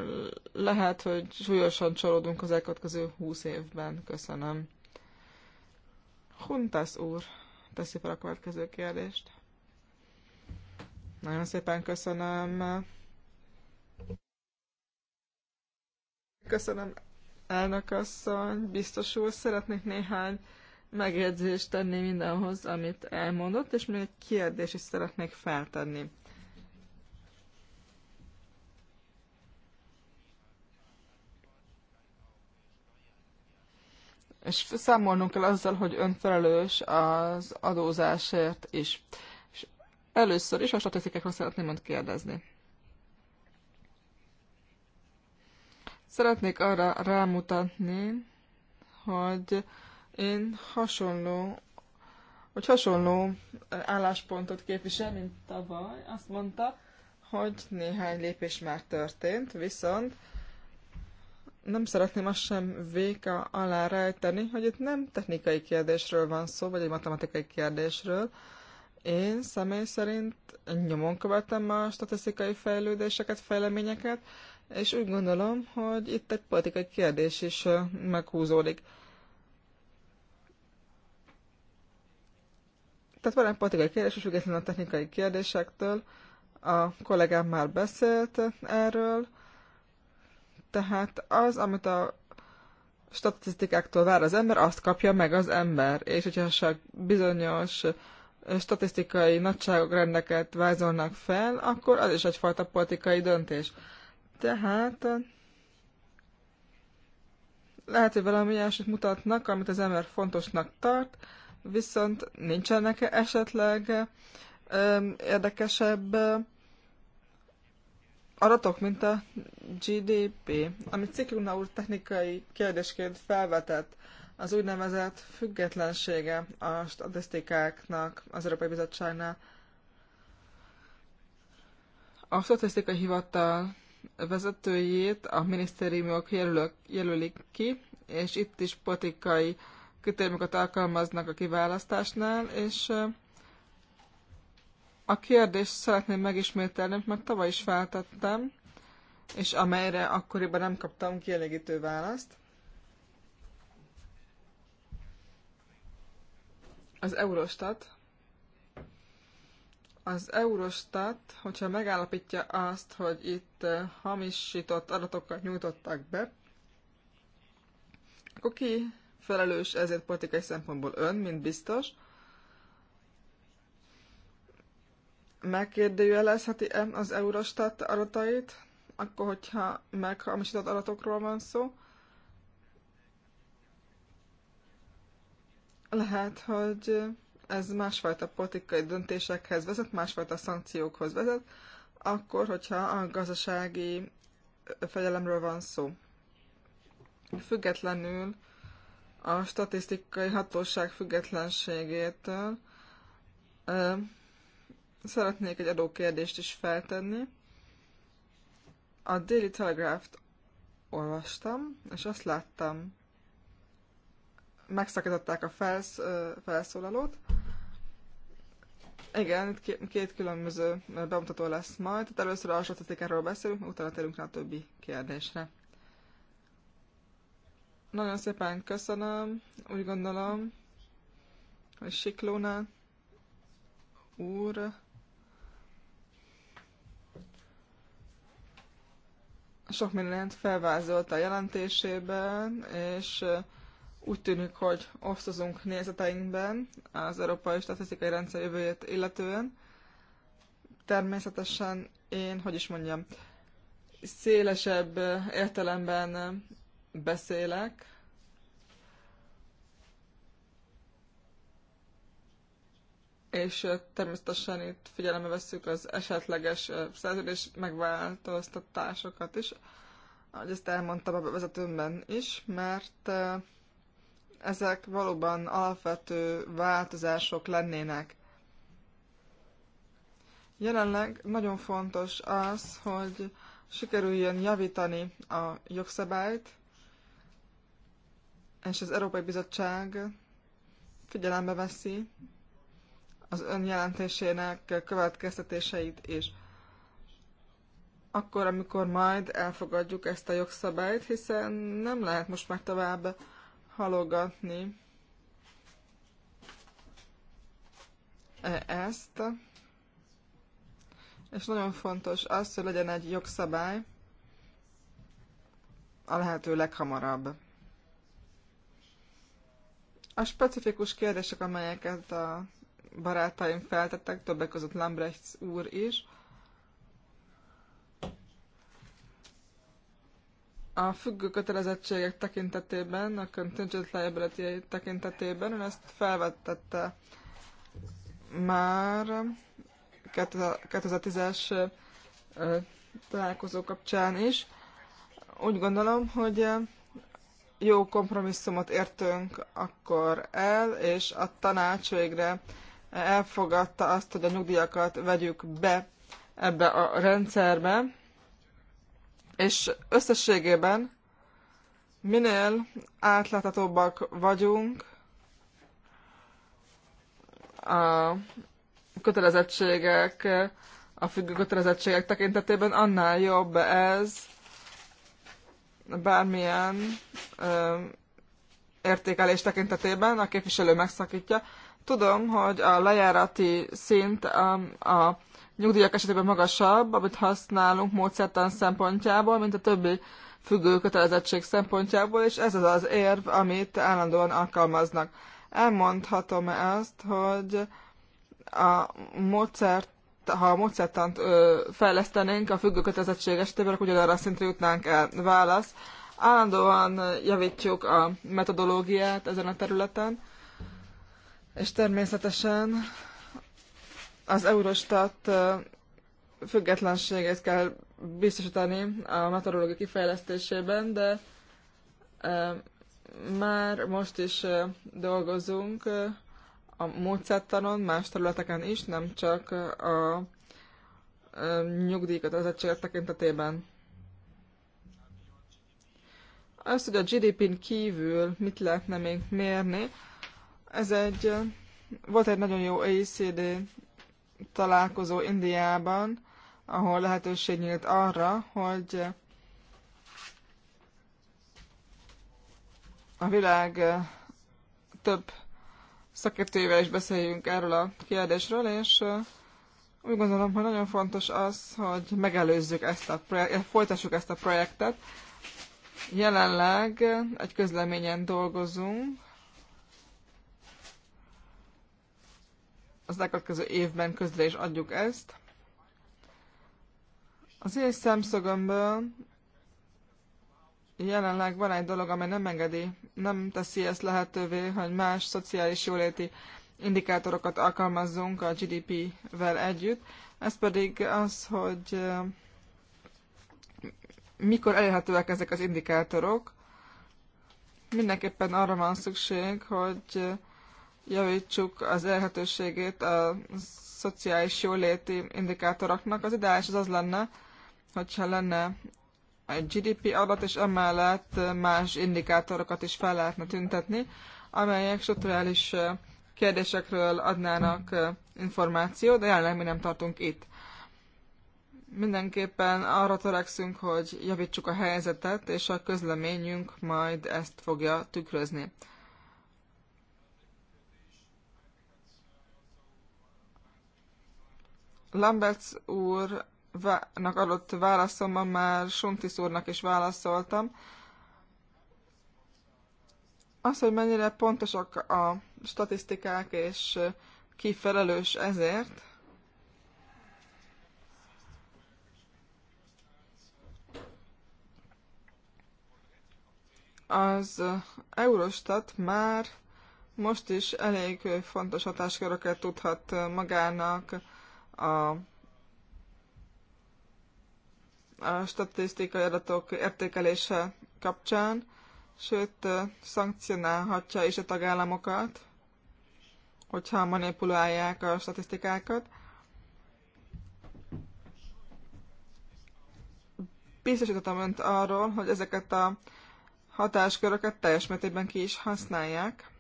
lehet, hogy súlyosan csalódunk az elkövetkező 20 évben. Köszönöm. Huntas úr teszi fel a következő kérdést. Nagyon szépen köszönöm. Köszönöm, elnök asszony. Biztos úr, szeretnék néhány megjegyzést tenni mindenhoz, amit elmondott, és még egy kérdést is szeretnék feltenni. És számolnunk kell azzal, hogy önfelelős az adózásért is. Először is a statisztikákról szeretném önt kérdezni. Szeretnék arra rámutatni, hogy én hasonló, hogy hasonló álláspontot képvisel, mint tavaly. Azt mondta, hogy néhány lépés már történt, viszont nem szeretném azt sem véka alá rejteni, hogy itt nem technikai kérdésről van szó, vagy egy matematikai kérdésről, én személy szerint nyomon követem a statisztikai fejlődéseket, fejleményeket, és úgy gondolom, hogy itt egy politikai kérdés is meghúzódik. Tehát van egy politikai kérdés, és függetlenül a technikai kérdésektől. A kollégám már beszélt erről, tehát az, amit a statisztikáktól vár az ember, azt kapja meg az ember. És hogyha bizonyos statisztikai rendeket vázolnak fel, akkor az is egyfajta politikai döntés. Tehát lehet, hogy valami ilyesmit mutatnak, amit az ember fontosnak tart, viszont nincsenek -e esetleg érdekesebb adatok, mint a GDP, amit Cikluná úr technikai kérdésként felvetett az úgynevezett függetlensége a statisztikáknak az Európai Bizottságnál. A statisztikai hivatal vezetőjét a minisztériumok jelölök, jelölik ki, és itt is politikai kritériumokat alkalmaznak a kiválasztásnál, és a kérdést szeretném megismételni, mert tavaly is feltettem, és amelyre akkoriban nem kaptam kielégítő választ. az Eurostat. Az Eurostat, hogyha megállapítja azt, hogy itt hamisított adatokat nyújtottak be, akkor ki felelős ezért politikai szempontból ön, mint biztos, megkérdőjelezheti-e az Eurostat adatait, akkor hogyha meghamisított adatokról van szó, Lehet, hogy ez másfajta politikai döntésekhez vezet, másfajta szankciókhoz vezet, akkor, hogyha a gazdasági fegyelemről van szó. Függetlenül a statisztikai hatóság függetlenségétől szeretnék egy adókérdést is feltenni. A Daily telegraph olvastam, és azt láttam, megszakították a felsz, felszólalót. Igen, itt két, két különböző bemutató lesz majd. Tehát először a statisztikáról beszélünk, utána térünk rá a többi kérdésre. Nagyon szépen köszönöm, úgy gondolom, hogy Siklóna úr sok mindent felvázolta a jelentésében, és úgy tűnik, hogy osztozunk nézeteinkben az európai statisztikai rendszer jövőjét illetően. Természetesen én, hogy is mondjam, szélesebb értelemben beszélek, és természetesen itt figyelembe veszük az esetleges szerződés megváltoztatásokat is, ahogy ezt elmondtam a vezetőmben is, mert ezek valóban alapvető változások lennének. Jelenleg nagyon fontos az, hogy sikerüljön javítani a jogszabályt, és az Európai Bizottság figyelembe veszi az önjelentésének következtetéseit is. Akkor, amikor majd elfogadjuk ezt a jogszabályt, hiszen nem lehet most már tovább halogatni e ezt, és nagyon fontos az, hogy legyen egy jogszabály a lehető leghamarabb. A specifikus kérdések, amelyeket a barátaim feltettek, többek között Lambrechts úr is, a függő kötelezettségek tekintetében, a contingent liability tekintetében, ön ezt felvettette már 2010-es találkozó kapcsán is. Úgy gondolom, hogy jó kompromisszumot értünk akkor el, és a tanács végre elfogadta azt, hogy a nyugdíjakat vegyük be ebbe a rendszerbe és összességében minél átláthatóbbak vagyunk a kötelezettségek, a függő kötelezettségek tekintetében, annál jobb ez bármilyen ö, értékelés tekintetében, a képviselő megszakítja. Tudom, hogy a lejárati szint a, a nyugdíjak esetében magasabb, amit használunk módszertan szempontjából, mint a többi függő kötelezettség szempontjából, és ez az az érv, amit állandóan alkalmaznak. Elmondhatom -e azt, hogy a módszert, ha a módszertant ö, fejlesztenénk a függő kötelezettség esetében, akkor ugyanarra a szintre jutnánk el. Válasz. Állandóan javítjuk a metodológiát ezen a területen, és természetesen az Eurostat függetlenségét kell biztosítani a meteorológia kifejlesztésében, de már most is dolgozunk a módszertanon, más területeken is, nem csak a nyugdíjkötelezettségek tekintetében. Azt, hogy a GDP-n kívül mit lehetne még mérni, ez egy, volt egy nagyon jó OECD találkozó Indiában, ahol lehetőség nyílt arra, hogy a világ eh, több szakértőjével is beszéljünk erről a kérdésről, és eh, úgy gondolom, hogy nagyon fontos az, hogy megelőzzük ezt a projektet, eh, folytassuk ezt a projektet. Jelenleg egy közleményen dolgozunk, az elkövetkező évben közre is adjuk ezt. Az én szemszögömből jelenleg van egy dolog, amely nem engedi, nem teszi ezt lehetővé, hogy más szociális jóléti indikátorokat alkalmazzunk a GDP-vel együtt. Ez pedig az, hogy eh, mikor elérhetőek ezek az indikátorok. Mindenképpen arra van szükség, hogy eh, javítsuk az elhetőségét a szociális jóléti indikátoroknak. Az ideális az az lenne, hogyha lenne egy GDP adat, és emellett más indikátorokat is fel lehetne tüntetni, amelyek strukturális kérdésekről adnának információt, de jelenleg mi nem tartunk itt. Mindenképpen arra törekszünk, hogy javítsuk a helyzetet, és a közleményünk majd ezt fogja tükrözni. Lamberts úrnak adott válaszomban már Suntis úrnak is válaszoltam. Az, hogy mennyire pontosak a statisztikák és ki felelős ezért, az Eurostat már most is elég fontos hatásköröket tudhat magának a, a statisztikai adatok értékelése kapcsán, sőt, szankcionálhatja is a tagállamokat, hogyha manipulálják a statisztikákat. Biztosítottam önt arról, hogy ezeket a hatásköröket teljes mértékben ki is használják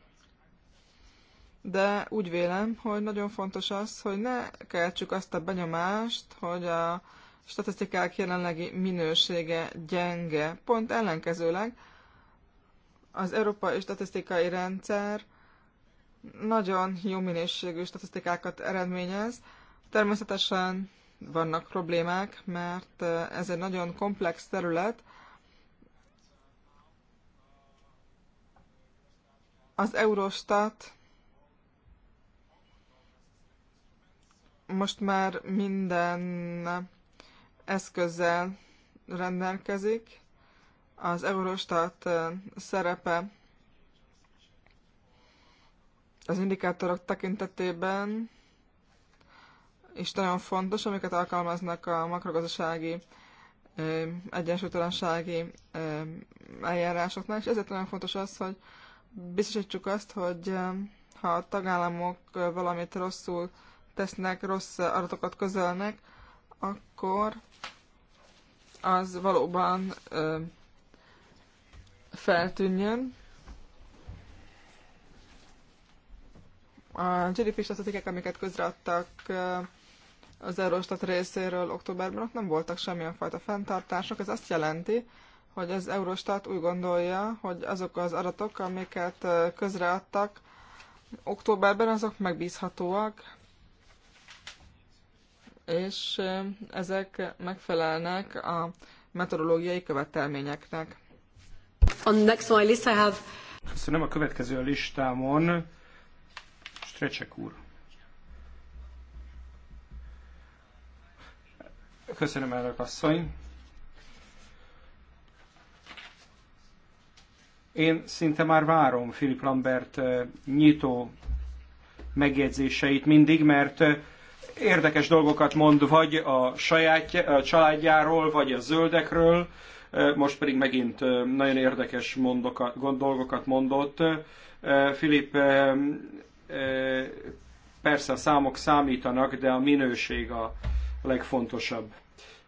de úgy vélem, hogy nagyon fontos az, hogy ne keltsük azt a benyomást, hogy a statisztikák jelenlegi minősége gyenge. Pont ellenkezőleg az európai statisztikai rendszer nagyon jó minőségű statisztikákat eredményez. Természetesen vannak problémák, mert eh, ez egy nagyon komplex terület. Az Eurostat most már minden eszközzel rendelkezik. Az Eurostat szerepe az indikátorok tekintetében is nagyon fontos, amiket alkalmaznak a makrogazdasági egyensúlytalansági eljárásoknál, és ezért nagyon fontos az, hogy biztosítsuk azt, hogy ha a tagállamok valamit rosszul tesznek, rossz adatokat közölnek, akkor az valóban ö, feltűnjön. A GDP statisztikák, amiket közreadtak az Eurostat részéről októberben, ott nem voltak semmilyen fajta fenntartások. Ez azt jelenti, hogy az Eurostat úgy gondolja, hogy azok az adatok, amiket közreadtak októberben, azok megbízhatóak, és ezek megfelelnek a meteorológiai követelményeknek. On the next one, list I have... Köszönöm a következő a listámon. Strecsek úr. Köszönöm, elnök asszony. Én szinte már várom Philip Lambert nyitó megjegyzéseit mindig, mert érdekes dolgokat mond, vagy a saját a családjáról, vagy a zöldekről, most pedig megint nagyon érdekes mondokat, dolgokat mondott. Filip, persze a számok számítanak, de a minőség a legfontosabb.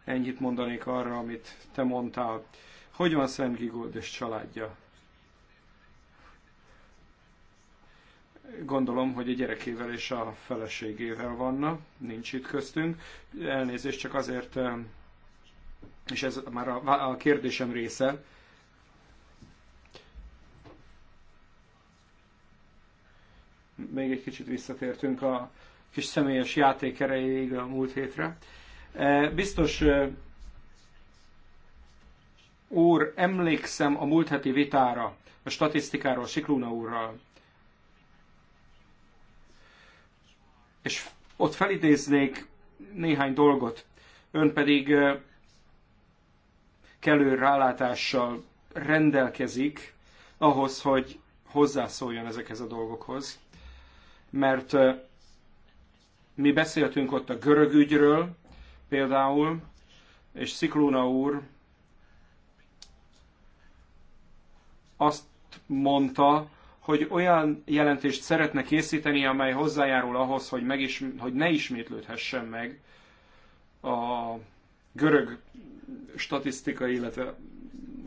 Ennyit mondanék arra, amit te mondtál. Hogy van Szent Gigold és családja? Gondolom, hogy a gyerekével és a feleségével vanna, nincs itt köztünk. Elnézést csak azért, és ez már a, kérdésem része, még egy kicsit visszatértünk a kis személyes játék erejéig a múlt hétre. E, biztos e, úr, emlékszem a múlt heti vitára, a statisztikáról Siklóna úrral. és ott felidéznék néhány dolgot, ön pedig kellő rálátással rendelkezik ahhoz, hogy hozzászóljon ezekhez a dolgokhoz. Mert mi beszéltünk ott a görög ügyről például, és Sziklóna úr azt mondta, hogy olyan jelentést szeretne készíteni, amely hozzájárul ahhoz, hogy, megis, hogy ne ismétlődhessen meg a görög statisztikai, illetve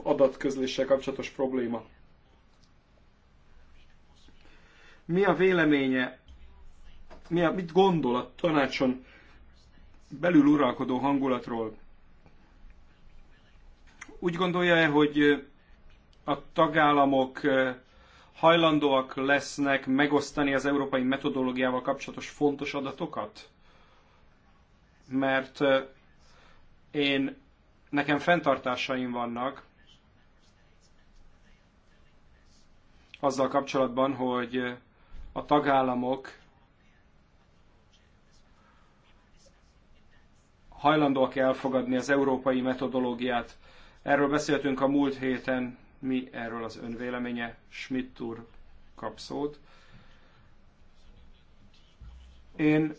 adatközléssel kapcsolatos probléma. Mi a véleménye, mi a, mit gondol a tanácson belül uralkodó hangulatról? Úgy gondolja-e, hogy a tagállamok hajlandóak lesznek megosztani az európai metodológiával kapcsolatos fontos adatokat? Mert én, nekem fenntartásaim vannak azzal kapcsolatban, hogy a tagállamok hajlandóak elfogadni az európai metodológiát. Erről beszéltünk a múlt héten mi erről az önvéleménye. Schmidt úr kap szót. Én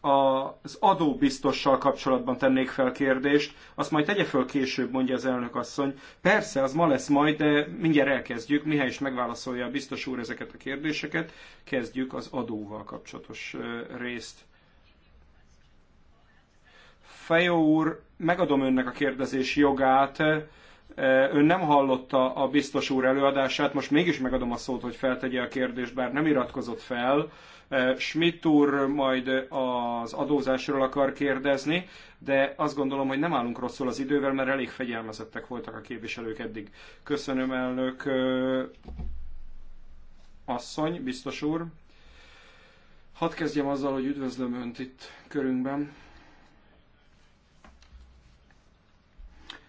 az adóbiztossal kapcsolatban tennék fel kérdést, azt majd tegye föl később, mondja az elnök asszony. Persze, az ma lesz majd, de mindjárt elkezdjük, mihely is megválaszolja a biztos úr ezeket a kérdéseket, kezdjük az adóval kapcsolatos részt. Fejó úr, megadom önnek a kérdezés jogát, Ön nem hallotta a biztos úr előadását, most mégis megadom a szót, hogy feltegye a kérdést, bár nem iratkozott fel. Schmidt úr majd az adózásról akar kérdezni, de azt gondolom, hogy nem állunk rosszul az idővel, mert elég fegyelmezettek voltak a képviselők eddig. Köszönöm, elnök asszony, biztos úr. Hadd kezdjem azzal, hogy üdvözlöm Önt itt körünkben.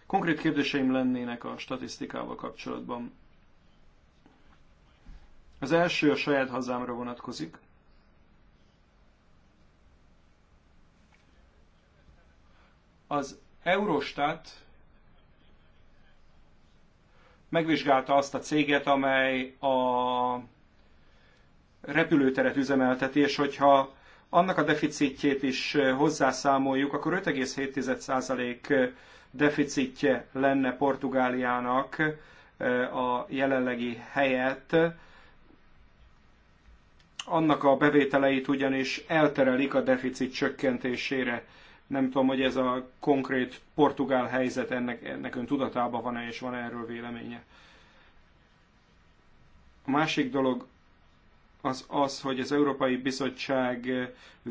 Konkrét kérdéseim lennének a statisztikával kapcsolatban. Az első a saját hazámra vonatkozik. Az Eurostat megvizsgálta azt a céget, amely a repülőteret üzemelteti, és hogyha annak a deficitjét is hozzászámoljuk, akkor 5,7% deficitje lenne Portugáliának a jelenlegi helyett, annak a bevételeit ugyanis elterelik a deficit csökkentésére. Nem tudom, hogy ez a konkrét portugál helyzet ennek, ennek ön tudatában van-e, és van -e erről véleménye. A másik dolog az az, hogy az Európai Bizottság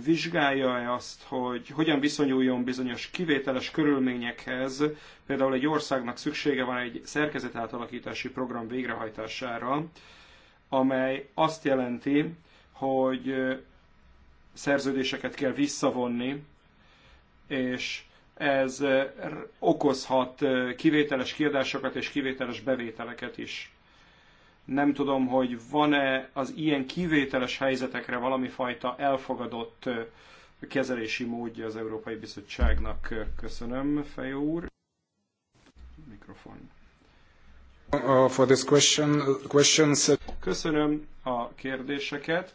vizsgálja-e azt, hogy hogyan viszonyuljon bizonyos kivételes körülményekhez, például egy országnak szüksége van egy szerkezetátalakítási program végrehajtására, amely azt jelenti, hogy szerződéseket kell visszavonni, és ez okozhat kivételes kiadásokat és kivételes bevételeket is. Nem tudom, hogy van-e az ilyen kivételes helyzetekre valami fajta elfogadott kezelési módja az Európai Bizottságnak. Köszönöm, Fejó úr. Mikrofon. Uh, for this question, questions. Uh, Köszönöm a kérdéseket.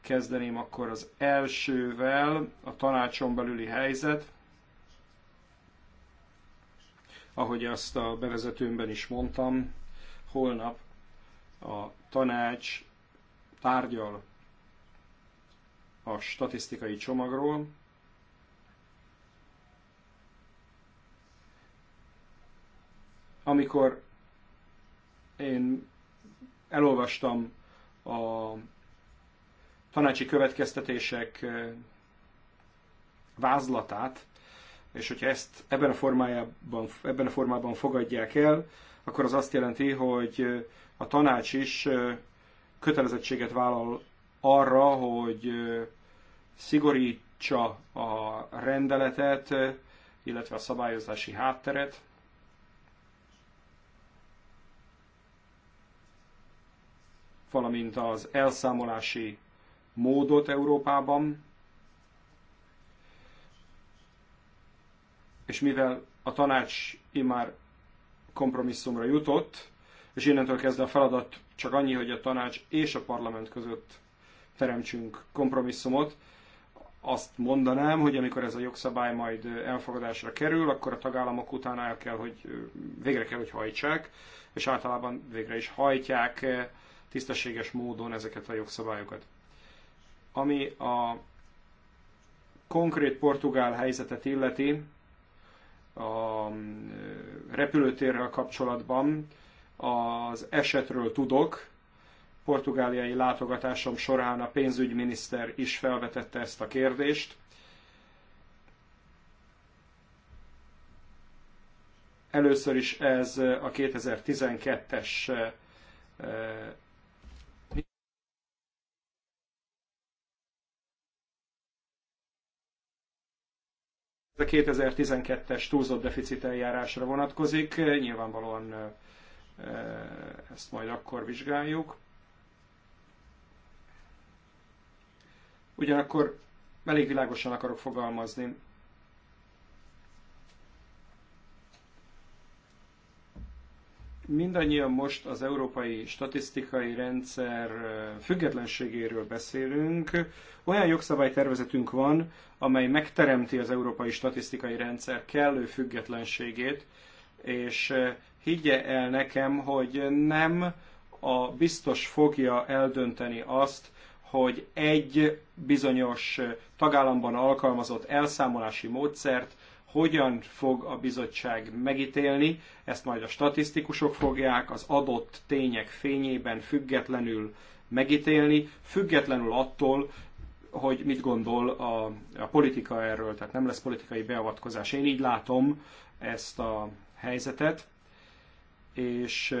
Kezdeném akkor az elsővel, a tanácson belüli helyzet. Ahogy azt a bevezetőmben is mondtam, holnap a tanács tárgyal a statisztikai csomagról, amikor én elolvastam a tanácsi következtetések eh, vázlatát, és hogyha ezt ebben a, formájában, ebben a formában fogadják el, akkor az azt jelenti, hogy eh, a tanács is kötelezettséget vállal arra, hogy szigorítsa a rendeletet, illetve a szabályozási hátteret. valamint az elszámolási módot Európában. És mivel a tanács immár kompromisszumra jutott, és innentől kezdve a feladat csak annyi, hogy a tanács és a parlament között teremtsünk kompromisszumot. Azt mondanám, hogy amikor ez a jogszabály majd elfogadásra kerül, akkor a tagállamok utána el kell, hogy végre kell, hogy hajtsák, és általában végre is hajtják tisztességes módon ezeket a jogszabályokat. Ami a konkrét portugál helyzetet illeti, a mm, repülőtérrel kapcsolatban, az esetről tudok. Portugáliai látogatásom során a pénzügyminiszter is felvetette ezt a kérdést. Először is ez a 2012-es eh, a 2012-es túlzott deficit eljárásra vonatkozik. Nyilvánvalóan eh, Eh, ezt majd akkor vizsgáljuk. Ugyanakkor elég világosan akarok fogalmazni. Mindannyian most az európai statisztikai rendszer eh, függetlenségéről beszélünk. Olyan jogszabálytervezetünk van, amely megteremti az európai statisztikai rendszer kellő függetlenségét, és eh, higgye el nekem, hogy nem a biztos fogja eldönteni azt, hogy egy bizonyos tagállamban alkalmazott elszámolási módszert hogyan fog a bizottság megítélni, ezt majd a statisztikusok fogják az adott tények fényében függetlenül megítélni, függetlenül attól, hogy mit gondol a, a politika erről, tehát nem lesz politikai beavatkozás. Én így látom ezt a helyzetet és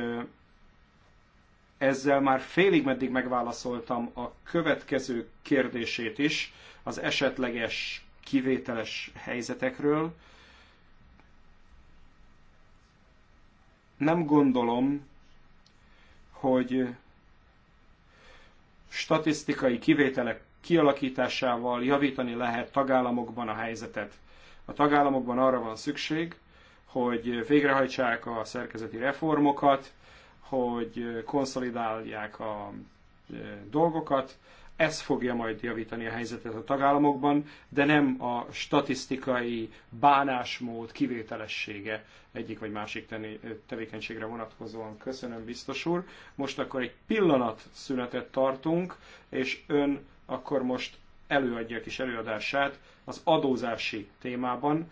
ezzel már félig meddig megválaszoltam a következő kérdését is, az esetleges kivételes helyzetekről. Nem gondolom, hogy statisztikai kivételek kialakításával javítani lehet tagállamokban a helyzetet. A tagállamokban arra van szükség, hogy végrehajtsák a szerkezeti reformokat, hogy konszolidálják a e, dolgokat. Ez fogja majd javítani a helyzetet a tagállamokban, de nem a statisztikai bánásmód kivételessége egyik vagy másik e, tevékenységre vonatkozóan. Köszönöm, biztos úr. Most akkor egy pillanat szünetet tartunk, és ön akkor most előadja a kis előadását az adózási témában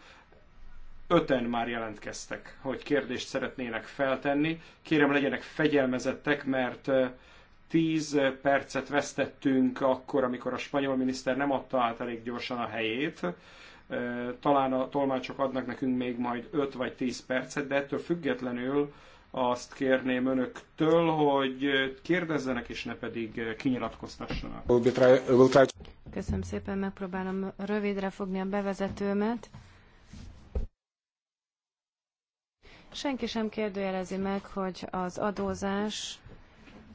öten már jelentkeztek, hogy kérdést szeretnének feltenni. Kérem, legyenek fegyelmezettek, mert 10 percet vesztettünk akkor, amikor a spanyol miniszter nem adta át elég gyorsan a helyét. Talán a tolmácsok adnak nekünk még majd 5 vagy 10 percet, de ettől függetlenül azt kérném önöktől, hogy kérdezzenek, és ne pedig kinyilatkoztassanak. Köszönöm szépen, megpróbálom rövidre fogni a bevezetőmet. Senki sem kérdőjelezi meg, hogy az adózás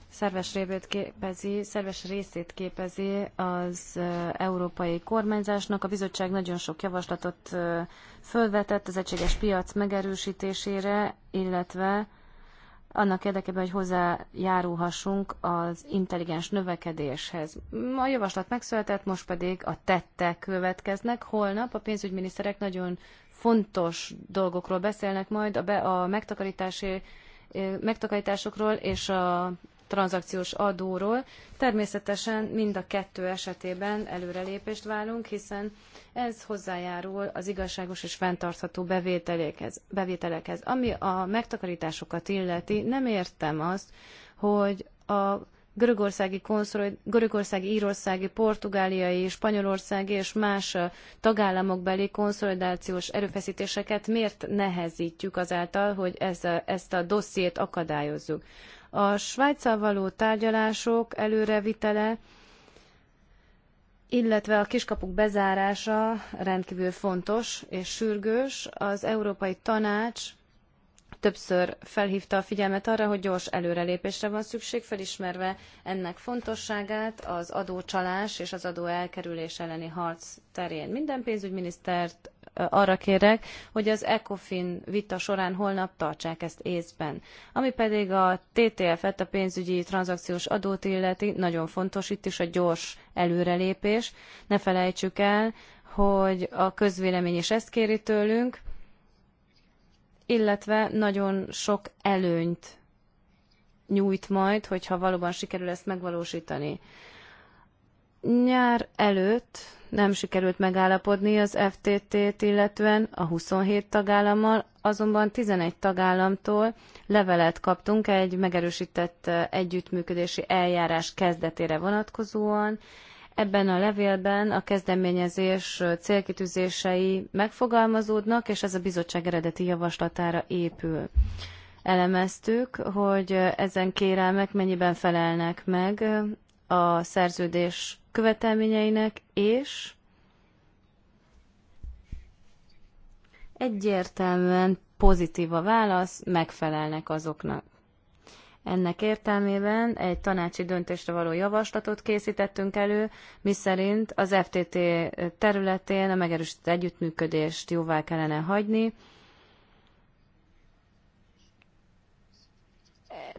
szerves részét képezi, szerves részét képezi az európai kormányzásnak. A bizottság nagyon sok javaslatot fölvetett az egységes piac megerősítésére, illetve annak érdekében, hogy hozzájárulhassunk az intelligens növekedéshez. A javaslat megszületett, most pedig a tettek következnek. Holnap a pénzügyminiszterek nagyon fontos dolgokról beszélnek majd, a, be, a megtakarítási, megtakarításokról és a tranzakciós adóról. Természetesen mind a kettő esetében előrelépést válunk, hiszen ez hozzájárul az igazságos és fenntartható bevételekhez. bevételekhez. Ami a megtakarításokat illeti, nem értem azt, hogy a görögországi, konszol, görögországi, írországi, portugáliai, spanyolországi és más tagállamokbeli konszolidációs erőfeszítéseket miért nehezítjük azáltal, hogy ez ezt a dossziét akadályozzuk. A Svájccal való tárgyalások előrevitele, illetve a kiskapuk bezárása rendkívül fontos és sürgős. Az Európai Tanács többször felhívta a figyelmet arra, hogy gyors előrelépésre van szükség, felismerve ennek fontosságát az adócsalás és az adó elkerülés elleni harc terén. Minden pénzügyminisztert arra kérek, hogy az ECOFIN vita során holnap tartsák ezt észben. Ami pedig a TTF-et, a pénzügyi tranzakciós adót illeti, nagyon fontos itt is a gyors előrelépés. Ne felejtsük el, hogy a közvélemény is ezt kéri tőlünk, illetve nagyon sok előnyt nyújt majd, hogyha valóban sikerül ezt megvalósítani. Nyár előtt nem sikerült megállapodni az FTT-t illetően a 27 tagállammal, azonban 11 tagállamtól levelet kaptunk egy megerősített eh, együttműködési eljárás kezdetére vonatkozóan, Ebben a levélben a kezdeményezés célkitűzései megfogalmazódnak, és ez a bizottság eredeti javaslatára épül. Elemeztük, hogy ezen kérelmek mennyiben felelnek meg a szerződés követelményeinek, és egyértelműen pozitív a válasz, megfelelnek azoknak. Ennek értelmében egy tanácsi döntésre való javaslatot készítettünk elő, miszerint az FTT területén a megerősített együttműködést jóvá kellene hagyni,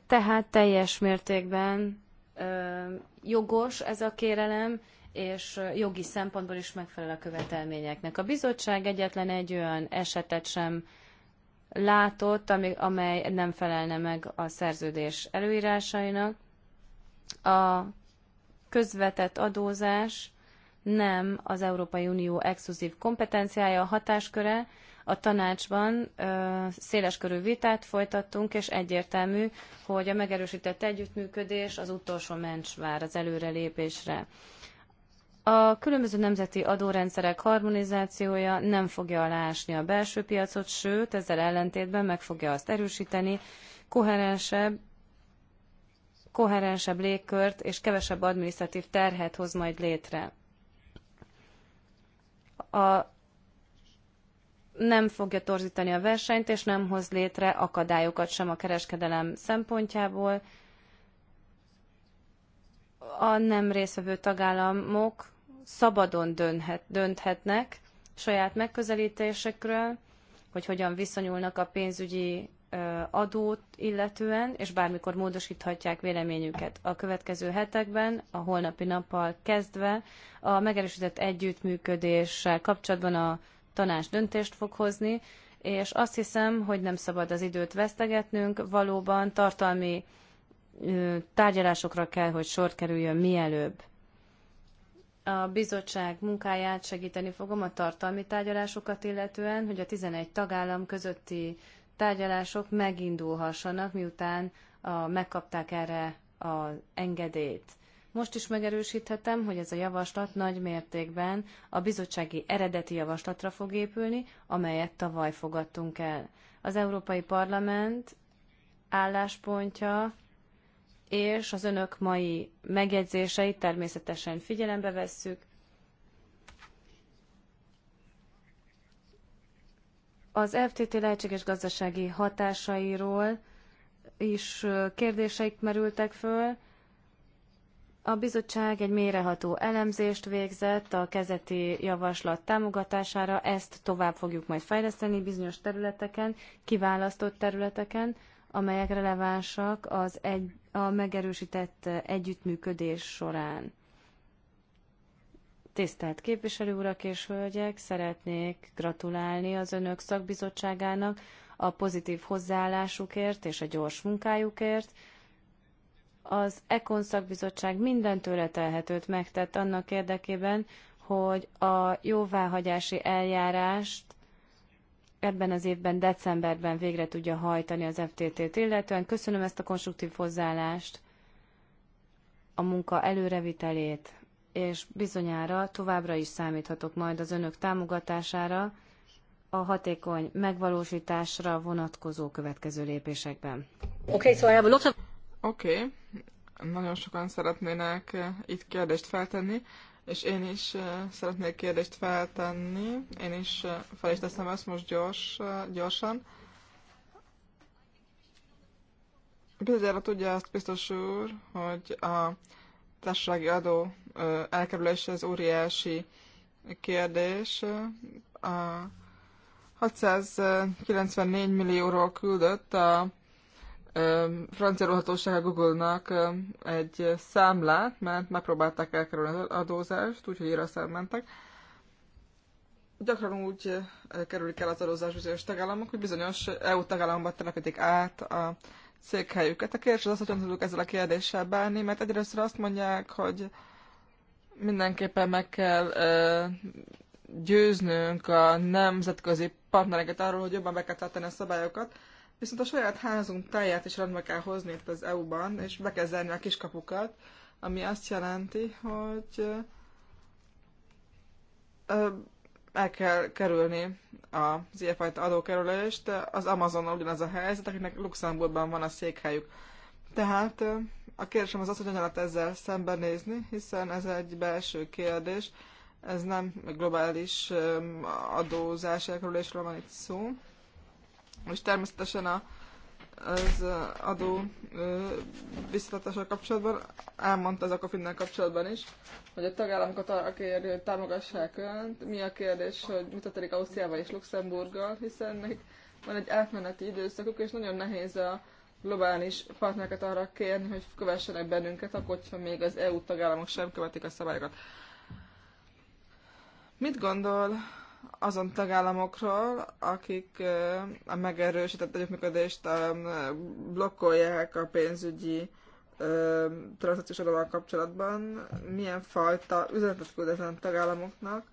tehát teljes mértékben ö, jogos ez a kérelem, és jogi szempontból is megfelel a követelményeknek. A bizottság egyetlen egy olyan esetet sem látott, amely nem felelne meg a szerződés előírásainak. A közvetett adózás nem az Európai Unió exkluzív kompetenciája, a hatásköre. A tanácsban ö, széleskörű vitát folytattunk, és egyértelmű, hogy a megerősített együttműködés az utolsó mencs vár az előrelépésre. A különböző nemzeti adórendszerek harmonizációja nem fogja aláásni a belső piacot, sőt, ezzel ellentétben meg fogja azt erősíteni, koherensebb, koherensebb légkört és kevesebb administratív terhet hoz majd létre. A nem fogja torzítani a versenyt, és nem hoz létre akadályokat sem a kereskedelem szempontjából, a nem részvevő tagállamok szabadon dönhet, dönthetnek saját megközelítésekről, hogy hogyan viszonyulnak a pénzügyi adót illetően, és bármikor módosíthatják véleményüket. A következő hetekben, a holnapi nappal kezdve a megerősített együttműködéssel kapcsolatban a tanács döntést fog hozni, és azt hiszem, hogy nem szabad az időt vesztegetnünk, valóban tartalmi tárgyalásokra kell, hogy sort kerüljön mielőbb. A bizottság munkáját segíteni fogom a tartalmi tárgyalásokat illetően, hogy a 11 tagállam közötti tárgyalások megindulhassanak, miután a, megkapták erre az engedélyt. Most is megerősíthetem, hogy ez a javaslat nagy mértékben a bizottsági eredeti javaslatra fog épülni, amelyet tavaly fogadtunk el. Az Európai Parlament álláspontja és az önök mai megjegyzéseit természetesen figyelembe vesszük. Az FTT lehetséges gazdasági hatásairól is kérdéseik merültek föl. A bizottság egy méreható elemzést végzett a kezeti javaslat támogatására, ezt tovább fogjuk majd fejleszteni bizonyos területeken, kiválasztott területeken amelyek relevánsak az egy, a megerősített együttműködés során. Tisztelt képviselő urak és hölgyek, szeretnék gratulálni az önök szakbizottságának a pozitív hozzáállásukért és a gyors munkájukért. Az Ekon szakbizottság minden tőle megtett annak érdekében, hogy a jóváhagyási eljárást ebben az évben, decemberben végre tudja hajtani az FTT-t, illetően köszönöm ezt a konstruktív hozzáállást, a munka előrevitelét, és bizonyára továbbra is számíthatok majd az önök támogatására a hatékony megvalósításra vonatkozó következő lépésekben. Okay, so a lot of... Oké, okay. nagyon sokan szeretnének itt kérdést feltenni és én is szeretnék kérdést feltenni. Én is fel is teszem ezt most gyors, gyorsan. Bizonyára tudja azt biztos úr, hogy a társasági adó elkerülése az óriási kérdés. A 694 millióról küldött a francia róhatóság a Google-nak egy számlát, mert megpróbálták elkerülni az adózást, úgyhogy Írország mentek. Gyakran úgy kerülik el az adózás bizonyos tagállamok, hogy bizonyos EU tagállamokban telepítik át a székhelyüket. A kérdés az, hogy tudjuk ezzel a kérdéssel bánni, mert egyrészt azt mondják, hogy mindenképpen meg kell ö, győznünk a nemzetközi partnereket arról, hogy jobban be kell tartani a szabályokat, Viszont a saját házunk táját is rendbe kell hozni itt az EU-ban, és be kell zárni a kiskapukat, ami azt jelenti, hogy el kell kerülni az ilyenfajta adókerülést. Az Amazon ugyanaz a helyzet, akinek Luxemburgban van a székhelyük. Tehát a kérdésem az az, hogy hogyan lehet ezzel szembenézni, hiszen ez egy belső kérdés, ez nem globális adózás elkerülésről van itt szó és természetesen a, az adó visszatartással kapcsolatban elmondta az Acofinnel kapcsolatban is, hogy a tagállamokat arra kérni, hogy támogassák önt. Mi a kérdés, hogy mit történik Ausztriával és Luxemburggal, hiszen nekik van egy átmeneti időszakuk, és nagyon nehéz a globális partnereket arra kérni, hogy kövessenek bennünket, akkor, hogyha még az EU tagállamok sem követik a szabályokat. Mit gondol azon tagállamokról, akik a megerősített együttműködést blokkolják a pénzügyi transzakciós adóval kapcsolatban, milyen fajta üzenetet küld ezen a tagállamoknak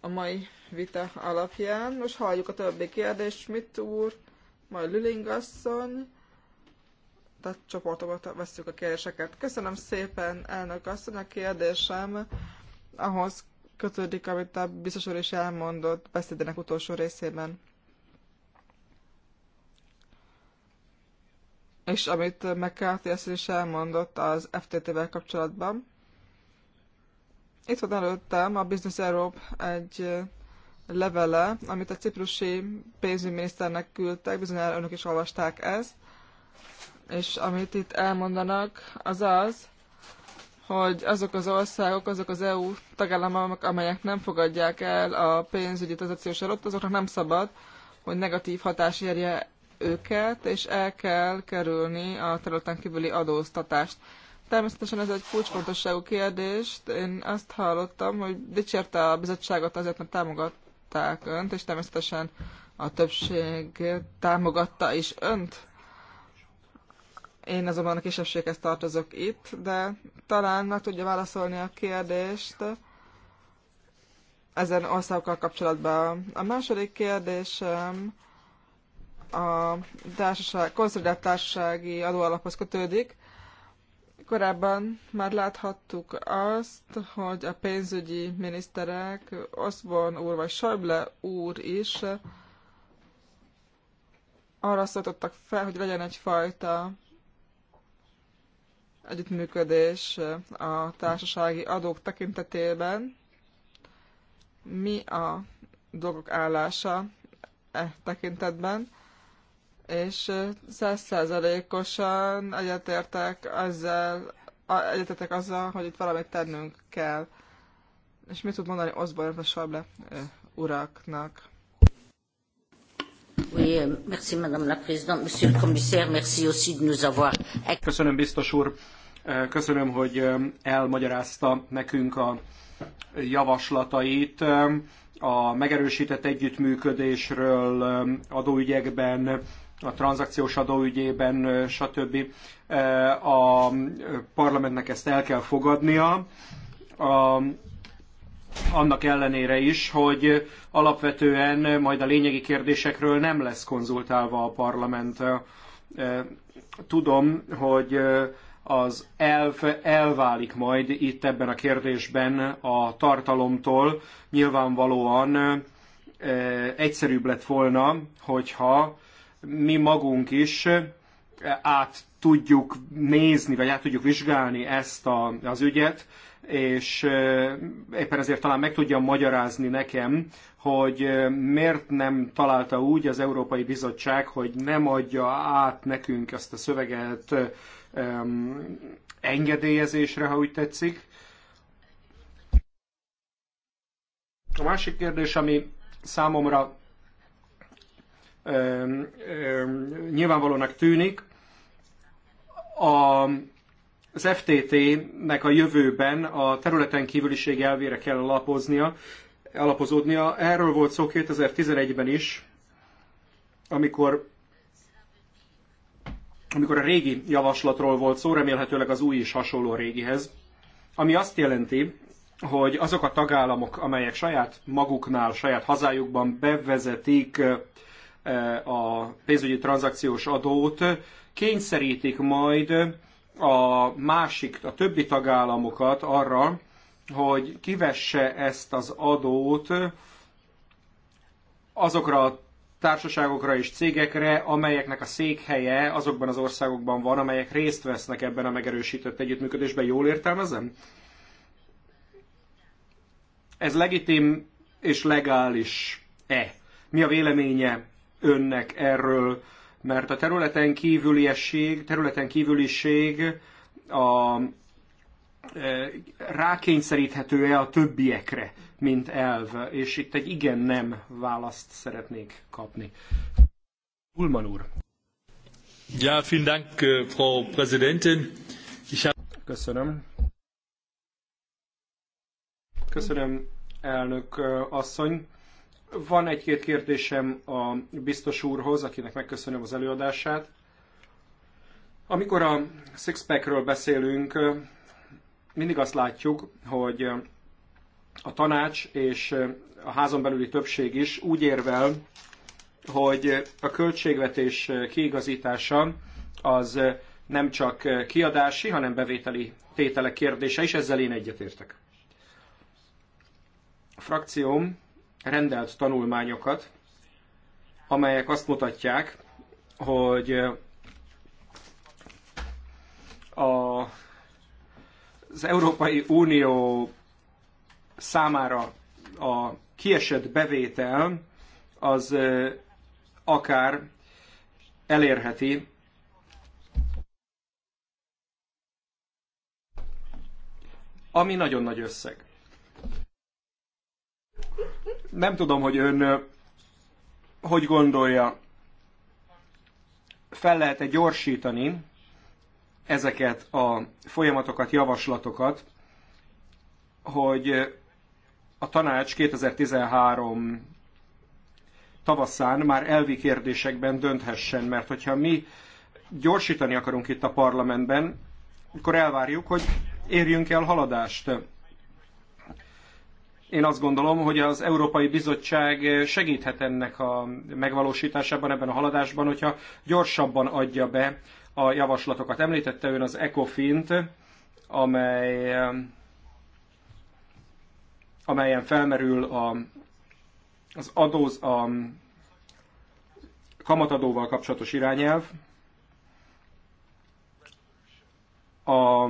a mai vita alapján. Most halljuk a többi kérdést, mit úr, majd Lüling asszony, tehát csoportokat veszük a kérdéseket. Köszönöm szépen, elnök asszony, a kérdésem ahhoz kötődik, amit a biztos úr is elmondott beszédének utolsó részében. És amit McCarthy ezt is elmondott az FTT-vel kapcsolatban. Itt van előttem a Business Europe egy levele, amit a ciprusi pénzügyminiszternek küldtek, bizonyára önök is olvasták ezt, és amit itt elmondanak, az az, hogy azok az országok, azok az EU tagállamok, amelyek nem fogadják el a pénzügyi tranzakciós adót, azoknak nem szabad, hogy negatív hatás érje őket, és el kell kerülni a területen kívüli adóztatást. Természetesen ez egy kulcsfontosságú kérdés. Én azt hallottam, hogy dicsérte a bizottságot azért, mert támogatták önt, és természetesen a többség támogatta is önt én azonban a kisebbséghez tartozok itt, de talán meg tudja válaszolni a kérdést ezen országokkal kapcsolatban. A második kérdésem a társaság, konszolidált társasági adóalaphoz kötődik. Korábban már láthattuk azt, hogy a pénzügyi miniszterek, Osborn úr vagy Schäuble úr is arra szóltottak fel, hogy legyen egyfajta együttműködés a társasági adók tekintetében. Mi a dolgok állása e tekintetben, és százszerzelékosan egyetértek ezzel, egyetetek azzal, hogy itt valamit tennünk kell. És mit tud mondani Osborne a Sable uraknak? Oui, merci Madame la Présidente, Monsieur le Commissaire, merci aussi de nous avoir... Köszönöm biztos úr, köszönöm, hogy um, elmagyarázta nekünk a javaslatait um, a megerősített együttműködésről um, adóügyekben, a tranzakciós adóügyében, uh, stb. Uh, a parlamentnek ezt el kell fogadnia. A annak ellenére is, hogy alapvetően majd a lényegi kérdésekről nem lesz konzultálva a parlament. Tudom, hogy az elv elválik majd itt ebben a kérdésben a tartalomtól. Nyilvánvalóan egyszerűbb lett volna, hogyha mi magunk is át tudjuk nézni, vagy át tudjuk vizsgálni ezt a, az ügyet, és éppen ezért talán meg tudja magyarázni nekem, hogy miért nem találta úgy az Európai Bizottság, hogy nem adja át nekünk ezt a szöveget engedélyezésre, ha úgy tetszik. A másik kérdés, ami számomra nyilvánvalónak tűnik, a az FTT-nek a jövőben a területen kívüliség elvére kell alapoznia, alapozódnia. Erről volt szó 2011-ben is, amikor amikor a régi javaslatról volt szó, remélhetőleg az új is hasonló a régihez, ami azt jelenti, hogy azok a tagállamok, amelyek saját maguknál, saját hazájukban bevezetik a pénzügyi tranzakciós adót, kényszerítik majd a másik, a többi tagállamokat arra, hogy kivesse ezt az adót azokra a társaságokra és cégekre, amelyeknek a székhelye azokban az országokban van, amelyek részt vesznek ebben a megerősített együttműködésben. Jól értelmezem? Ez legitim és legális-e? Mi a véleménye önnek erről? mert a területen kívüliesség, területen kívüliség a, e, rákényszeríthető-e a többiekre, mint elv, és itt egy igen-nem választ szeretnék kapni. Ulman úr. Ja, vielen Dank, äh, Frau Präsidentin. Ich Köszönöm. Köszönöm, elnök äh, asszony. Van egy-két kérdésem a biztos úrhoz, akinek megköszönöm az előadását. Amikor a Sixpackről beszélünk, mindig azt látjuk, hogy a tanács és a házon belüli többség is úgy érvel, hogy a költségvetés kiigazítása az nem csak kiadási, hanem bevételi tételek kérdése is, ezzel én egyetértek. A frakcióm rendelt tanulmányokat, amelyek azt mutatják, hogy a, az Európai Unió számára a kiesett bevétel az akár elérheti ami nagyon nagy összeg. Nem tudom, hogy ön hogy gondolja, fel lehet-e gyorsítani ezeket a folyamatokat, javaslatokat, hogy a tanács 2013 tavaszán már elvi kérdésekben dönthessen, mert hogyha mi gyorsítani akarunk itt a parlamentben, akkor elvárjuk, hogy érjünk el haladást én azt gondolom, hogy az Európai Bizottság segíthet ennek a megvalósításában, ebben a haladásban, hogyha gyorsabban adja be a javaslatokat. Említette ön az ECOFINT, amely, amelyen felmerül a, az adóz, a kamatadóval kapcsolatos irányelv. A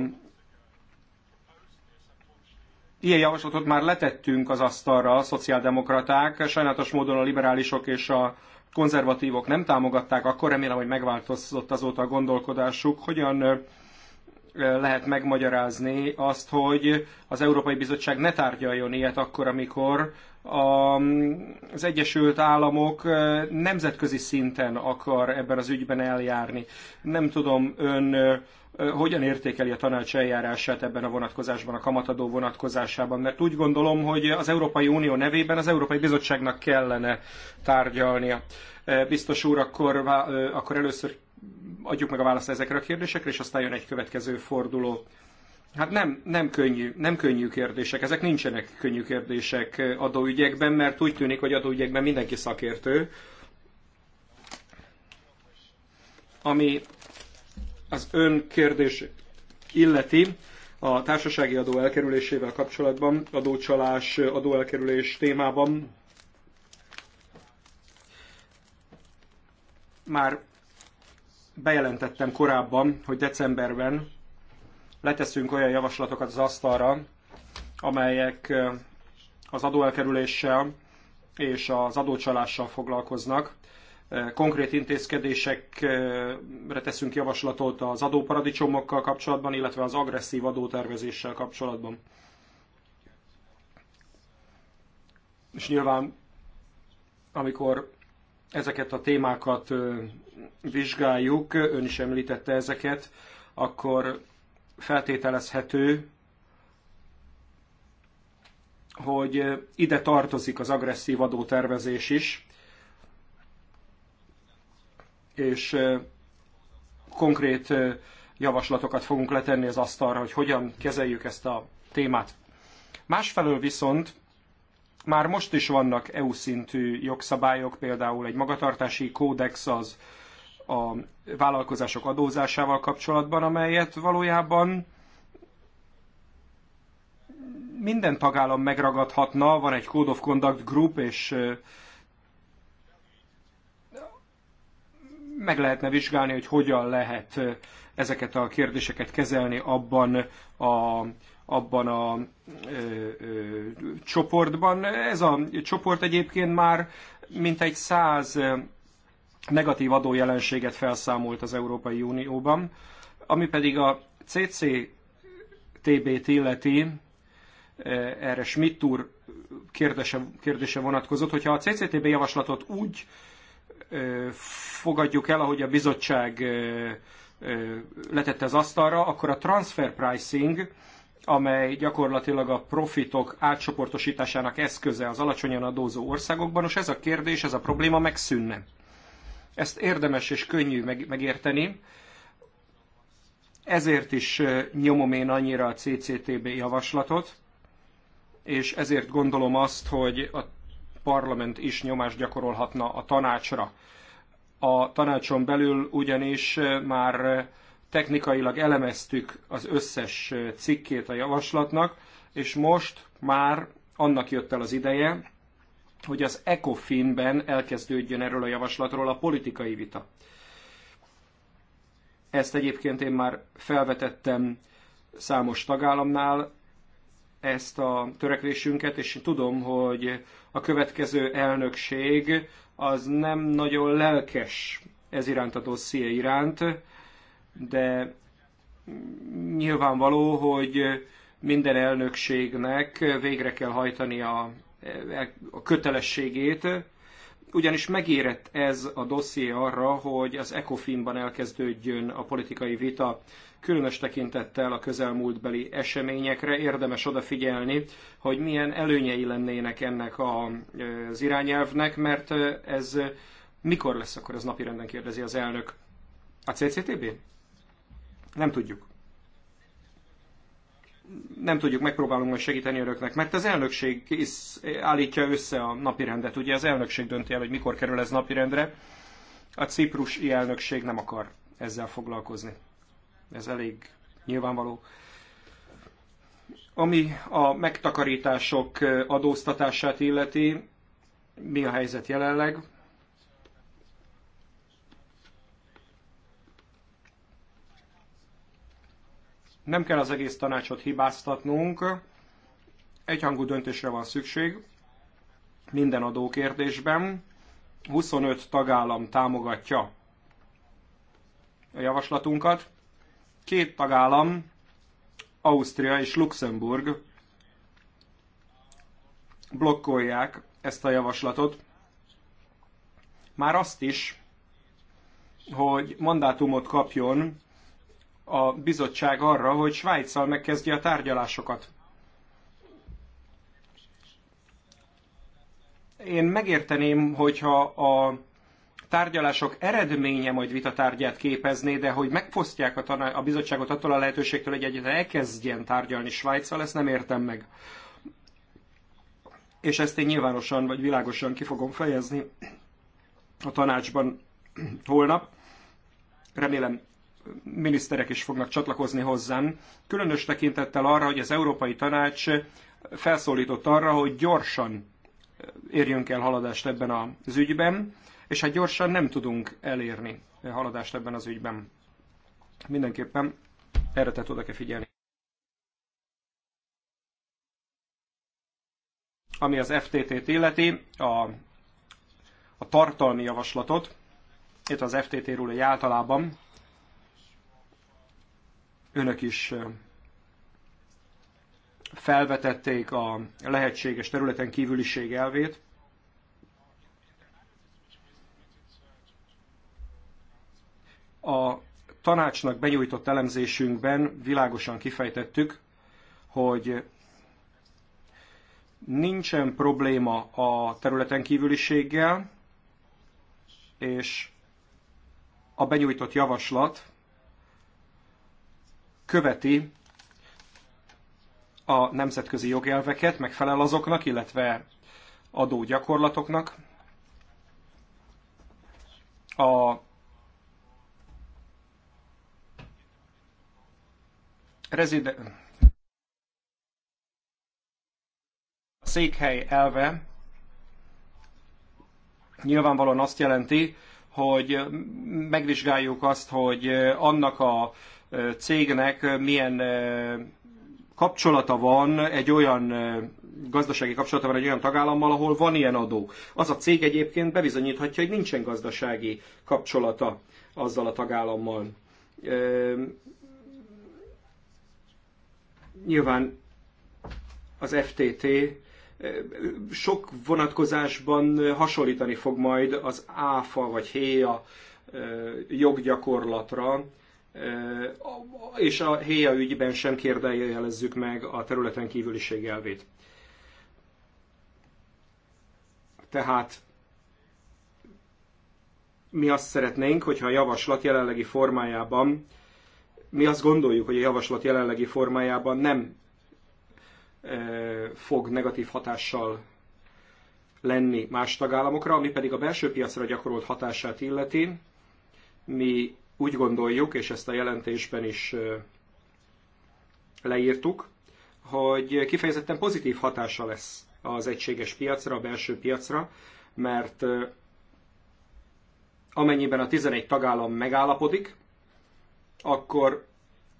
Ilyen javaslatot már letettünk az asztalra a szociáldemokraták, sajnálatos módon a liberálisok és a konzervatívok nem támogatták, akkor remélem, hogy megváltozott azóta a gondolkodásuk, hogyan lehet megmagyarázni azt, hogy az Európai Bizottság ne tárgyaljon ilyet akkor, amikor az Egyesült Államok nemzetközi szinten akar ebben az ügyben eljárni. Nem tudom, ön hogyan értékeli a tanács eljárását ebben a vonatkozásban, a kamatadó vonatkozásában, mert úgy gondolom, hogy az Európai Unió nevében az Európai Bizottságnak kellene tárgyalnia. Biztos úr, akkor, akkor először adjuk meg a választ ezekre a kérdésekre, és aztán jön egy következő forduló. Hát nem, nem, könnyű, nem könnyű kérdések, ezek nincsenek könnyű kérdések adóügyekben, mert úgy tűnik, hogy adóügyekben mindenki szakértő. Ami az ön kérdés illeti, a társasági adó elkerülésével kapcsolatban, adócsalás, adóelkerülés témában már bejelentettem korábban, hogy decemberben leteszünk olyan javaslatokat az asztalra, amelyek az adóelkerüléssel és az adócsalással foglalkoznak. Konkrét intézkedésekre teszünk javaslatot az adóparadicsomokkal kapcsolatban, illetve az agresszív adótervezéssel kapcsolatban. És nyilván, amikor ezeket a témákat vizsgáljuk, ön is említette ezeket, akkor feltételezhető, hogy ide tartozik az agresszív adótervezés is, és konkrét javaslatokat fogunk letenni az asztalra, hogy hogyan kezeljük ezt a témát. Másfelől viszont már most is vannak EU szintű jogszabályok, például egy magatartási kódex az a vállalkozások adózásával kapcsolatban, amelyet valójában minden tagállam megragadhatna, van egy Code of Conduct Group, és meg lehetne vizsgálni, hogy hogyan lehet ezeket a kérdéseket kezelni abban a, abban a ö, ö, csoportban. Ez a csoport egyébként már mintegy száz negatív adójelenséget felszámolt az Európai Unióban, ami pedig a CCTB-t illeti, e, erre Schmidt úr kérdése, kérdése vonatkozott, hogyha a CCTB javaslatot úgy e, fogadjuk el, ahogy a bizottság e, letette az asztalra, akkor a transfer pricing, amely gyakorlatilag a profitok átcsoportosításának eszköze az alacsonyan adózó országokban, és ez a kérdés, ez a probléma megszűnne. Ezt érdemes és könnyű megérteni. Ezért is nyomom én annyira a CCTB javaslatot, és ezért gondolom azt, hogy a parlament is nyomást gyakorolhatna a tanácsra. A tanácson belül ugyanis már technikailag elemeztük az összes cikkét a javaslatnak, és most már annak jött el az ideje, hogy az ECOFIN-ben elkezdődjön erről a javaslatról a politikai vita. Ezt egyébként én már felvetettem számos tagállamnál, ezt a törekvésünket, és tudom, hogy a következő elnökség az nem nagyon lelkes ez iránt a dosszié iránt, de nyilvánvaló, hogy minden elnökségnek végre kell hajtani a a kötelességét, ugyanis megérett ez a dosszié arra, hogy az ECOFIN-ban elkezdődjön a politikai vita, különös tekintettel a közelmúltbeli eseményekre érdemes odafigyelni, hogy milyen előnyei lennének ennek az irányelvnek, mert ez mikor lesz akkor ez napirenden kérdezi az elnök. A CCTB? Nem tudjuk nem tudjuk, megpróbálunk majd segíteni önöknek, mert az elnökség is állítja össze a napirendet. Ugye az elnökség dönti el, hogy mikor kerül ez napirendre. A ciprusi elnökség nem akar ezzel foglalkozni. Ez elég nyilvánvaló. Ami a megtakarítások adóztatását illeti, mi a helyzet jelenleg? Nem kell az egész tanácsot hibáztatnunk, egyhangú döntésre van szükség minden adókérdésben. 25 tagállam támogatja a javaslatunkat. Két tagállam, Ausztria és Luxemburg blokkolják ezt a javaslatot. Már azt is, hogy mandátumot kapjon a bizottság arra, hogy Svájccal megkezdje a tárgyalásokat. Én megérteném, hogyha a tárgyalások eredménye majd vitatárgyát képezné, de hogy megfosztják a, taná- a bizottságot attól a lehetőségtől, hogy egyetlen elkezdjen tárgyalni Svájccal, ezt nem értem meg. És ezt én nyilvánosan vagy világosan ki fogom fejezni a tanácsban holnap. Remélem miniszterek is fognak csatlakozni hozzám, különös tekintettel arra, hogy az Európai Tanács felszólított arra, hogy gyorsan eh, érjünk el haladást ebben az ügyben, és hát gyorsan nem tudunk elérni haladást ebben az ügyben. Mindenképpen erre tehát oda kell figyelni. Ami az FTT-t illeti, a, a tartalmi javaslatot, itt az FTT-ről egy általában, önök is felvetették a lehetséges területen kívüliség elvét. A tanácsnak benyújtott elemzésünkben világosan kifejtettük, hogy nincsen probléma a területen kívüliséggel, és a benyújtott javaslat követi a nemzetközi jogelveket, megfelel azoknak, illetve adó gyakorlatoknak. A A székhely elve nyilvánvalóan azt jelenti, hogy megvizsgáljuk azt, hogy annak a cégnek milyen kapcsolata van egy olyan gazdasági kapcsolata van egy olyan tagállammal, ahol van ilyen adó. Az a cég egyébként bebizonyíthatja, hogy nincsen gazdasági kapcsolata azzal a tagállammal. Nyilván az FTT sok vonatkozásban hasonlítani fog majd az ÁFA vagy HÉA e joggyakorlatra, és a héja ügyben sem jelezzük meg a területen kívüliség elvét. Tehát mi azt szeretnénk, hogyha a javaslat jelenlegi formájában, mi azt gondoljuk, hogy a javaslat jelenlegi formájában nem fog negatív hatással lenni más tagállamokra, ami pedig a belső piacra gyakorolt hatását illeti. Mi úgy gondoljuk, és ezt a jelentésben is leírtuk, hogy kifejezetten pozitív hatása lesz az egységes piacra, a belső piacra, mert amennyiben a 11 tagállam megállapodik, akkor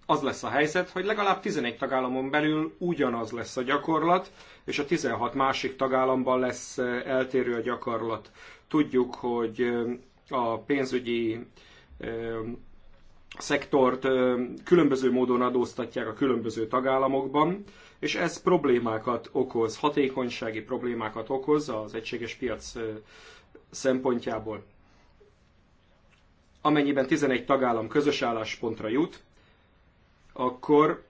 az lesz a helyzet, hogy legalább 11 tagállamon belül ugyanaz lesz a gyakorlat, és a 16 másik tagállamban lesz eltérő a gyakorlat. Tudjuk, hogy a pénzügyi szektort különböző módon adóztatják a különböző tagállamokban, és ez problémákat okoz, hatékonysági problémákat okoz az egységes piac szempontjából. Amennyiben 11 tagállam közös álláspontra jut, akkor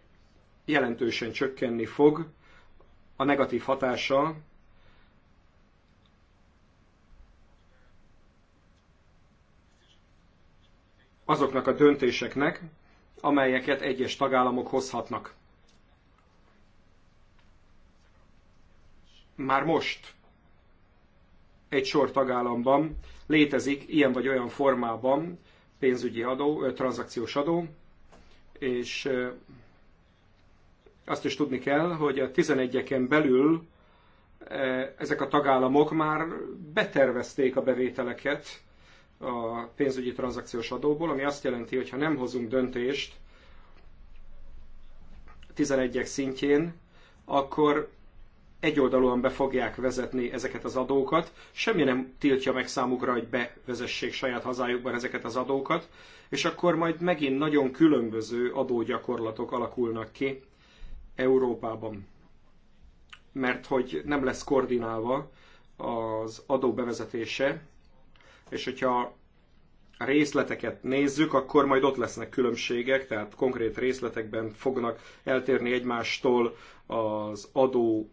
jelentősen csökkenni fog a negatív hatása azoknak a döntéseknek, amelyeket egyes tagállamok hozhatnak. Már most egy sor tagállamban létezik ilyen vagy olyan formában pénzügyi adó, tranzakciós adó, és azt is tudni kell, hogy a 11-eken belül ezek a tagállamok már betervezték a bevételeket, a pénzügyi tranzakciós adóból, ami azt jelenti, hogy ha nem hozunk döntést 11-ek szintjén, akkor egyoldalúan be fogják vezetni ezeket az adókat. Semmi nem tiltja meg számukra, hogy bevezessék saját hazájukban ezeket az adókat, és akkor majd megint nagyon különböző adógyakorlatok alakulnak ki Európában. Mert hogy nem lesz koordinálva az adó bevezetése és hogyha a részleteket nézzük, akkor majd ott lesznek különbségek, tehát konkrét részletekben fognak eltérni egymástól az adó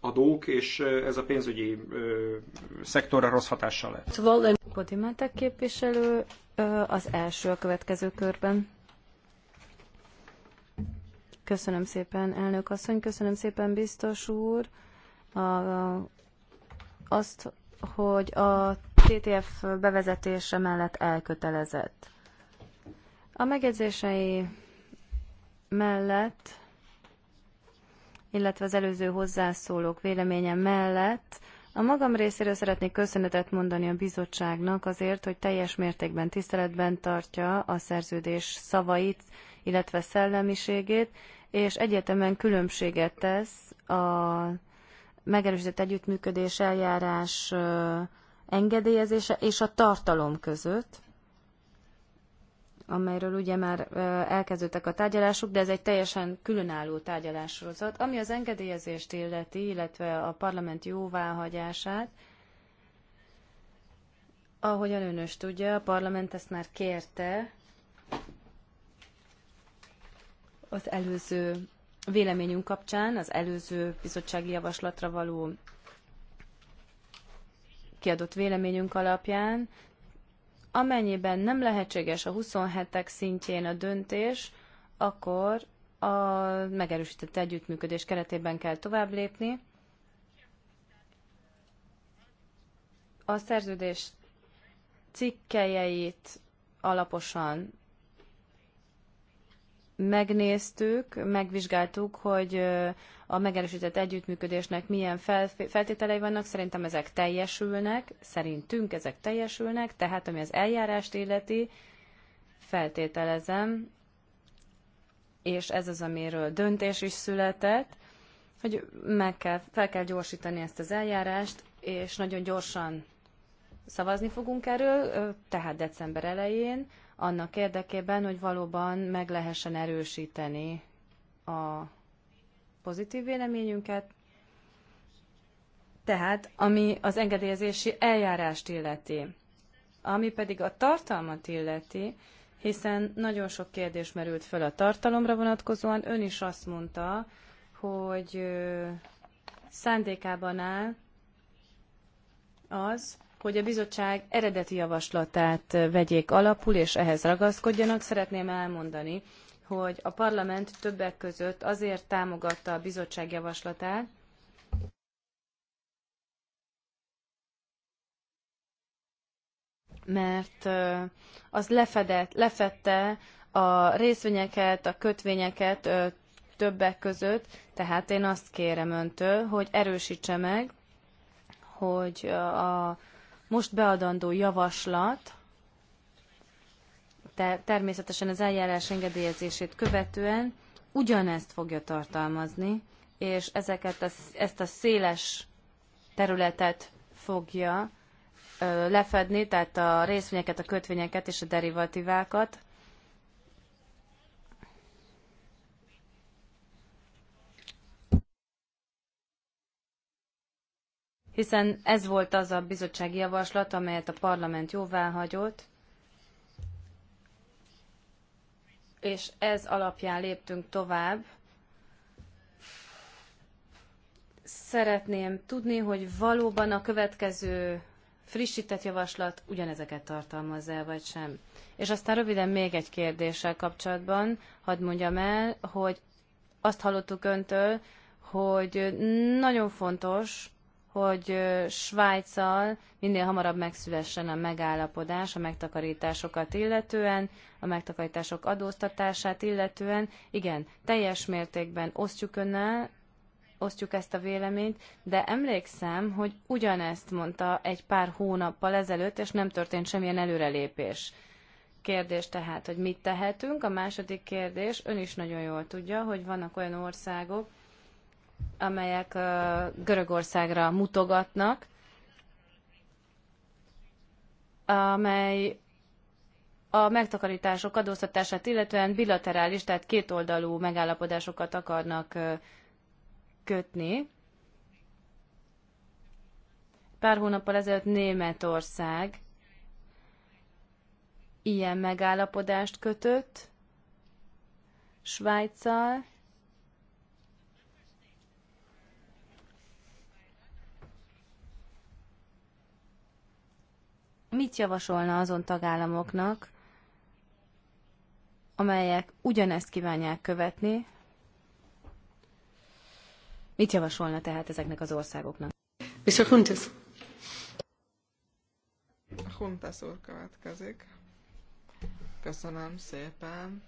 adók, és ez a pénzügyi ö, szektorra rossz hatással lehet. Szóval képviselő ö, az első a következő körben. Köszönöm szépen, elnök asszony, köszönöm szépen, biztos úr. A, azt, hogy a TTF bevezetése mellett elkötelezett. A megjegyzései mellett, illetve az előző hozzászólók véleménye mellett a magam részéről szeretnék köszönetet mondani a bizottságnak azért, hogy teljes mértékben tiszteletben tartja a szerződés szavait, illetve szellemiségét, és egyetemen különbséget tesz a megerősített együttműködés eljárás engedélyezése és a tartalom között, amelyről ugye már elkezdődtek a tárgyalások, de ez egy teljesen különálló tárgyalásról Ami az engedélyezést illeti, illetve a parlament jóváhagyását, ahogyan ön is tudja, a parlament ezt már kérte az előző véleményünk kapcsán, az előző bizottsági javaslatra való kiadott véleményünk alapján, amennyiben nem lehetséges a 27-ek szintjén a döntés, akkor a megerősített együttműködés keretében kell tovább lépni. A szerződés cikkejeit alaposan megnéztük, megvizsgáltuk, hogy a megerősített együttműködésnek milyen feltételei vannak, szerintem ezek teljesülnek, szerintünk ezek teljesülnek, tehát ami az eljárást illeti, feltételezem, és ez az, amiről döntés is született, hogy meg kell, fel kell gyorsítani ezt az eljárást, és nagyon gyorsan szavazni fogunk erről, tehát december elején, annak érdekében, hogy valóban meg lehessen erősíteni a pozitív véleményünket. Tehát, ami az engedélyezési eljárást illeti, ami pedig a tartalmat illeti, hiszen nagyon sok kérdés merült föl a tartalomra vonatkozóan. Ön is azt mondta, hogy szándékában áll az, hogy a bizottság eredeti javaslatát vegyék alapul, és ehhez ragaszkodjanak. Szeretném elmondani, hogy a parlament többek között azért támogatta a bizottság javaslatát, mert az lefedett, lefette a részvényeket, a kötvényeket többek között, tehát én azt kérem öntől, hogy erősítse meg, hogy a most beadandó javaslat, természetesen az eljárás engedélyezését követően ugyanezt fogja tartalmazni, és ezeket a, ezt a széles területet fogja ö, lefedni, tehát a részvényeket, a kötvényeket és a derivatívákat, hiszen ez volt az a bizottsági javaslat, amelyet a parlament jóvá hagyott, és ez alapján léptünk tovább. Szeretném tudni, hogy valóban a következő frissített javaslat ugyanezeket tartalmazza, vagy sem. És aztán röviden még egy kérdéssel kapcsolatban, hadd mondjam el, hogy azt hallottuk öntől, hogy nagyon fontos, hogy Svájccal minél hamarabb megszülessen a megállapodás a megtakarításokat illetően, a megtakarítások adóztatását illetően. Igen, teljes mértékben osztjuk önnel, osztjuk ezt a véleményt, de emlékszem, hogy ugyanezt mondta egy pár hónappal ezelőtt, és nem történt semmilyen előrelépés. Kérdés tehát, hogy mit tehetünk. A második kérdés, ön is nagyon jól tudja, hogy vannak olyan országok, amelyek Görögországra mutogatnak, amely a megtakarítások adóztatását illetően bilaterális, tehát kétoldalú megállapodásokat akarnak kötni. Pár hónappal ezelőtt Németország ilyen megállapodást kötött Svájccal, mit javasolna azon tagállamoknak, amelyek ugyanezt kívánják követni? Mit javasolna tehát ezeknek az országoknak? Mr. Huntes. Huntes úr következik. Köszönöm szépen.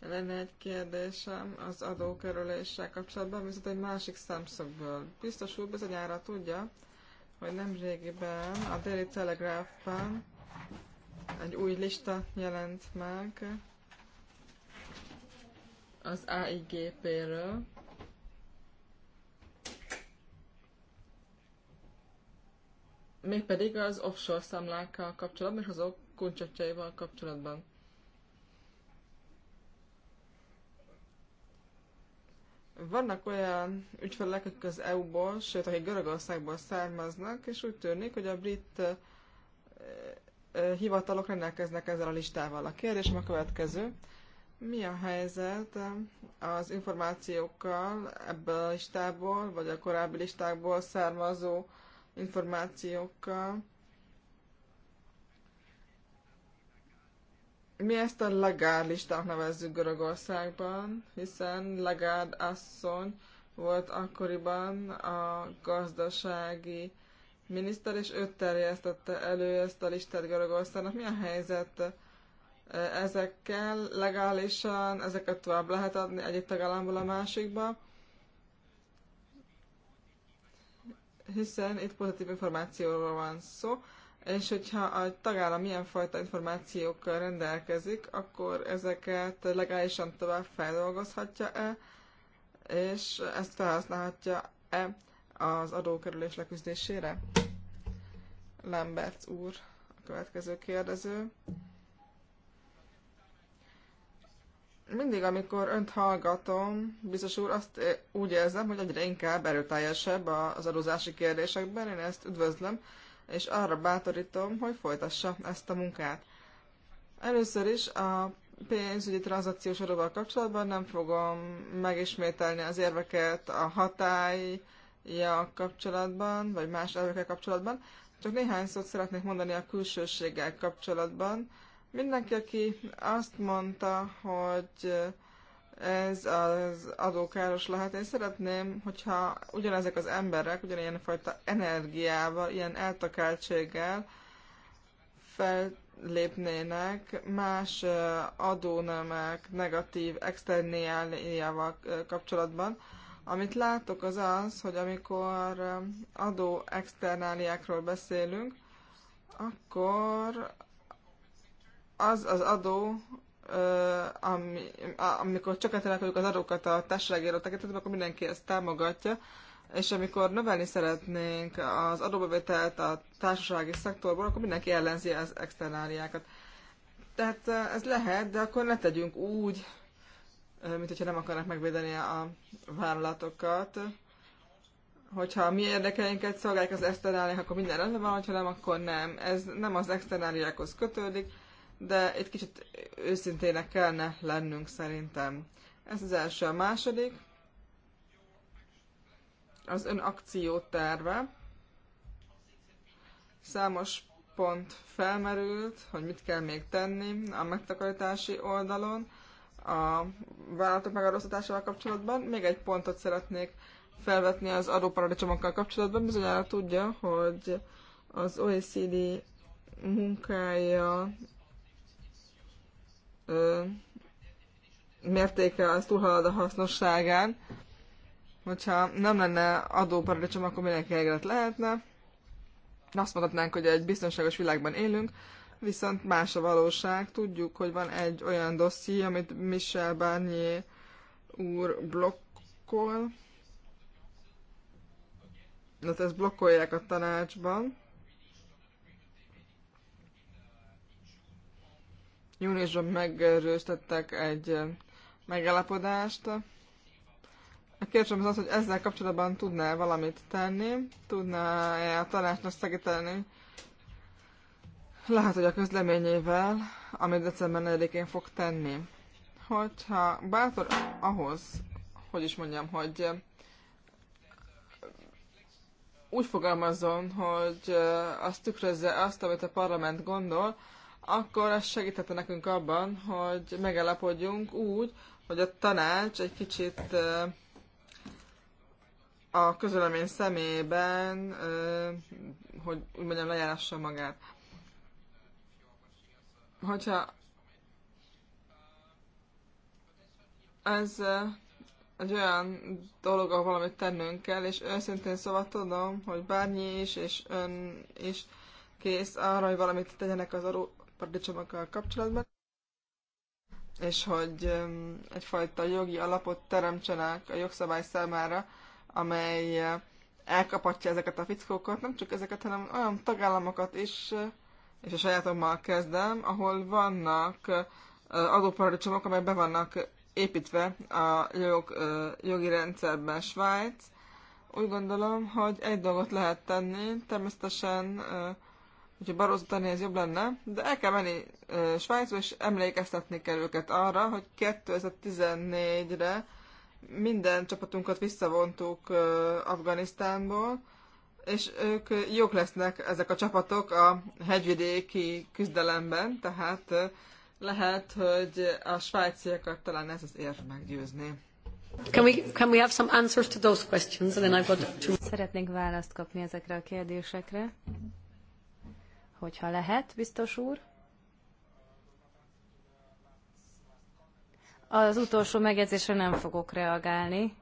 lenne egy kérdésem az adókerüléssel kapcsolatban, viszont egy másik szemszögből. Biztos úr bizonyára tudja, hogy nem régiben a Daily telegraph Telegraph-ban egy új lista jelent meg az AIGP-ről. Mégpedig az offshore számlákkal kapcsolatban és azok kuncsotjaival kapcsolatban. Vannak olyan ügyfelek, akik az EU-ból, sőt, akik Görögországból származnak, és úgy tűnik, hogy a brit hivatalok rendelkeznek ezzel a listával. A kérdésem a következő. Mi a helyzet az információkkal ebből a listából, vagy a korábbi listákból származó információkkal? mi ezt a Lagár listának nevezzük Görögországban, hiszen Lagár asszony volt akkoriban a gazdasági miniszter, és ő terjesztette elő ezt a listát Görögországnak. Mi a helyzet e, ezekkel legálisan, ezeket tovább lehet adni egyik tagállamból a másikba, hiszen itt pozitív információról van szó és hogyha a tagállam milyen fajta információkkal rendelkezik, akkor ezeket legálisan tovább feldolgozhatja-e, és ezt felhasználhatja-e az adókerülés leküzdésére? Lambert úr, a következő kérdező. Mindig, amikor önt hallgatom, biztos úr, azt úgy érzem, hogy egyre inkább erőteljesebb az adózási kérdésekben, én ezt üdvözlöm, és arra bátorítom, hogy folytassa ezt a munkát. Először is a pénzügyi tranzakciós adóval kapcsolatban nem fogom megismételni az érveket a hatája kapcsolatban, vagy más érvekkel kapcsolatban, csak néhány szót szeretnék mondani a külsőséggel kapcsolatban. Mindenki, aki azt mondta, hogy ez az adókáros lehet. Én szeretném, hogyha ugyanezek az emberek ugyanilyen fajta energiával, ilyen eltakáltséggel fellépnének más adónemek negatív externiáliával kapcsolatban. Amit látok az az, hogy amikor adó externáliákról beszélünk, akkor az az adó, ami, amikor csak akarjuk az adókat a társaságérő tekintetben, akkor mindenki ezt támogatja, és amikor növelni szeretnénk az adóbevételt a társasági szektorból, akkor mindenki ellenzi az externáliákat. Tehát ez lehet, de akkor ne tegyünk úgy, mint hogyha nem akarnak megvédeni a vállalatokat. Hogyha a mi érdekeinket szolgálják az externáliák, akkor minden rendben van, ha nem, akkor nem. Ez nem az externáliákhoz kötődik, de itt kicsit őszintének kellene lennünk szerintem. Ez az első. A második, az ön terve Számos pont felmerült, hogy mit kell még tenni a megtakarítási oldalon, a vállalatok megadóztatásával kapcsolatban. Még egy pontot szeretnék felvetni az adóparadicsomokkal kapcsolatban. Bizonyára tudja, hogy az OECD munkája mértéke az túlhalad a hasznosságán. Hogyha nem lenne adóparadicsom, akkor mindenki elégedett lehetne. Azt mondhatnánk, hogy egy biztonságos világban élünk, viszont más a valóság. Tudjuk, hogy van egy olyan dosszi, amit Michel Barnier úr blokkol. Na, hát ezt blokkolják a tanácsban. Júniusban megerősítettek egy megállapodást. A kérdésem az az, hogy ezzel kapcsolatban tudná-e valamit tenni, tudná-e a tanácsnak segíteni lehet, hogy a közleményével, amit december 4-én fog tenni. Hogyha bátor ahhoz, hogy is mondjam, hogy úgy fogalmazzon, hogy azt tükrözze azt, amit a parlament gondol, akkor ez segítette nekünk abban, hogy megállapodjunk úgy, hogy a tanács egy kicsit a közölemény szemében, hogy úgy mondjam, lejárassa magát. Hogyha ez egy olyan dolog, ahol valamit tennünk kell, és őszintén szóval tudom, hogy bárnyi is, és ön is kész arra, hogy valamit tegyenek az paradicsomokkal kapcsolatban, és hogy egyfajta jogi alapot teremtsenek a jogszabály számára, amely elkapatja ezeket a fickókat, nem csak ezeket, hanem olyan tagállamokat is, és a sajátommal kezdem, ahol vannak adóparadicsomok, amelyek be vannak építve a jog, jogi rendszerben Svájc. Úgy gondolom, hogy egy dolgot lehet tenni, természetesen Úgyhogy Barroso ez jobb lenne, de el kell menni uh, Svájcba, és emlékeztetni kell őket arra, hogy 2014-re minden csapatunkat visszavontuk uh, Afganisztánból, és ők jók lesznek ezek a csapatok a hegyvidéki küzdelemben, tehát uh, lehet, hogy a svájciakat talán ez az érv meggyőzni. Can we, can we have some answers to those questions? And then I've got two. Szeretnénk választ kapni ezekre a kérdésekre hogyha lehet, biztos úr. Az utolsó megjegyzésre nem fogok reagálni.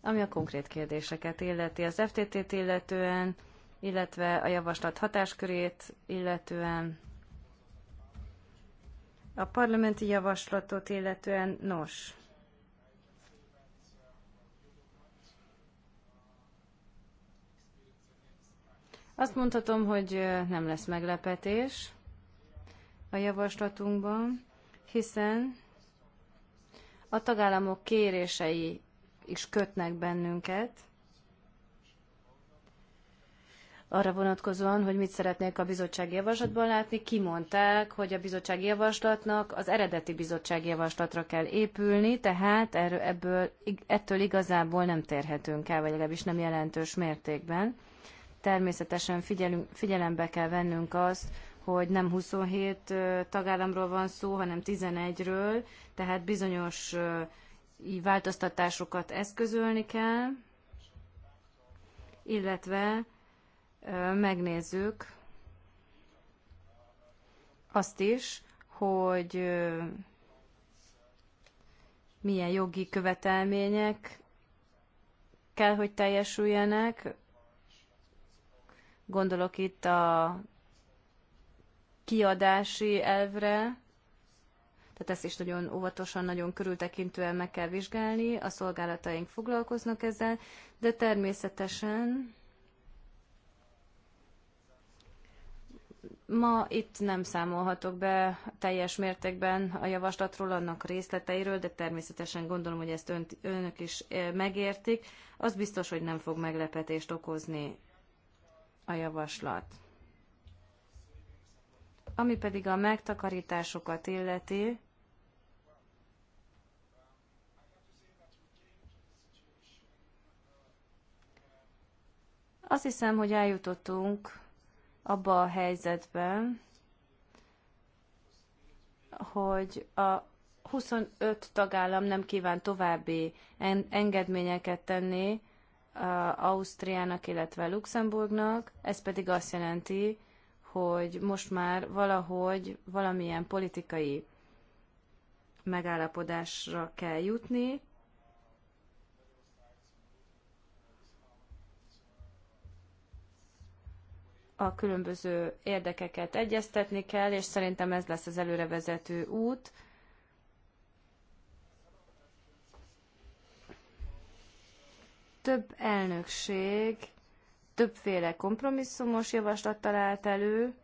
Ami a konkrét kérdéseket illeti, az FTT-t illetően, illetve a javaslat hatáskörét illetően, a parlamenti javaslatot illetően, nos, Azt mondhatom, hogy nem lesz meglepetés a javaslatunkban, hiszen a tagállamok kérései is kötnek bennünket, arra vonatkozóan, hogy mit szeretnék a bizottság javaslatban látni, kimondták, hogy a bizottság javaslatnak az eredeti bizottság javaslatra kell épülni, tehát erről, ebből, ettől igazából nem térhetünk el, vagy legalábbis nem jelentős mértékben. Természetesen figyelünk, figyelembe kell vennünk azt, hogy nem 27 tagállamról van szó, hanem 11-ről, tehát bizonyos változtatásokat eszközölni kell, illetve megnézzük azt is, hogy milyen jogi követelmények kell, hogy teljesüljenek Gondolok itt a kiadási elvre, tehát ezt is nagyon óvatosan, nagyon körültekintően meg kell vizsgálni, a szolgálataink foglalkoznak ezzel, de természetesen ma itt nem számolhatok be teljes mértékben a javaslatról, annak részleteiről, de természetesen gondolom, hogy ezt önök is eh, megértik. Az biztos, hogy nem fog meglepetést okozni a javaslat. Ami pedig a megtakarításokat illeti, azt hiszem, hogy eljutottunk abba a helyzetben, hogy a 25 tagállam nem kíván további engedményeket tenni Ausztriának, illetve Luxemburgnak, ez pedig azt jelenti, hogy most már valahogy valamilyen politikai megállapodásra kell jutni, a különböző érdekeket egyeztetni kell, és szerintem ez lesz az előrevezető út. több elnökség többféle kompromisszumos javaslat talált elő,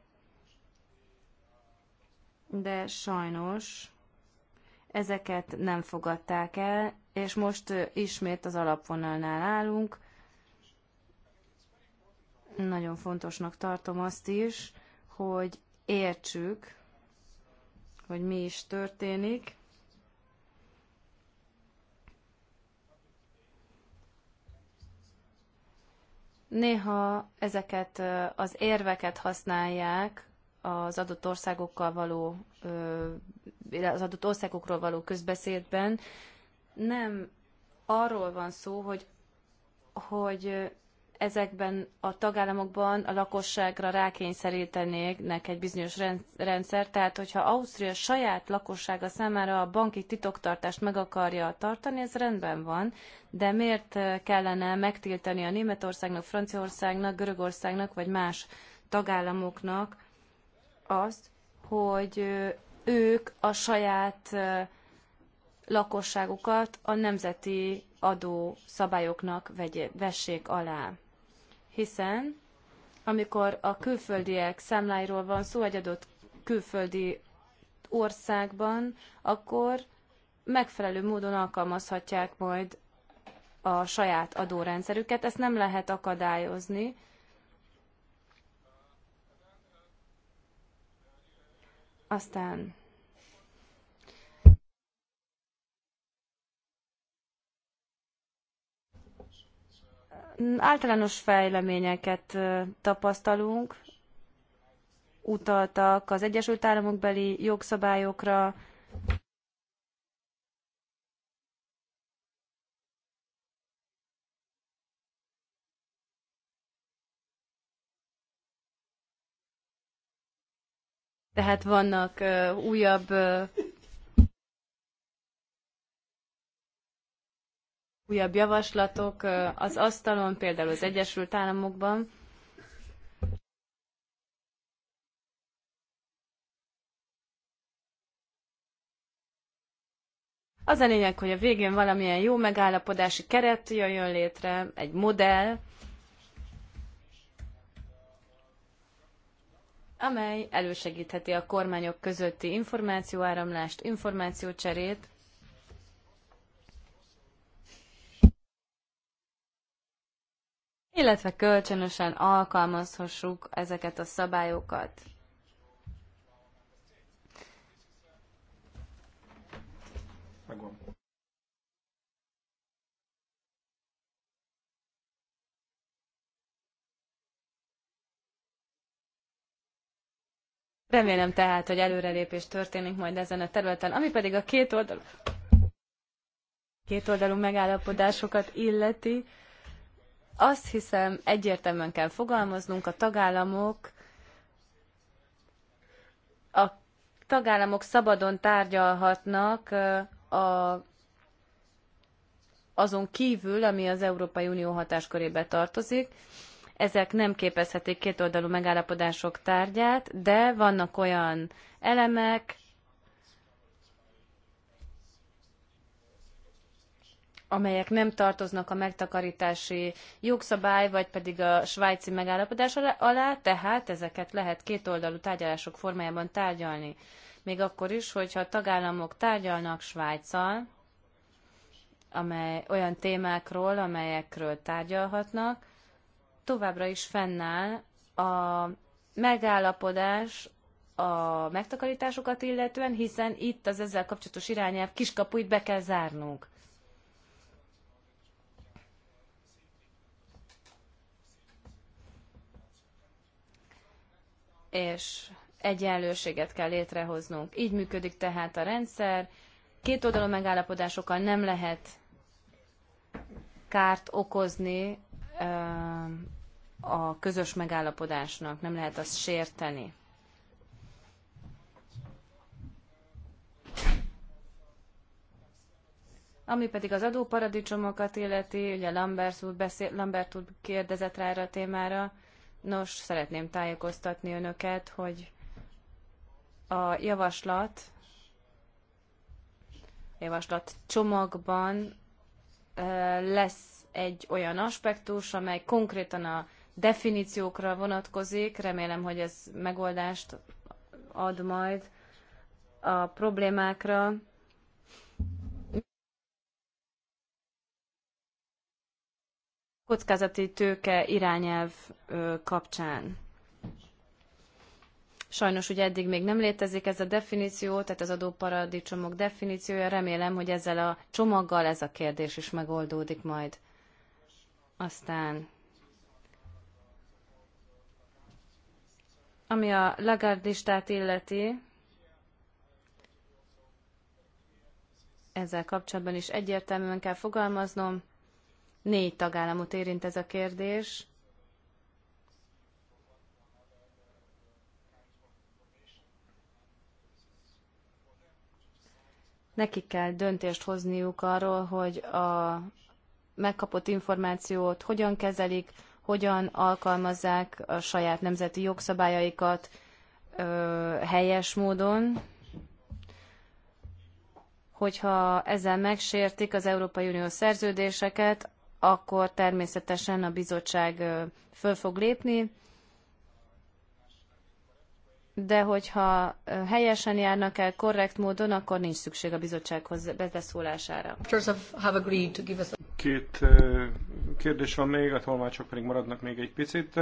de sajnos ezeket nem fogadták el, és most ismét az alapvonalnál állunk. Nagyon fontosnak tartom azt is, hogy értsük, hogy mi is történik. Néha ezeket az érveket használják az adott országokkal való, az adott országokról való közbeszédben. Nem arról van szó, hogy, hogy ezekben a tagállamokban a lakosságra rákényszerítenének egy bizonyos rendszer, tehát hogyha Ausztria saját lakossága számára a banki titoktartást meg akarja tartani, ez rendben van, de miért eh, kellene megtiltani a Németországnak, Franciaországnak, Görögországnak vagy más tagállamoknak azt, hogy eh, ők a saját eh, lakosságukat a nemzeti adó szabályoknak vegyék, vessék alá hiszen amikor a külföldiek számláiról van szó egy adott külföldi országban, akkor megfelelő módon alkalmazhatják majd a saját adórendszerüket. Ezt nem lehet akadályozni. Aztán Általános fejleményeket tapasztalunk, utaltak az Egyesült Államok beli jogszabályokra, Tehát vannak újabb újabb javaslatok az asztalon, például az Egyesült Államokban. Az a lényeg, hogy a végén valamilyen jó megállapodási keret jön létre, egy modell, amely elősegítheti a kormányok közötti információáramlást, információcserét, illetve kölcsönösen alkalmazhassuk ezeket a szabályokat. Megvan. Remélem tehát, hogy előrelépés történik majd ezen a területen, ami pedig a két oldalú, két oldalú megállapodásokat illeti. Azt hiszem, egyértelműen kell fogalmaznunk, a tagállamok a tagállamok szabadon tárgyalhatnak a, azon kívül, ami az Európai Unió hatáskörébe tartozik. Ezek nem képezhetik kétoldalú megállapodások tárgyát, de vannak olyan elemek, amelyek nem tartoznak a megtakarítási jogszabály, vagy pedig a svájci megállapodás alá, tehát ezeket lehet kétoldalú tárgyalások formájában tárgyalni. Még akkor is, hogyha a tagállamok tárgyalnak Svájccal, amely, olyan témákról, amelyekről tárgyalhatnak, továbbra is fennáll a megállapodás a megtakarításokat illetően, hiszen itt az ezzel kapcsolatos irányelv kiskapuit be kell zárnunk. és egyenlőséget kell létrehoznunk. Így működik tehát a rendszer. Két oldalú megállapodásokkal nem lehet kárt okozni a közös megállapodásnak, nem lehet azt sérteni. Ami pedig az adóparadicsomokat illeti, ugye Lambert úr, beszél, Lambert úr kérdezett rá erre a témára, Nos, szeretném tájékoztatni önöket, hogy a javaslat, javaslat csomagban lesz egy olyan aspektus, amely konkrétan a definíciókra vonatkozik. Remélem, hogy ez megoldást ad majd a problémákra, kockázati tőke irányelv kapcsán. Sajnos ugye eddig még nem létezik ez a definíció, tehát az adóparadicsomok definíciója. Remélem, hogy ezzel a csomaggal ez a kérdés is megoldódik majd. Aztán, ami a lagardistát illeti, ezzel kapcsolatban is egyértelműen kell fogalmaznom. Négy tagállamot érint ez a kérdés. Nekik kell döntést hozniuk arról, hogy a megkapott információt hogyan kezelik, hogyan alkalmazzák a saját nemzeti jogszabályaikat ö, helyes módon, hogyha ezzel megsértik az Európai Unió szerződéseket, akkor természetesen a bizottság föl fog lépni, de hogyha helyesen járnak el, korrekt módon, akkor nincs szükség a bizottsághoz beszólására. Két kérdés van még, a tolmácsok pedig maradnak még egy picit.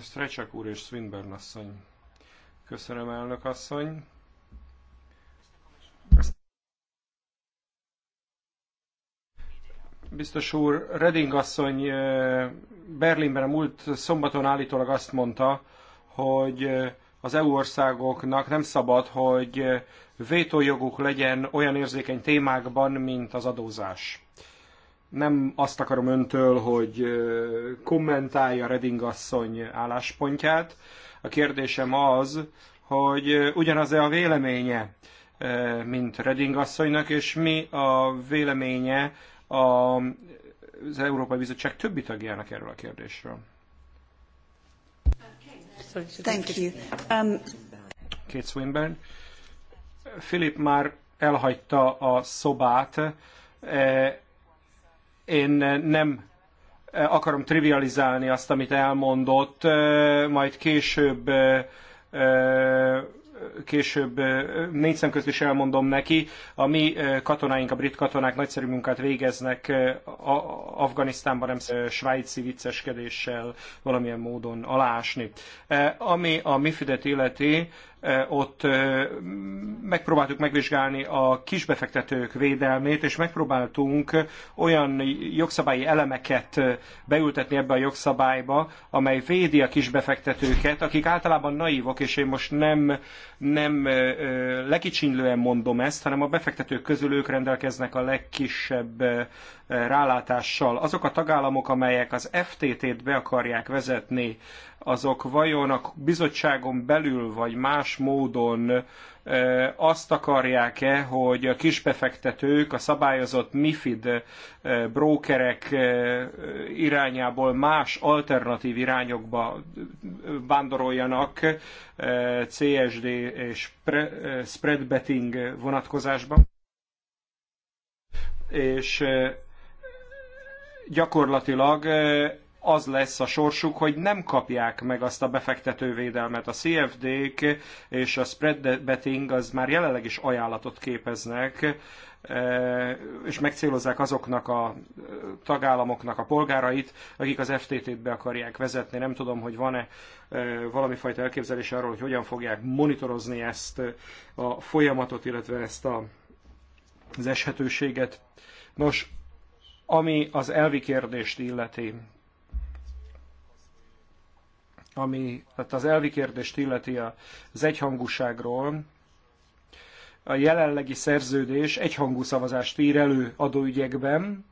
Strecsak úr és Swinburne asszony. Köszönöm, elnök asszony. Biztos úr, Reding asszony eh, Berlinben a múlt szombaton állítólag azt mondta, hogy eh, az EU országoknak nem szabad, hogy eh, vétójoguk legyen olyan érzékeny témákban, mint az adózás. Nem azt akarom öntől, hogy kommentálja Reding asszony álláspontját. A kérdésem az, hogy ugyanaz-e a véleménye, mint Reding asszonynak, és mi a véleménye a, az Európai Bizottság többi tagjának erről a kérdésről. Thank you. Um... Kate Swinburne. Philip már elhagyta a szobát. E, én nem akarom trivializálni azt, amit elmondott, e, majd később e, később négy szem közt is elmondom neki, a mi katonáink, a brit katonák nagyszerű munkát végeznek Afganisztánban, nem svájci vicceskedéssel valamilyen módon alásni. Ami a Mifidet illeti, ott megpróbáltuk megvizsgálni a kisbefektetők védelmét, és megpróbáltunk olyan jogszabályi elemeket beültetni ebbe a jogszabályba, amely védi a kisbefektetőket, akik általában naívok, és én most nem, nem lekicsinlően mondom ezt, hanem a befektetők közül ők rendelkeznek a legkisebb rálátással. Azok a tagállamok, amelyek az FTT-t be akarják vezetni, azok vajon a bizottságon belül vagy más más módon e, azt akarják-e, hogy a kisbefektetők a szabályozott MIFID e, brókerek e, irányából más alternatív irányokba vándoroljanak CSD és spread betting vonatkozásban? És gyakorlatilag az lesz a sorsuk, hogy nem kapják meg azt a befektetővédelmet. A CFD-k és a spread betting az már jelenleg is ajánlatot képeznek, e, és megcélozzák azoknak a e, tagállamoknak a polgárait, akik az FTT-t be akarják vezetni. Nem tudom, hogy van-e e, valami fajta elképzelés arról, hogy hogyan fogják monitorozni ezt a folyamatot, illetve ezt a, az eshetőséget. Nos, ami az elvi kérdést illeti, ami tehát az elvi kérdést illeti az egyhangúságról, a jelenlegi szerződés egyhangú szavazást ír elő adóügyekben,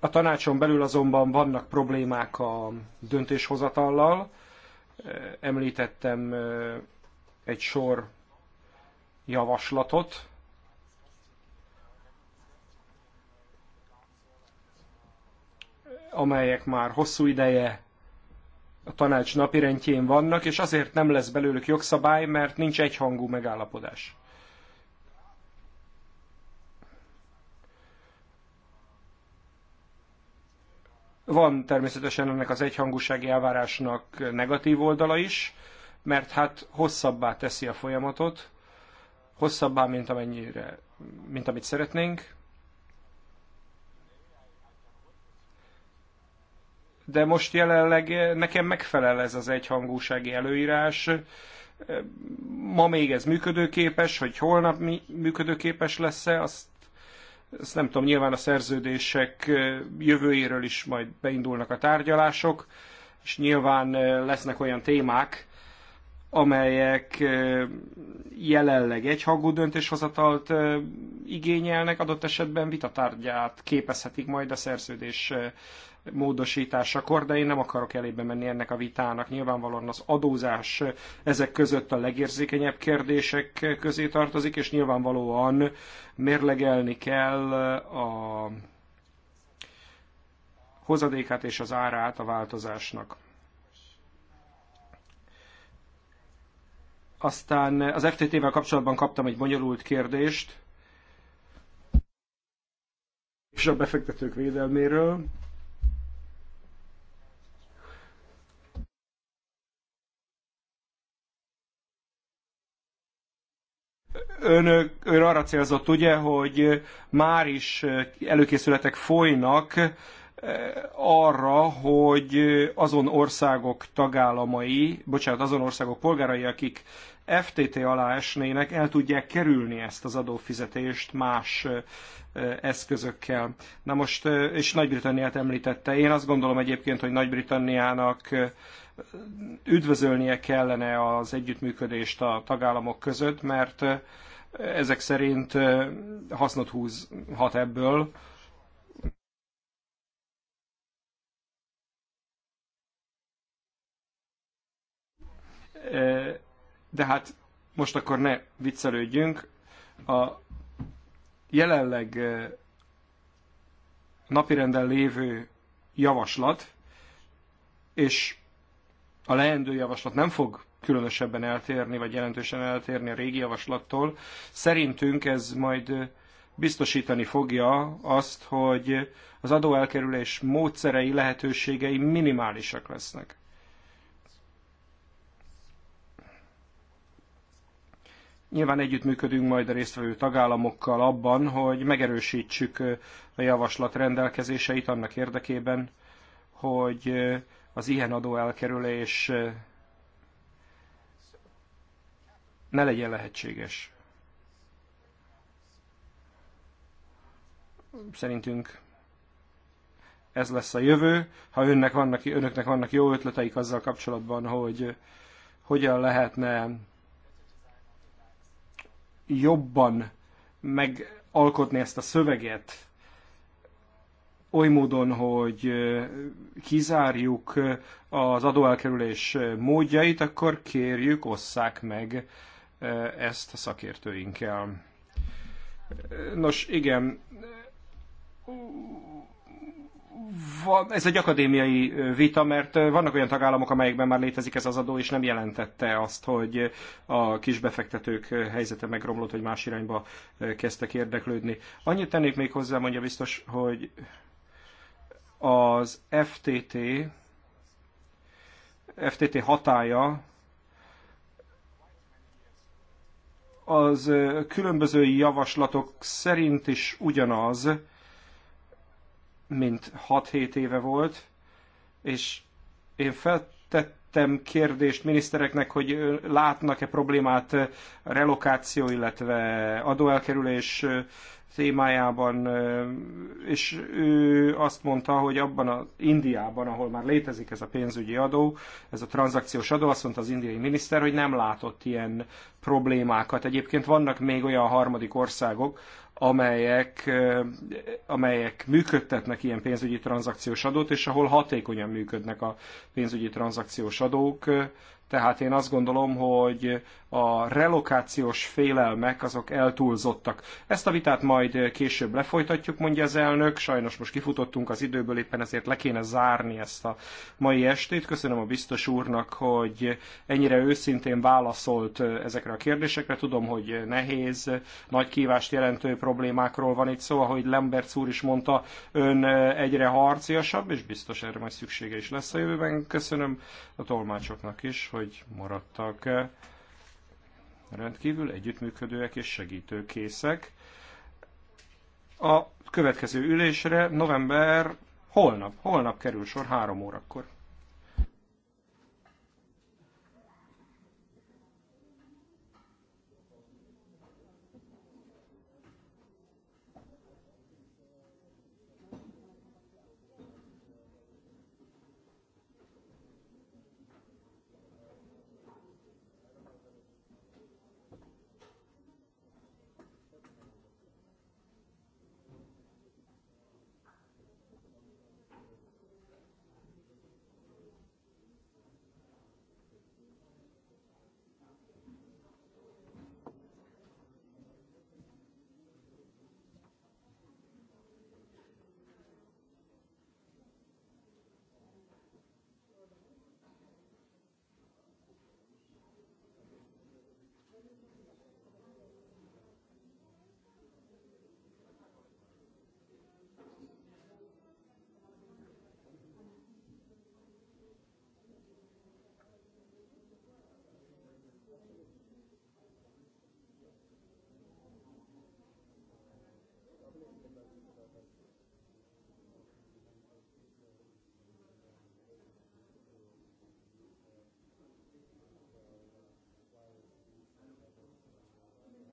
A tanácson belül azonban vannak problémák a döntéshozatallal. Említettem egy sor javaslatot, amelyek már hosszú ideje a tanács napirendjén vannak, és azért nem lesz belőlük jogszabály, mert nincs egyhangú megállapodás. Van természetesen ennek az egyhangúsági elvárásnak negatív oldala is, mert hát hosszabbá teszi a folyamatot, hosszabbá, mint, amennyire, mint amit szeretnénk, de most jelenleg eh, nekem megfelel ez az egyhangúsági előírás. Eh, ma még ez működőképes, hogy holnap mi működőképes lesz-e, azt, azt nem tudom, nyilván a szerződések eh, jövőjéről is majd beindulnak a tárgyalások, és nyilván lesznek olyan témák, amelyek jelenleg egyhangú döntéshozatalt igényelnek, adott esetben vitatárgyát képezhetik majd a szerződés módosításakor, de én nem akarok elébe menni ennek a vitának. Nyilvánvalóan az adózás ezek között a legérzékenyebb kérdések közé tartozik, és nyilvánvalóan mérlegelni kell a hozadékát és az árát a változásnak. Aztán az FTT-vel kapcsolatban kaptam egy bonyolult kérdést, és a befektetők védelméről. önök, ön arra célzott ugye, hogy már is előkészületek folynak eh, arra, hogy azon országok tagállamai, bocsánat, azon országok polgárai, akik FTT alá esnének, el tudják kerülni ezt az adófizetést más eh, eszközökkel. Na most, eh, és Nagy-Britanniát említette. Én azt gondolom egyébként, hogy Nagy-Britanniának üdvözölnie kellene az együttműködést a tagállamok között, mert ezek szerint hasznot húzhat ebből. De hát most akkor ne viccelődjünk. A jelenleg napirenden lévő javaslat, és a leendő javaslat nem fog különösebben eltérni, vagy jelentősen eltérni a régi javaslattól. Szerintünk ez majd biztosítani fogja azt, hogy az adóelkerülés módszerei, lehetőségei minimálisak lesznek. Nyilván együttműködünk majd a résztvevő tagállamokkal abban, hogy megerősítsük a javaslat rendelkezéseit annak érdekében, hogy az ilyen adóelkerülés ne legyen lehetséges. Szerintünk ez lesz a jövő. Ha önnek vannak, önöknek vannak jó ötleteik azzal kapcsolatban, hogy hogyan lehetne jobban megalkotni ezt a szöveget, oly módon, hogy kizárjuk az adóelkerülés módjait, akkor kérjük, osszák meg Eh, ezt a szakértőinkkel. Nos, igen, van, ez egy akadémiai eh, vita, mert eh, vannak olyan tagállamok, amelyekben már létezik ez az adó, és nem jelentette azt, hogy a kisbefektetők helyzete megromlott, hogy más irányba kezdtek érdeklődni. Annyit tennék még hozzá, mondja biztos, hogy az FTT, FTT hatája az különböző javaslatok szerint is ugyanaz, mint 6-7 éve volt, és én feltettem kérdést minisztereknek, hogy látnak-e problémát relokáció, illetve adóelkerülés témájában, és ő azt mondta, hogy abban az Indiában, ahol már létezik ez a pénzügyi adó, ez a tranzakciós adó, azt mondta az indiai miniszter, hogy nem látott ilyen problémákat. Egyébként vannak még olyan harmadik országok, amelyek, amelyek működtetnek ilyen pénzügyi tranzakciós adót, és ahol hatékonyan működnek a pénzügyi tranzakciós adók, tehát én azt gondolom, hogy a relokációs félelmek azok eltúlzottak. Ezt a vitát majd később lefolytatjuk, mondja az elnök. Sajnos most kifutottunk az időből, éppen ezért le kéne zárni ezt a mai estét. Köszönöm a biztos úrnak, hogy ennyire őszintén válaszolt ezekre a kérdésekre. Tudom, hogy nehéz, nagy kívást jelentő problémákról van itt szó, ahogy Lemberts úr is mondta, ön egyre harciasabb, és biztos erre majd szüksége is lesz a jövőben. Köszönöm a tolmácsoknak is, hogy maradtak rendkívül együttműködőek és segítőkészek. A következő ülésre november holnap, holnap kerül sor három órakor.